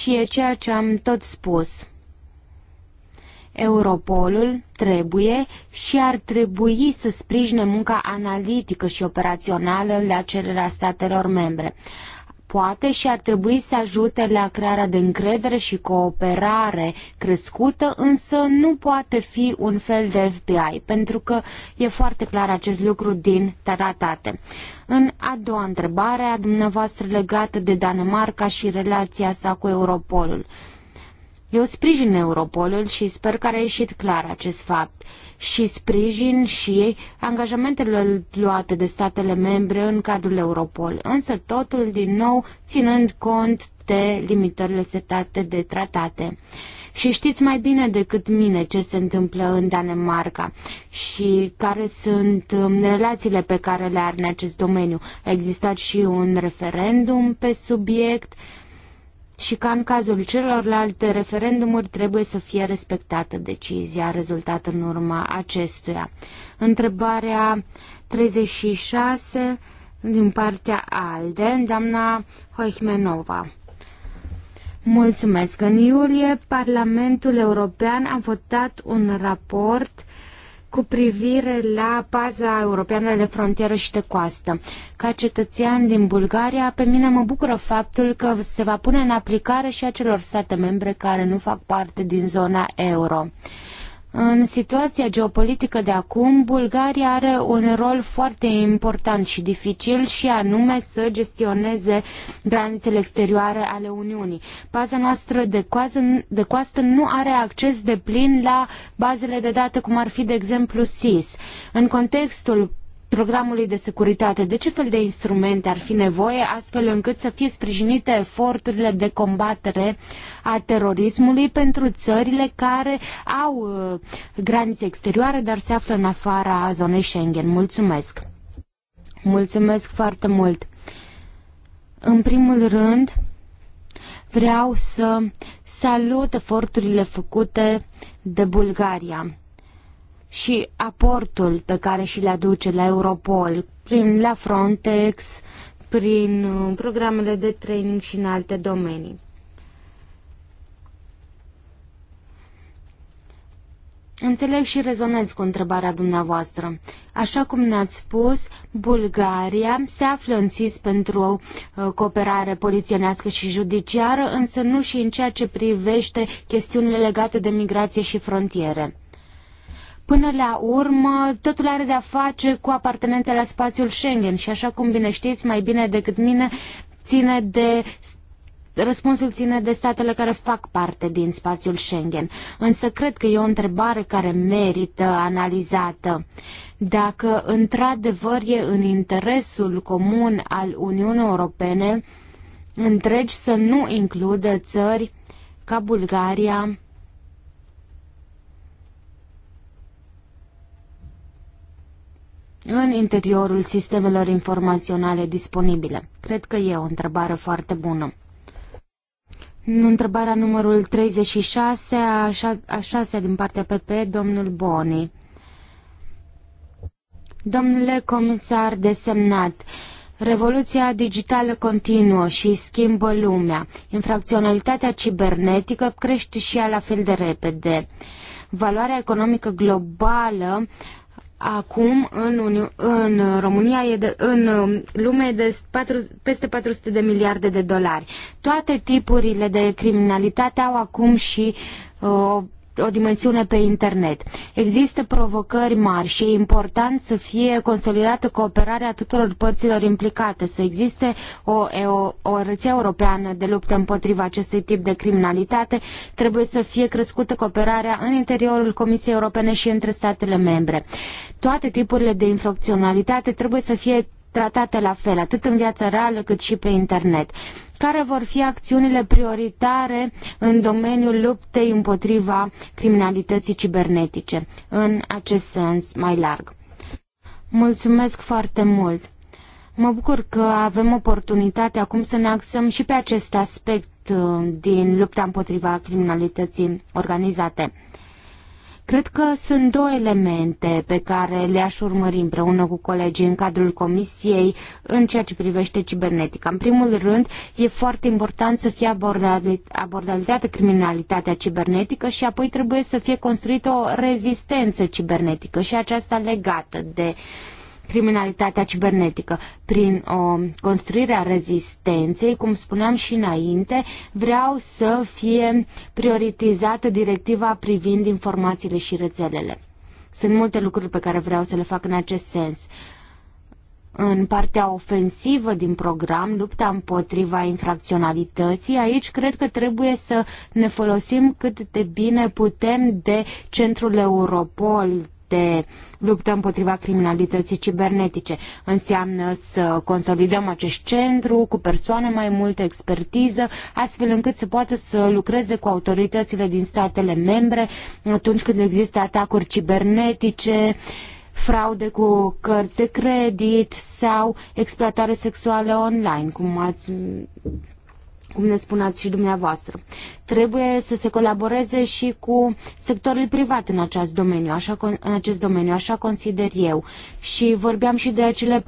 Și e ceea ce am tot spus. Europolul trebuie și ar trebui să sprijine munca analitică și operațională la cererea statelor membre poate și ar trebui să ajute la crearea de încredere și cooperare crescută, însă nu poate fi un fel de FBI, pentru că e foarte clar acest lucru din tratate. În a doua întrebare, a dumneavoastră legată de Danemarca și relația sa cu Europolul. Eu sprijin Europolul și sper că a ieșit clar acest fapt și sprijin și angajamentele luate de statele membre în cadrul Europol, însă totul din nou ținând cont de limitările setate de tratate. Și știți mai bine decât mine ce se întâmplă în Danemarca și care sunt um, relațiile pe care le are în acest domeniu. A existat și un referendum pe subiect, uh, și ca în cazul celorlalte referendumuri trebuie să fie respectată decizia rezultată în urma acestuia. Întrebarea 36 din partea ALDE, doamna Hoichmenova. Mulțumesc. În iulie, Parlamentul European a votat un raport cu privire la paza europeană de frontieră și de coastă. Ca cetățean din Bulgaria, pe mine mă bucură faptul că se va pune în aplicare și acelor state membre care nu fac parte din zona euro. În situația geopolitică de acum, Bulgaria are un rol foarte important și dificil și anume să gestioneze granițele exterioare ale Uniunii. Baza noastră de coastă, de coastă nu are acces de plin la bazele de date, cum ar fi, de exemplu, SIS. În contextul programului de securitate. De ce fel de instrumente ar fi nevoie astfel încât să fie sprijinite eforturile de combatere a terorismului pentru țările care au uh, granițe exterioare, dar se află în afara zonei Schengen. Mulțumesc! Mulțumesc foarte mult! În primul rând, vreau să salut eforturile făcute de Bulgaria și aportul pe care și le aduce la Europol, prin la Frontex, prin uh, programele de training și în alte domenii. Înțeleg și rezonez cu întrebarea dumneavoastră. Așa cum ne-ați spus, Bulgaria se află în SIS pentru o uh, cooperare polițienească și judiciară, însă nu și în ceea ce privește chestiunile legate de migrație și frontiere. Până la urmă, totul are de-a face cu apartenența la spațiul Schengen și, așa cum bine știți, mai bine decât mine, ține de Răspunsul ține de statele care fac parte din spațiul Schengen, însă cred că e o întrebare care merită analizată. Dacă într-adevăr e în interesul comun al Uniunii Europene, întregi să nu includă țări ca Bulgaria, în interiorul sistemelor informaționale disponibile? Cred că e o întrebare foarte bună. Întrebarea numărul 36, a, a șasea din partea PP, domnul Boni. Domnule comisar desemnat, Revoluția digitală continuă și schimbă lumea. Infracționalitatea cibernetică crește și ea la fel de repede. Valoarea economică globală Acum, în, Uni- în România, e de, în um, lume de 4, peste 400 de miliarde de dolari. Toate tipurile de criminalitate au acum și uh, o dimensiune pe internet. Există provocări mari și e important să fie consolidată cooperarea tuturor părților implicate, să existe o, o, o rețea europeană de luptă împotriva acestui tip de criminalitate. Trebuie să fie crescută cooperarea în interiorul Comisiei Europene și între statele membre. Toate tipurile de infracționalitate trebuie să fie tratate la fel, atât în viața reală cât și pe internet. Care vor fi acțiunile prioritare în domeniul luptei împotriva criminalității cibernetice, în acest sens mai larg? Mulțumesc foarte mult! Mă bucur că avem oportunitatea acum să ne axăm și pe acest aspect uh, din lupta împotriva criminalității organizate. Cred că sunt două elemente pe care le-aș urmări împreună cu colegii în cadrul comisiei în ceea ce privește cibernetica. În primul rând, e foarte important să fie abordată criminalitatea cibernetică și apoi trebuie să fie construită o rezistență cibernetică și aceasta legată de uh, criminalitatea cibernetică. Prin o construire a rezistenței, cum spuneam și înainte, vreau să fie prioritizată directiva privind informațiile și rețelele. Sunt multe lucruri pe care vreau să le fac în acest sens. În partea ofensivă din program, lupta împotriva infracționalității, aici cred că trebuie să ne folosim cât de bine putem de centrul Europol de luptă împotriva criminalității cibernetice. Înseamnă să consolidăm acest centru cu persoane mai multe expertiză, astfel încât să poată să lucreze cu autoritățile din statele membre atunci când există atacuri cibernetice, fraude cu cărți de credit sau exploatare sexuală online, cum ați cum ne spuneați și dumneavoastră. Trebuie să se colaboreze și cu sectorul privat în acest domeniu, așa, în acest domeniu, așa consider eu. Și vorbeam și de acele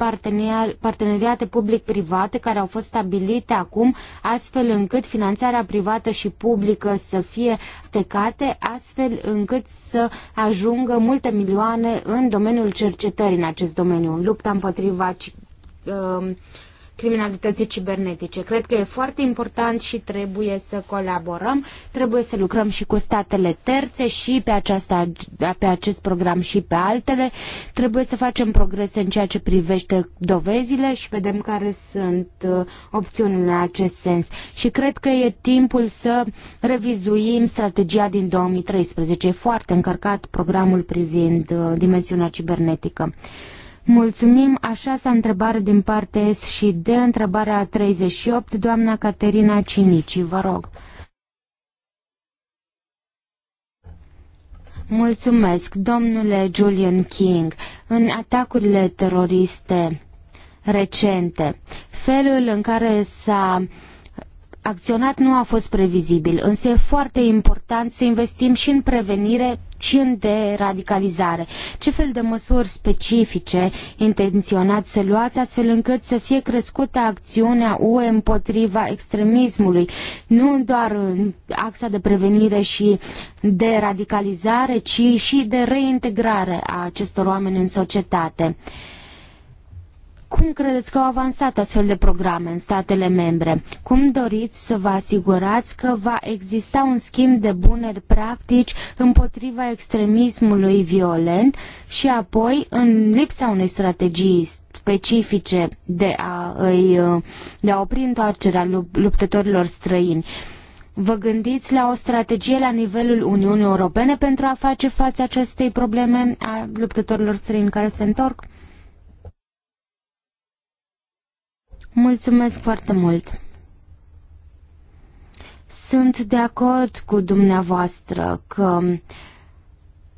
parteneriate public-private care au fost stabilite acum, astfel încât finanțarea privată și publică să fie stecate, astfel încât să ajungă multe milioane în domeniul cercetării în acest domeniu, în lupta împotriva uh, criminalității cibernetice. Cred că e foarte important și trebuie să colaborăm, trebuie să lucrăm și cu statele terțe și pe, aceasta, pe acest program și pe altele. Trebuie să facem progrese în ceea ce privește dovezile și vedem care sunt uh, opțiunile în acest sens. Și cred că e timpul să revizuim strategia din 2013. E foarte încărcat programul privind uh, dimensiunea cibernetică. Mulțumim, așa s-a întrebare din partea S și D, întrebarea 38, doamna Caterina Cinici, vă rog. Mulțumesc, domnule Julian King. În atacurile teroriste recente, felul în care s-a acționat nu a fost previzibil, însă e foarte important să investim și în prevenire suficient de radicalizare. Ce fel de măsuri specifice intenționați să luați astfel încât să fie crescută acțiunea UE împotriva extremismului, nu doar în axa de prevenire și de radicalizare, ci și de reintegrare a acestor oameni în societate? Cum credeți că au avansat astfel de programe în statele membre? Cum doriți să vă asigurați că va exista un schimb de bune practici împotriva extremismului violent și apoi, în lipsa unei strategii specifice de a, îi, de a opri întoarcerea luptătorilor străini, Vă gândiți la o strategie la nivelul Uniunii Europene pentru a face față acestei probleme a luptătorilor străini care se întorc? Mulțumesc foarte mult! Sunt de acord cu dumneavoastră că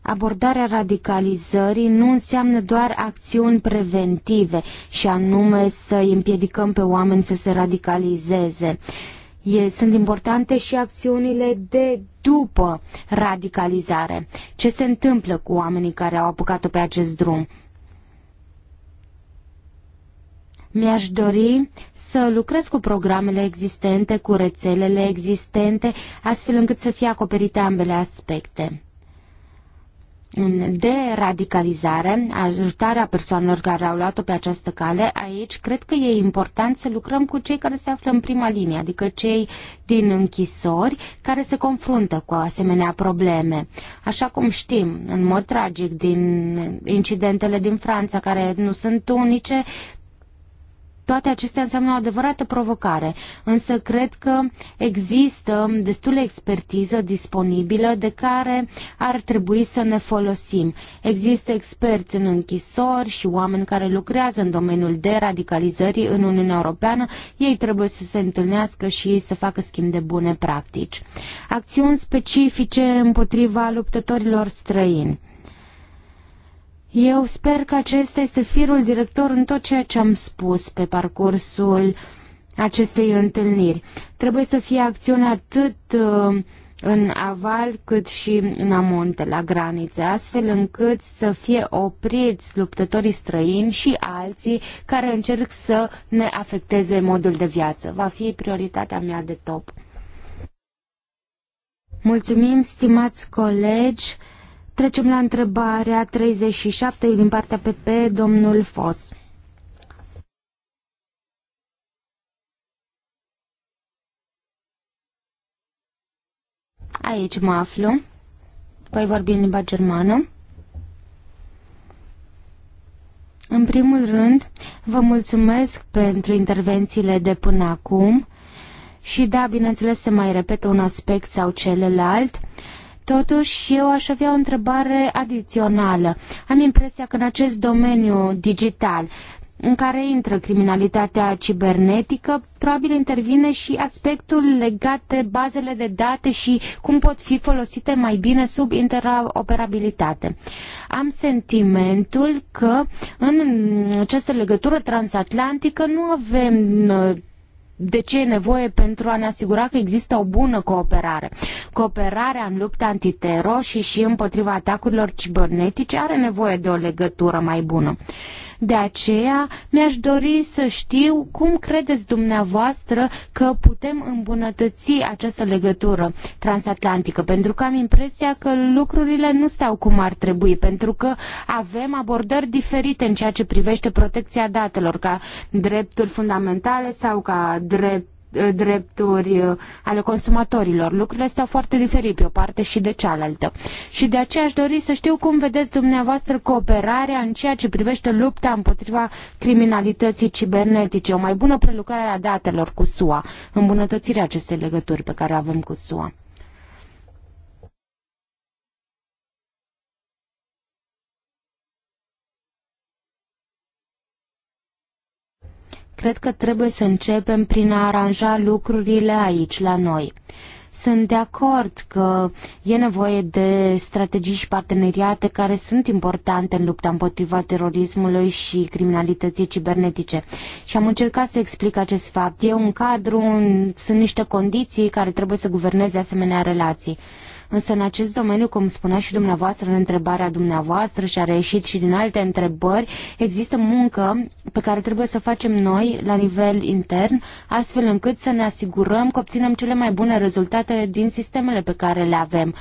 abordarea radicalizării nu înseamnă doar acțiuni preventive și anume să îi împiedicăm pe oameni să se radicalizeze. E, sunt importante și acțiunile de după radicalizare. Ce se întâmplă cu oamenii care au apucat-o pe acest drum? Mi-aș dori să lucrez cu programele existente, cu rețelele existente, astfel încât să fie acoperite ambele aspecte de radicalizare, ajutarea persoanelor care au luat-o pe această cale, aici cred că e important să lucrăm cu cei care se află în prima linie, adică cei din închisori care se confruntă cu asemenea probleme. Așa cum știm, în mod tragic, din incidentele din Franța, care nu sunt unice, toate acestea înseamnă o adevărată provocare, însă cred că există destulă expertiză disponibilă de care ar trebui să ne folosim. Există experți în închisori și oameni care lucrează în domeniul de radicalizării în Uniunea Europeană. Ei trebuie să se întâlnească și să facă schimb de bune practici. Acțiuni specifice împotriva luptătorilor străini. Eu sper că acesta este firul director în tot ceea ce am spus pe parcursul acestei întâlniri. Trebuie să fie acțiune atât uh, în aval cât și în amonte, la granițe, astfel încât să fie opriți luptătorii străini și alții care încerc să ne afecteze modul de viață. Va fi prioritatea mea de top. Mulțumim, stimați colegi! Trecem la întrebarea 37 din partea PP, domnul Fos. Aici mă aflu. Voi vorbi în limba germană. În primul rând, vă mulțumesc pentru intervențiile de până acum și da, bineînțeles, se mai repetă un aspect sau celălalt, Totuși, eu aș avea o întrebare adițională. Am impresia că în acest domeniu digital, în care intră criminalitatea cibernetică, probabil intervine și aspectul legat de bazele de date și cum pot fi folosite mai bine sub interoperabilitate. Am sentimentul că în această legătură transatlantică nu avem de ce e nevoie pentru a ne asigura că există o bună cooperare. Cooperarea în lupta antitero și și împotriva atacurilor cibernetice are nevoie de o legătură mai bună. De aceea mi-aș dori să știu cum credeți dumneavoastră că putem îmbunătăți această legătură transatlantică, pentru că am impresia că lucrurile nu stau cum ar trebui, pentru că avem abordări diferite în ceea ce privește protecția datelor, ca drepturi fundamentale sau ca drept Eh, drepturi eh, ale consumatorilor. Lucrurile stau foarte diferit pe o parte și de cealaltă. Și de aceea aș dori să știu cum vedeți dumneavoastră cooperarea în ceea ce privește lupta împotriva criminalității cibernetice, o mai bună prelucrare a datelor cu SUA, îmbunătățirea acestei legături pe care o avem cu SUA. Cred că trebuie să începem prin a aranja lucrurile aici, la noi. Sunt de acord că e nevoie de strategii și parteneriate care sunt importante în lupta împotriva terorismului și criminalității cibernetice. Și am încercat să explic acest fapt. E un cadru, un, sunt niște condiții care trebuie să guverneze asemenea relații. Însă în acest domeniu, cum spunea și dumneavoastră în întrebarea dumneavoastră și a reieșit și din alte întrebări, există muncă pe care trebuie să o facem noi la nivel intern, astfel încât să ne asigurăm că obținem cele mai bune rezultate din sistemele pe care le avem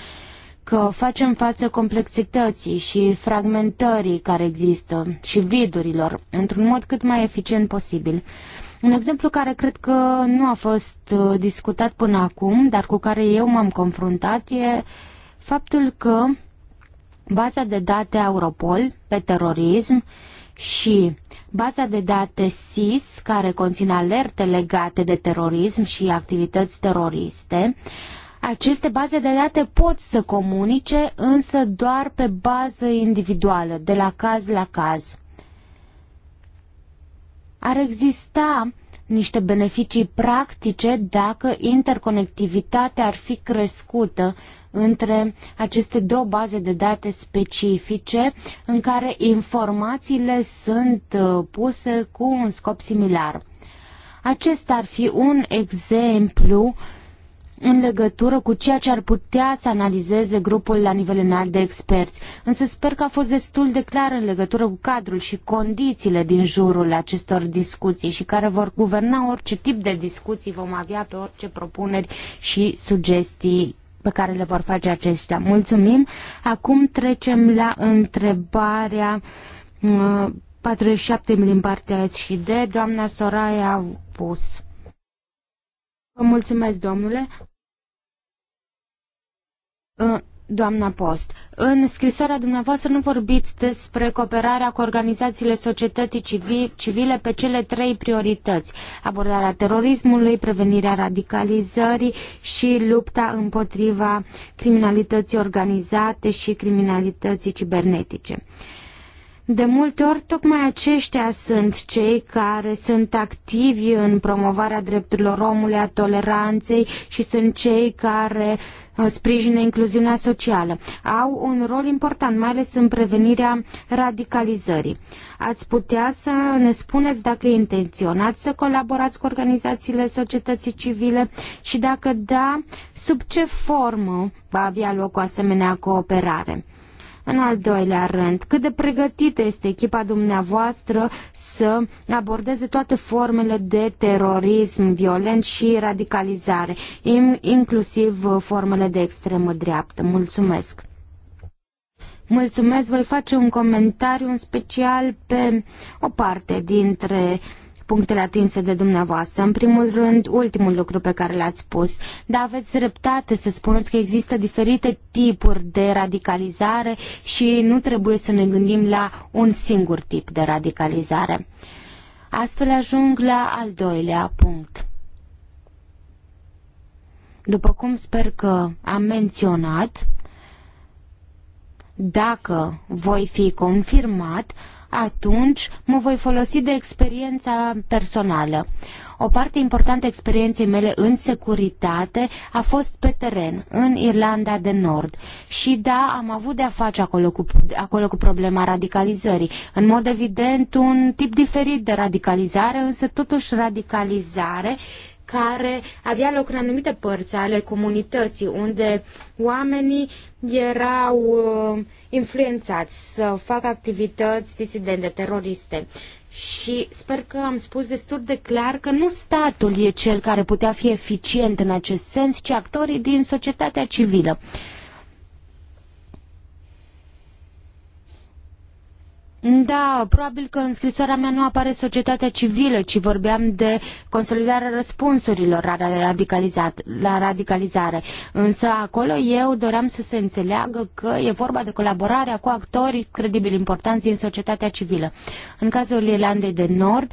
că facem față complexității și fragmentării care există și vidurilor într-un mod cât mai eficient posibil. Un exemplu care cred că nu a fost uh, discutat până acum, dar cu care eu m-am confruntat, e faptul că baza de date Europol pe terorism și baza de date SIS, care conține alerte legate de terorism și activități teroriste, aceste baze de date pot să comunice, însă doar pe bază individuală, de la caz la caz ar exista niște beneficii practice dacă interconectivitatea ar fi crescută între aceste două baze de date specifice în care informațiile sunt uh, puse cu un scop similar. Acesta ar fi un exemplu în legătură cu ceea ce ar putea să analizeze grupul la nivel înalt de experți, însă sper că a fost destul de clar în legătură cu cadrul și condițiile din jurul acestor discuții și care vor guverna orice tip de discuții vom avea pe orice propuneri și sugestii pe care le vor face aceștia. Mulțumim! Acum trecem la întrebarea 47 uh, din partea S și D, doamna Soraya Pus. Vă mulțumesc, domnule. Doamna Post, în scrisoarea dumneavoastră nu vorbiți despre cooperarea cu organizațiile societății civile pe cele trei priorități, abordarea terorismului, prevenirea radicalizării și lupta împotriva criminalității organizate și criminalității cibernetice. Uh, de multe ori, tocmai aceștia sunt cei care sunt activi în promovarea drepturilor omului, a toleranței și sunt cei care uh, sprijină incluziunea socială. Au un rol important, mai ales în prevenirea radicalizării. Ați putea să ne spuneți dacă intenționați să colaborați cu organizațiile societății civile și dacă da, sub ce formă va avea loc o asemenea cooperare? În al doilea rând, cât de pregătită este echipa dumneavoastră să abordeze toate formele de terorism violent și radicalizare, inclusiv uh, formele de extremă dreaptă. Mulțumesc! Mulțumesc, voi face un comentariu în special pe o parte dintre punctele atinse de dumneavoastră. În primul rând, ultimul lucru pe care l-ați spus. dar aveți dreptate să spuneți că există diferite tipuri de radicalizare și nu trebuie să ne gândim la un singur tip de radicalizare. Astfel ajung la al doilea punct. După cum sper că am menționat, dacă voi fi confirmat, atunci mă voi folosi de experiența personală. O parte importantă a experienței mele în securitate a fost pe teren, în Irlanda de Nord. Și da, am avut de-a face acolo cu, acolo cu problema radicalizării. În mod evident, un tip diferit de radicalizare, însă totuși radicalizare care avea loc în anumite părți ale comunității, unde oamenii erau uh, influențați să facă activități disidente, teroriste. Și sper că am spus destul de clar că nu statul e cel care putea fi eficient în acest sens, ci actorii din societatea civilă. Da, probabil că în scrisoarea mea nu apare societatea civilă, ci vorbeam de consolidarea răspunsurilor la, radicalizat, la radicalizare. Însă acolo eu doream să se înțeleagă că e vorba de colaborarea cu actori credibili importanți în societatea civilă. În cazul Irlandei de Nord,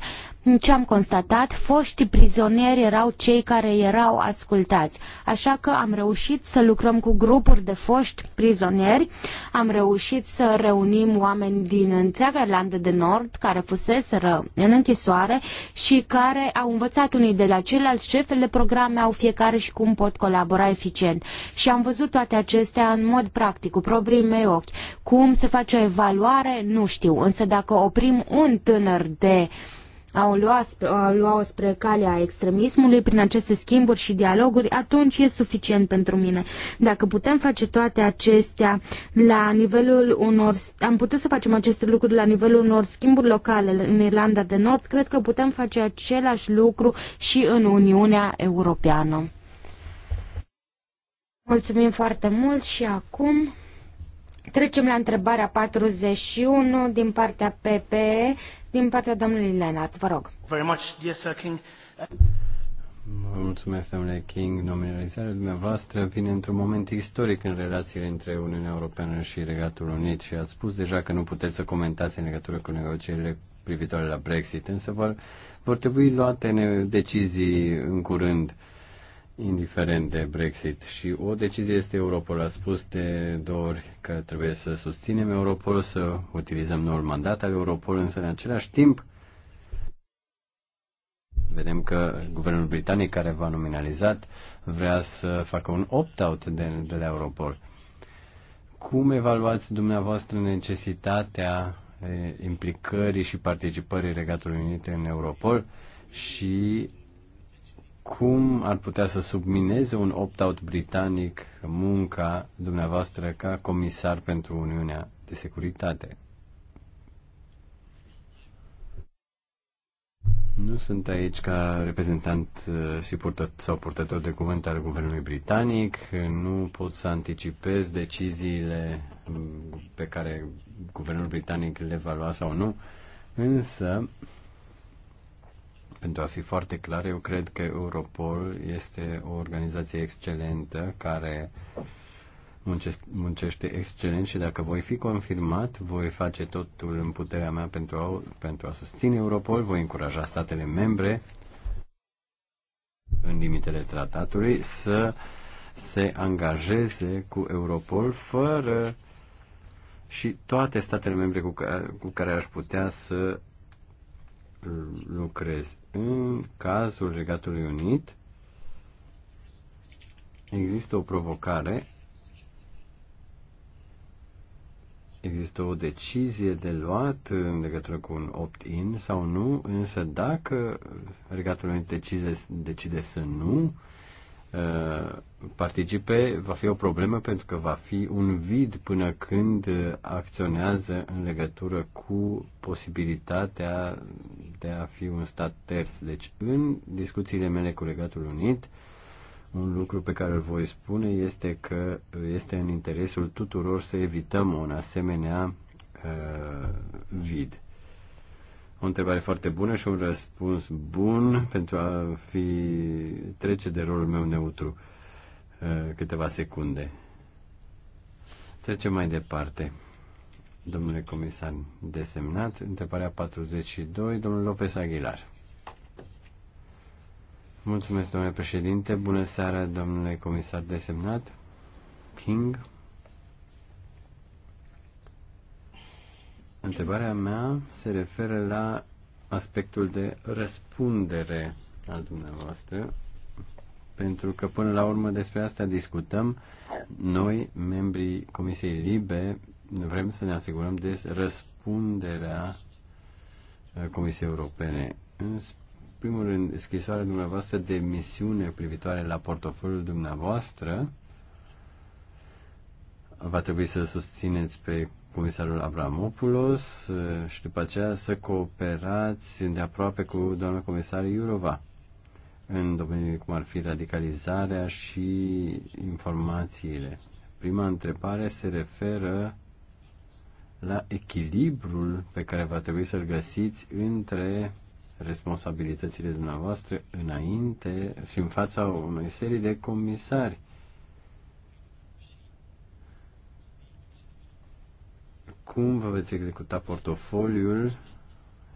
ce am constatat, foștii prizonieri erau cei care erau ascultați. Așa că am reușit să lucrăm cu grupuri de foști prizonieri, am reușit să reunim oameni din întreaga Irlandă de Nord care fuseseră în închisoare și care au învățat unii de la ceilalți ce fel de programe au fiecare și cum pot colabora eficient. Și am văzut toate acestea în mod practic, cu proprii mei ochi. Cum se face o evaluare, nu știu, însă dacă oprim un tânăr de au luat spre, au luat spre calea extremismului prin aceste schimburi și dialoguri, atunci e suficient pentru mine. Dacă putem face toate acestea la nivelul unor, am putut să facem aceste lucruri la nivelul unor schimburi locale în Irlanda de Nord, cred că putem face același lucru și în Uniunea Europeană. Mulțumim foarte mult și acum trecem la întrebarea 41 din partea PPE din partea domnului Lenart. Vă rog. Very much, dear sir, King. mulțumesc, domnule King. Nominalizarea dumneavoastră vine într-un moment istoric în relațiile între Uniunea Europeană și Regatul Unit și ați spus deja că nu puteți să comentați în legătură cu negocierile privitoare la Brexit, însă vor, vor trebui luate decizii în curând indiferent de Brexit. Și o decizie este Europol. A spus de două ori că trebuie să susținem Europol, să utilizăm noul mandat al Europol, însă în același timp vedem că guvernul britanic care va nominalizat vrea să facă un opt-out de, de la Europol. Cum evaluați dumneavoastră necesitatea eh, implicării și participării Regatului Unit în Europol și cum ar putea să submineze un opt-out britanic munca dumneavoastră ca comisar pentru Uniunea de Securitate? Nu sunt aici ca reprezentant uh, și purtăt, sau purtător de cuvânt al guvernului britanic. Nu pot să anticipez deciziile mm, pe care guvernul britanic le va lua sau nu. Însă, pentru a fi foarte clar, eu cred că Europol este o organizație excelentă care muncește excelent și dacă voi fi confirmat, voi face totul în puterea mea pentru a, pentru a susține Europol, voi încuraja statele membre în limitele tratatului să se angajeze cu Europol fără și toate statele membre cu care, cu care aș putea să lucrez. În cazul Regatului Unit există o provocare, există o decizie de luat în legătură cu un opt-in sau nu, însă dacă Regatul Unit decide, decide să nu, uh, Uh, participe, va fi o problemă pentru că va fi un vid până când uh, acționează în legătură cu posibilitatea de a fi un stat terț. Deci, în discuțiile mele cu Regatul Unit, un lucru pe care îl voi spune este că este în interesul tuturor să evităm un asemenea uh, vid. O întrebare foarte bună și un răspuns bun pentru a fi trece de rolul meu neutru uh, câteva secunde. Trecem mai departe. Domnule comisar desemnat, întrebarea 42, domnul Lopez Aguilar. Mulțumesc, domnule președinte. Bună seara, domnule comisar desemnat. King. Întrebarea mea se referă la aspectul de răspundere al dumneavoastră, pentru că până la urmă despre asta discutăm. Noi, membrii Comisiei Libe, vrem să ne asigurăm de răspunderea uh, Comisiei Europene. În primul rând, scrisoarea dumneavoastră de misiune privitoare la portofoliul dumneavoastră va trebui să susțineți pe comisarul Abramopoulos eh, și după aceea să cooperați de aproape cu doamna comisar Iurova în domeniul cum ar fi radicalizarea și informațiile. Prima întrebare se referă la echilibrul pe care va trebui să-l găsiți între responsabilitățile dumneavoastră înainte și în fața unei serii de comisari cum vă veți executa portofoliul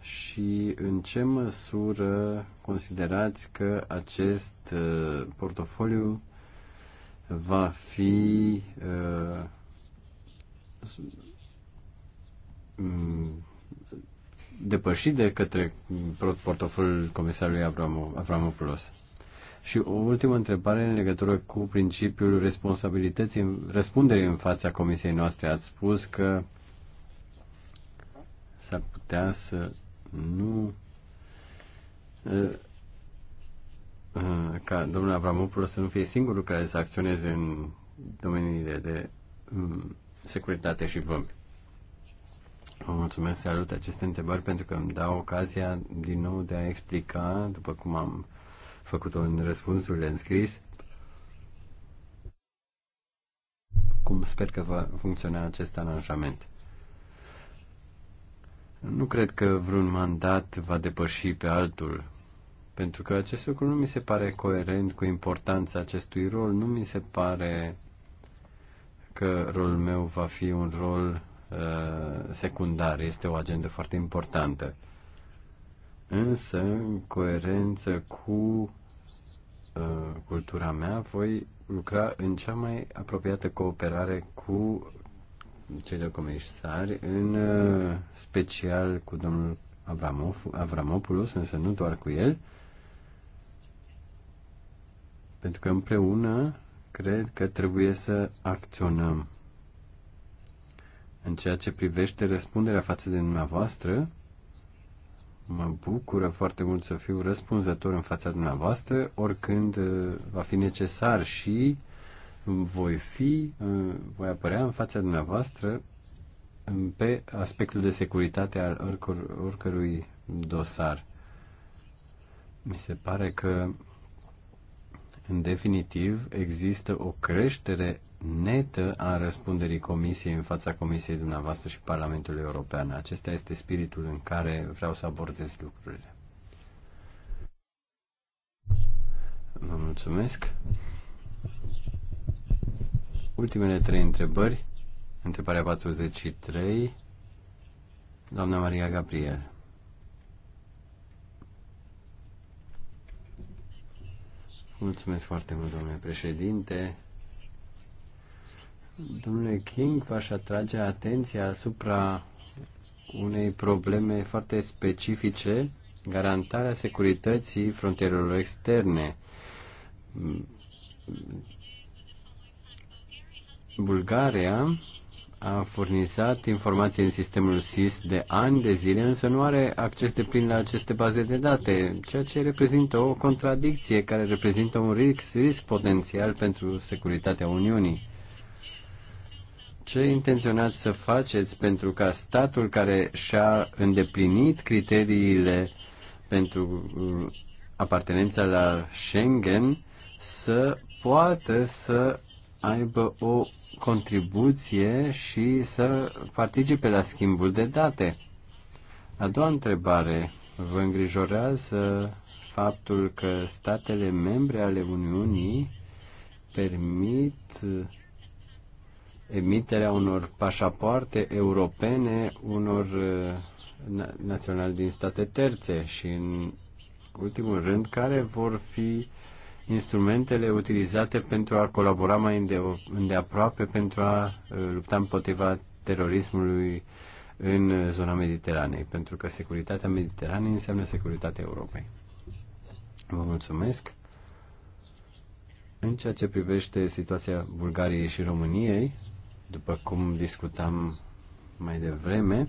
și în ce măsură considerați că acest uh, portofoliu va fi uh, mm, depășit de către portofoliul comisarului Avramopoulos. Și o ultimă întrebare în legătură cu principiul responsabilității, răspunderii în fața comisiei noastre. Ați spus că s-ar putea să nu ca domnul Avramopoulos să nu fie singurul care să acționeze în domeniile de mm, securitate și vămi. Vă mulțumesc, salut aceste întrebări pentru că îmi dau ocazia din nou de a explica, după cum am făcut-o în răspunsurile înscris, cum sper că va funcționa acest aranjament. Nu cred că vreun mandat va depăși pe altul, pentru că acest lucru nu mi se pare coerent cu importanța acestui rol, nu mi se pare că rolul meu va fi un rol uh, secundar, este o agendă foarte importantă. Însă, în coerență cu uh, cultura mea, voi lucra în cea mai apropiată cooperare cu cei doi comisari, în uh, special cu domnul Avramopoulos, însă nu doar cu el, pentru că împreună cred că trebuie să acționăm. În ceea ce privește răspunderea față de dumneavoastră, mă bucură foarte mult să fiu răspunzător în fața dumneavoastră, oricând uh, va fi necesar și voi fi, uh, voi apărea în fața dumneavoastră um, pe aspectul de securitate al oricăr, oricărui dosar. Mi se pare că, în definitiv, există o creștere netă a răspunderii Comisiei în fața Comisiei dumneavoastră și Parlamentului European. Acesta este spiritul în care vreau să abordez lucrurile. Vă mulțumesc. Ultimele trei întrebări. Întrebarea 43. Doamna Maria Gabriel. Mulțumesc foarte mult, domnule președinte. Domnule King, v-aș atrage atenția asupra unei probleme foarte specifice, garantarea securității frontierelor externe Bulgaria a furnizat informații în sistemul SIS de ani de zile, însă nu are acces de plin la aceste baze de date, ceea ce reprezintă o contradicție care reprezintă un risc, risc potențial pentru securitatea Uniunii. Ce intenționați să faceți pentru ca statul care și-a îndeplinit criteriile pentru uh, apartenența la Schengen să poată să aibă o contribuție și să participe la schimbul de date. A doua întrebare. Vă îngrijorează faptul că statele membre ale Uniunii permit emiterea unor pașapoarte europene unor uh, naționali din state terțe și în ultimul rând care vor fi instrumentele utilizate pentru a colabora mai îndeaproape pentru a uh, lupta împotriva terorismului în zona Mediteranei, pentru că securitatea Mediteranei înseamnă securitatea Europei. Vă mulțumesc. În ceea ce privește situația Bulgariei și României, după cum discutam mai devreme,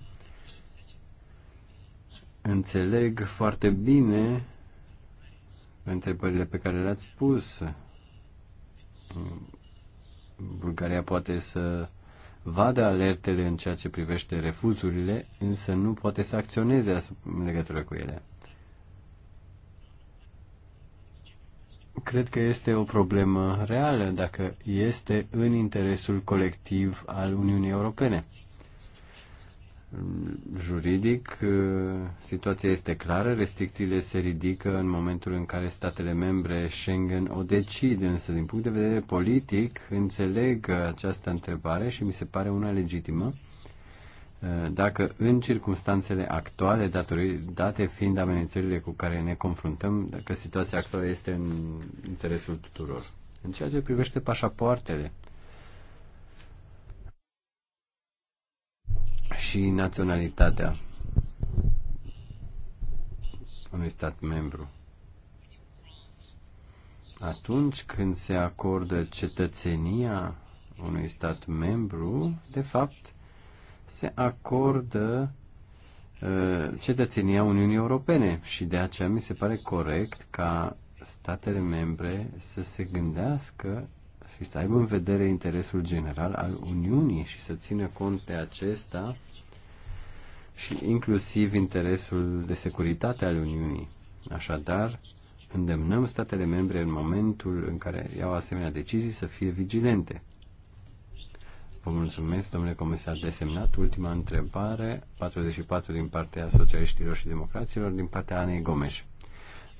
înțeleg foarte bine întrebările pe care le-ați pus. Bulgaria poate să vadă alertele în ceea ce privește refuzurile, însă nu poate să acționeze în legătură cu ele. Cred că este o problemă reală dacă este în interesul colectiv al Uniunii Europene juridic, uh, situația este clară, restricțiile se ridică în momentul în care statele membre Schengen o decid, însă din punct de vedere politic înțeleg această întrebare și mi se pare una legitimă uh, dacă în circunstanțele actuale, date fiind amenințările cu care ne confruntăm, dacă situația actuală este în interesul tuturor. În ceea ce privește pașapoartele, și naționalitatea unui stat membru. Atunci când se acordă cetățenia unui stat membru, de fapt, se acordă uh, cetățenia Uniunii Europene și de aceea mi se pare corect ca statele membre să se gândească și să aibă în vedere interesul general al Uniunii și să țină cont de acesta și inclusiv interesul de securitate al Uniunii. Așadar, îndemnăm statele membre în momentul în care iau asemenea decizii să fie vigilente. Vă mulțumesc, domnule comisar desemnat. Ultima întrebare, 44 din partea socialiștilor și democraților, din partea Anei Gomes.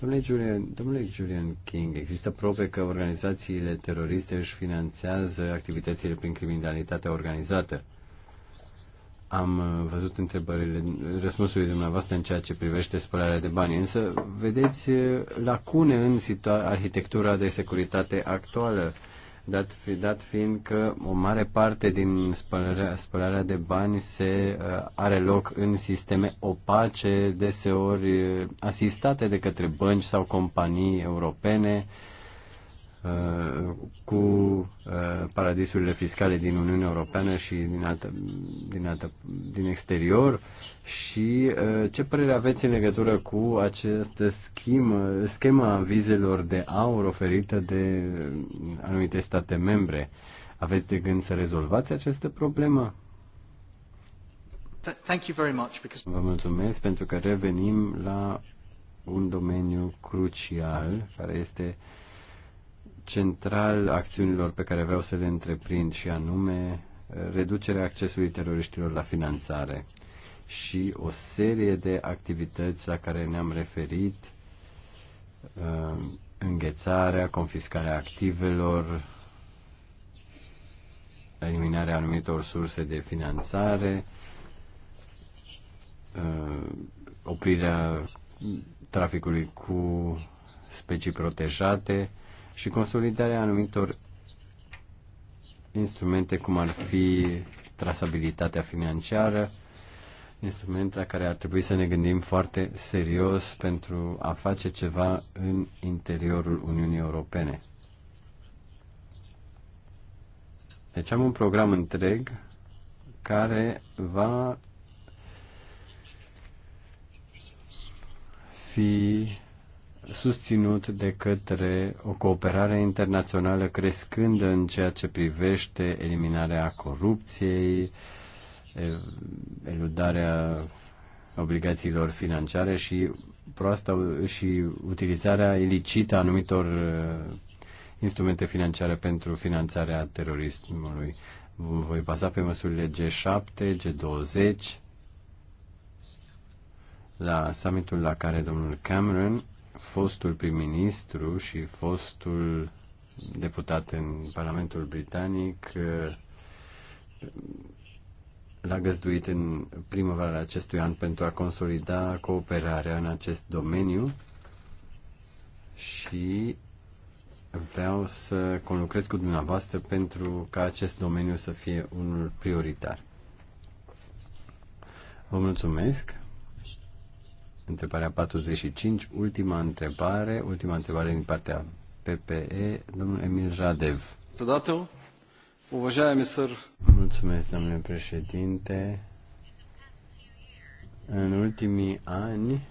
Domnule Julian, domnule Julian King, există probe că organizațiile teroriste își finanțează activitățile prin criminalitatea organizată. Am uh, văzut întrebările, răspunsurile dumneavoastră în ceea ce privește spălarea de bani, însă vedeți uh, lacune în arhitectura de securitate actuală dat, fi dat fiind că o mare parte din spălarea, spălarea de bani se uh, are loc în sisteme opace, deseori uh, asistate de către bănci sau companii europene, uh, cu uh, paradisurile fiscale din Uniunea Europeană și din, altă, din, altă, din exterior și uh, ce părere aveți în legătură cu această schemă, schema vizelor de aur oferită de anumite state membre? Aveți de gând să rezolvați această problemă? Thank you very much because... Vă mulțumesc pentru că revenim la un domeniu crucial care este uh, central acțiunilor pe care vreau să le întreprind și anume reducerea accesului teroriștilor la finanțare și o serie de activități la care ne-am referit, uh, înghețarea, confiscarea activelor, eliminarea anumitor surse de finanțare, uh, oprirea traficului cu specii protejate, și consolidarea anumitor instrumente cum ar fi trasabilitatea financiară, instrument la care ar trebui să ne gândim foarte serios pentru a face ceva în interiorul Uniunii Europene. Deci am un program întreg care va fi susținut de către o cooperare internațională crescândă în ceea ce privește eliminarea corupției, eludarea obligațiilor financiare și proasta și utilizarea ilicită a anumitor uh, instrumente financiare pentru finanțarea terorismului. Voi baza pe măsurile G7, G20, la summitul la care domnul Cameron fostul prim-ministru și fostul deputat în Parlamentul Britanic uh, l-a găzduit în primăvara acestui an pentru a consolida cooperarea în acest domeniu și vreau să conlucrez cu dumneavoastră pentru ca acest domeniu să fie unul prioritar. Vă mulțumesc. Întrebarea 45, ultima întrebare, ultima întrebare din partea PPE, domnul Emil Radev. dată, уважаемый сэр. Mulțumesc, domnule președinte. În ultimii ani,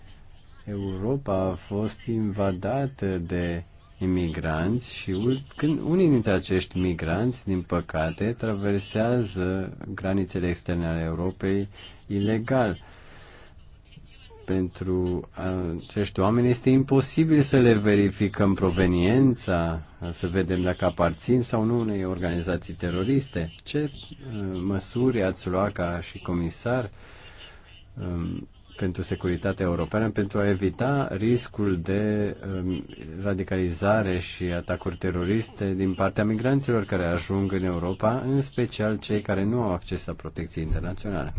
Europa a fost invadată de imigranți și când unii dintre acești migranți, din păcate, traversează granițele externe ale Europei ilegal pentru acești oameni este imposibil să le verificăm proveniența, să vedem dacă aparțin sau nu unei organizații teroriste. Ce uh, măsuri ați luat ca și comisar um, pentru securitatea europeană pentru a evita riscul de um, radicalizare și atacuri teroriste din partea migranților care ajung în Europa, în special cei care nu au acces la protecție internațională?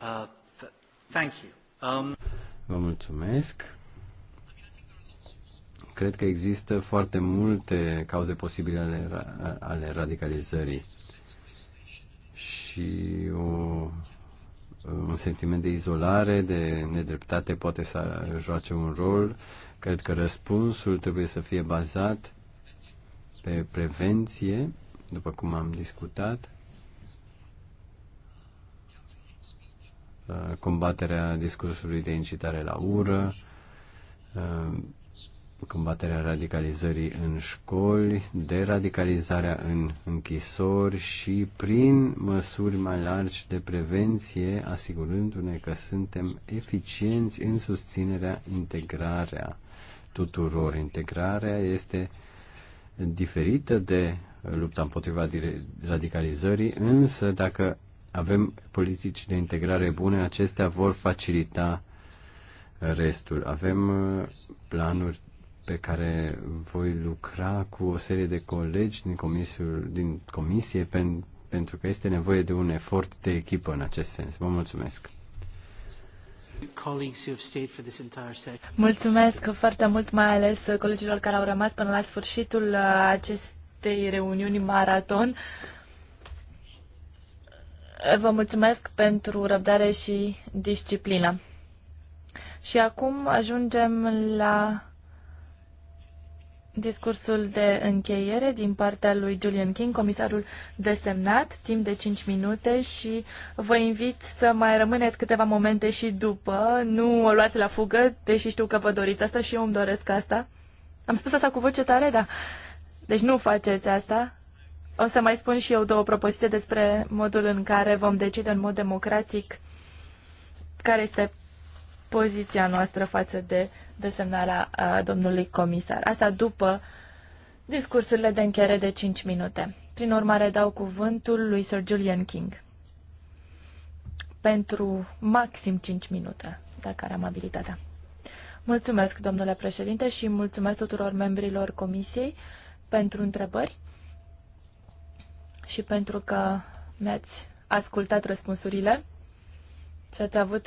Uh, Thank you. Um... Vă mulțumesc. Cred că există foarte multe cauze posibile ale, ale radicalizării și o un sentiment de izolare, de nedreptate poate să joace un rol. Cred că răspunsul trebuie să fie bazat pe prevenție, după cum am discutat, combaterea discursului de incitare la ură, uh, combaterea radicalizării în școli, deradicalizarea în închisori și prin măsuri mai largi de prevenție, asigurându-ne că suntem eficienți în susținerea integrarea tuturor. Integrarea este diferită de lupta împotriva radicalizării, însă dacă avem politici de integrare bune, acestea vor facilita restul. Avem uh, planuri pe care voi lucra cu o serie de colegi din, comisiul, din comisie pen, pentru că este nevoie de un efort de echipă în acest sens. Vă mulțumesc! Mulțumesc foarte mult, mai ales colegilor care au rămas până la sfârșitul uh, acestei reuniuni maraton. Vă mulțumesc pentru răbdare și disciplină. Și acum ajungem la discursul de încheiere din partea lui Julian King, comisarul desemnat, timp de 5 minute și vă invit să mai rămâneți câteva momente și după. Nu o luați la fugă, deși știu că vă doriți asta și eu îmi doresc asta. Am spus asta cu voce tare, da. Deci nu faceți asta. O să mai spun și eu două propoziții despre modul în care vom decide în mod democratic care este poziția noastră față de desemnarea domnului comisar. Asta după discursurile de încheiere de 5 minute. Prin urmare, dau cuvântul lui Sir Julian King pentru maxim 5 minute, dacă are amabilitatea. Mulțumesc, domnule președinte, și mulțumesc tuturor membrilor comisiei pentru întrebări și pentru că mi-ați ascultat răspunsurile și ați avut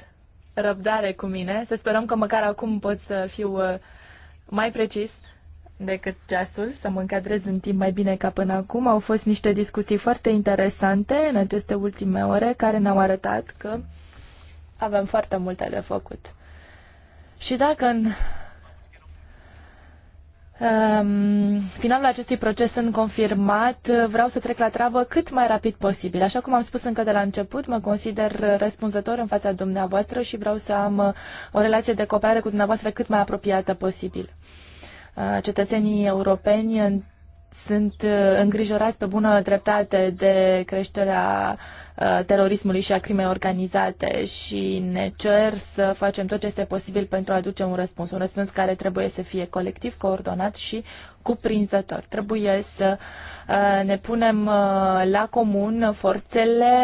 răbdare cu mine. Să sperăm că măcar acum pot să fiu uh, mai precis decât ceasul, să mă încadrez în timp mai bine ca până acum. Au fost niște discuții foarte interesante în aceste ultime ore care ne-au arătat că avem foarte multe de făcut. Și dacă în Ehm, finalul acestui proces sunt confirmat, vreau să trec la treabă cât mai rapid posibil. Așa cum am spus încă de la început, mă consider răspunzător în fața dumneavoastră și vreau să am uh, o relație de cooperare cu dumneavoastră cât mai apropiată posibil. Uh, cetățenii europeni sunt uh, îngrijorați pe bună dreptate de creșterea Uh, terorismului și a crimei organizate și ne cer să facem tot ce este posibil pentru a aduce un răspuns, un răspuns care trebuie să fie colectiv, coordonat și cuprinzător. Trebuie să uh, ne punem uh, la comun forțele,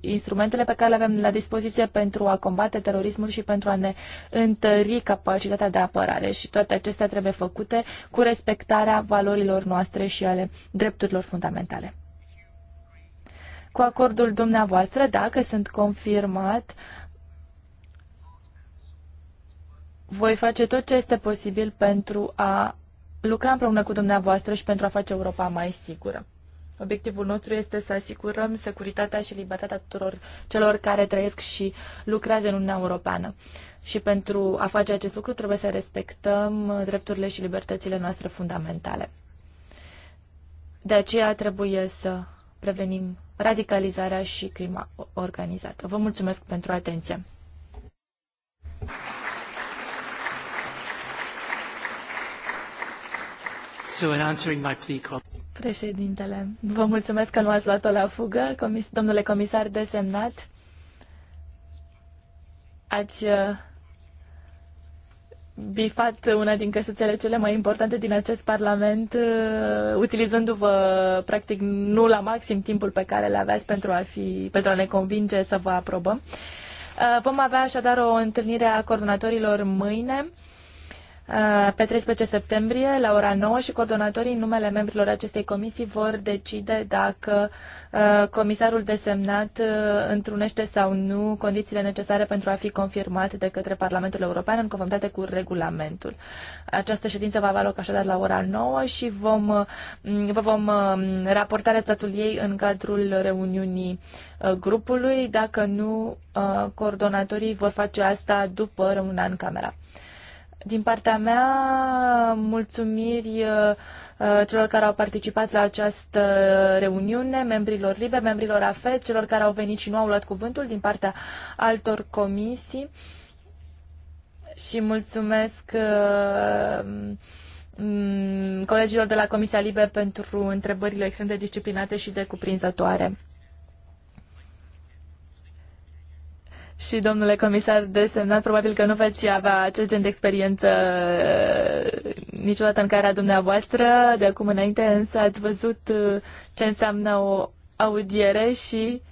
instrumentele pe care le avem la dispoziție pentru a combate terorismul și pentru a ne întări capacitatea de apărare și toate acestea trebuie făcute cu respectarea valorilor noastre și ale drepturilor fundamentale cu acordul dumneavoastră, dacă sunt confirmat, voi face tot ce este posibil pentru a lucra împreună cu dumneavoastră și pentru a face Europa mai sigură. Obiectivul nostru este să asigurăm securitatea și libertatea tuturor celor care trăiesc și lucrează în Uniunea Europeană. Și pentru a face acest lucru trebuie să respectăm drepturile și libertățile noastre fundamentale. De aceea trebuie să prevenim radicalizarea și crima organizată. Vă mulțumesc pentru atenție. So in answering my plea, Președintele, vă mulțumesc că nu ați luat-o la fugă, comis, domnule comisar desemnat. Ați uh, bifat una din căsuțele cele mai importante din acest Parlament, uh, utilizându-vă practic nu la maxim timpul pe care le aveați pentru a, fi, pentru a ne convinge să vă aprobăm. Uh, vom avea așadar o întâlnire a coordonatorilor mâine. Uh, pe 13 septembrie la ora 9 și coordonatorii în numele membrilor acestei comisii vor decide dacă uh, comisarul desemnat uh, întrunește sau nu condițiile necesare pentru a fi confirmat de către Parlamentul European în conformitate cu regulamentul. Această ședință va avea loc așadar la ora 9 și vom, mm, vă vom mm, raporta rezultatul ei în cadrul reuniunii grupului. Dacă nu, coordonatorii vor face asta după reuniunea în camera. Din partea mea, mulțumiri uh, uh, celor care au participat la această reuniune, membrilor LIBE, membrilor AFET, celor care au venit și nu au luat cuvântul din partea altor comisii și mulțumesc uh, mm, colegilor de la Comisia Libe pentru întrebările extrem de disciplinate și de cuprinzătoare. și domnule comisar desemnat, probabil că nu veți avea acest gen de experiență uh, niciodată în care dumneavoastră, de acum înainte, însă ați văzut uh, ce înseamnă o audiere și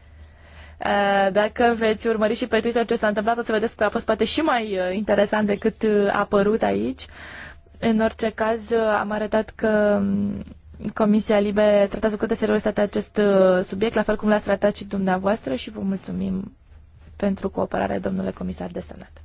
uh, dacă veți urmări și pe Twitter ce s-a întâmplat, o să vedeți că a fost poate și mai interesant decât a apărut aici. În orice caz, am arătat că um, Comisia Libe tratează cu toată seriozitatea acest subiect, la fel cum l-ați tratat și dumneavoastră și vă mulțumim pentru cooperare, domnule comisar de senat.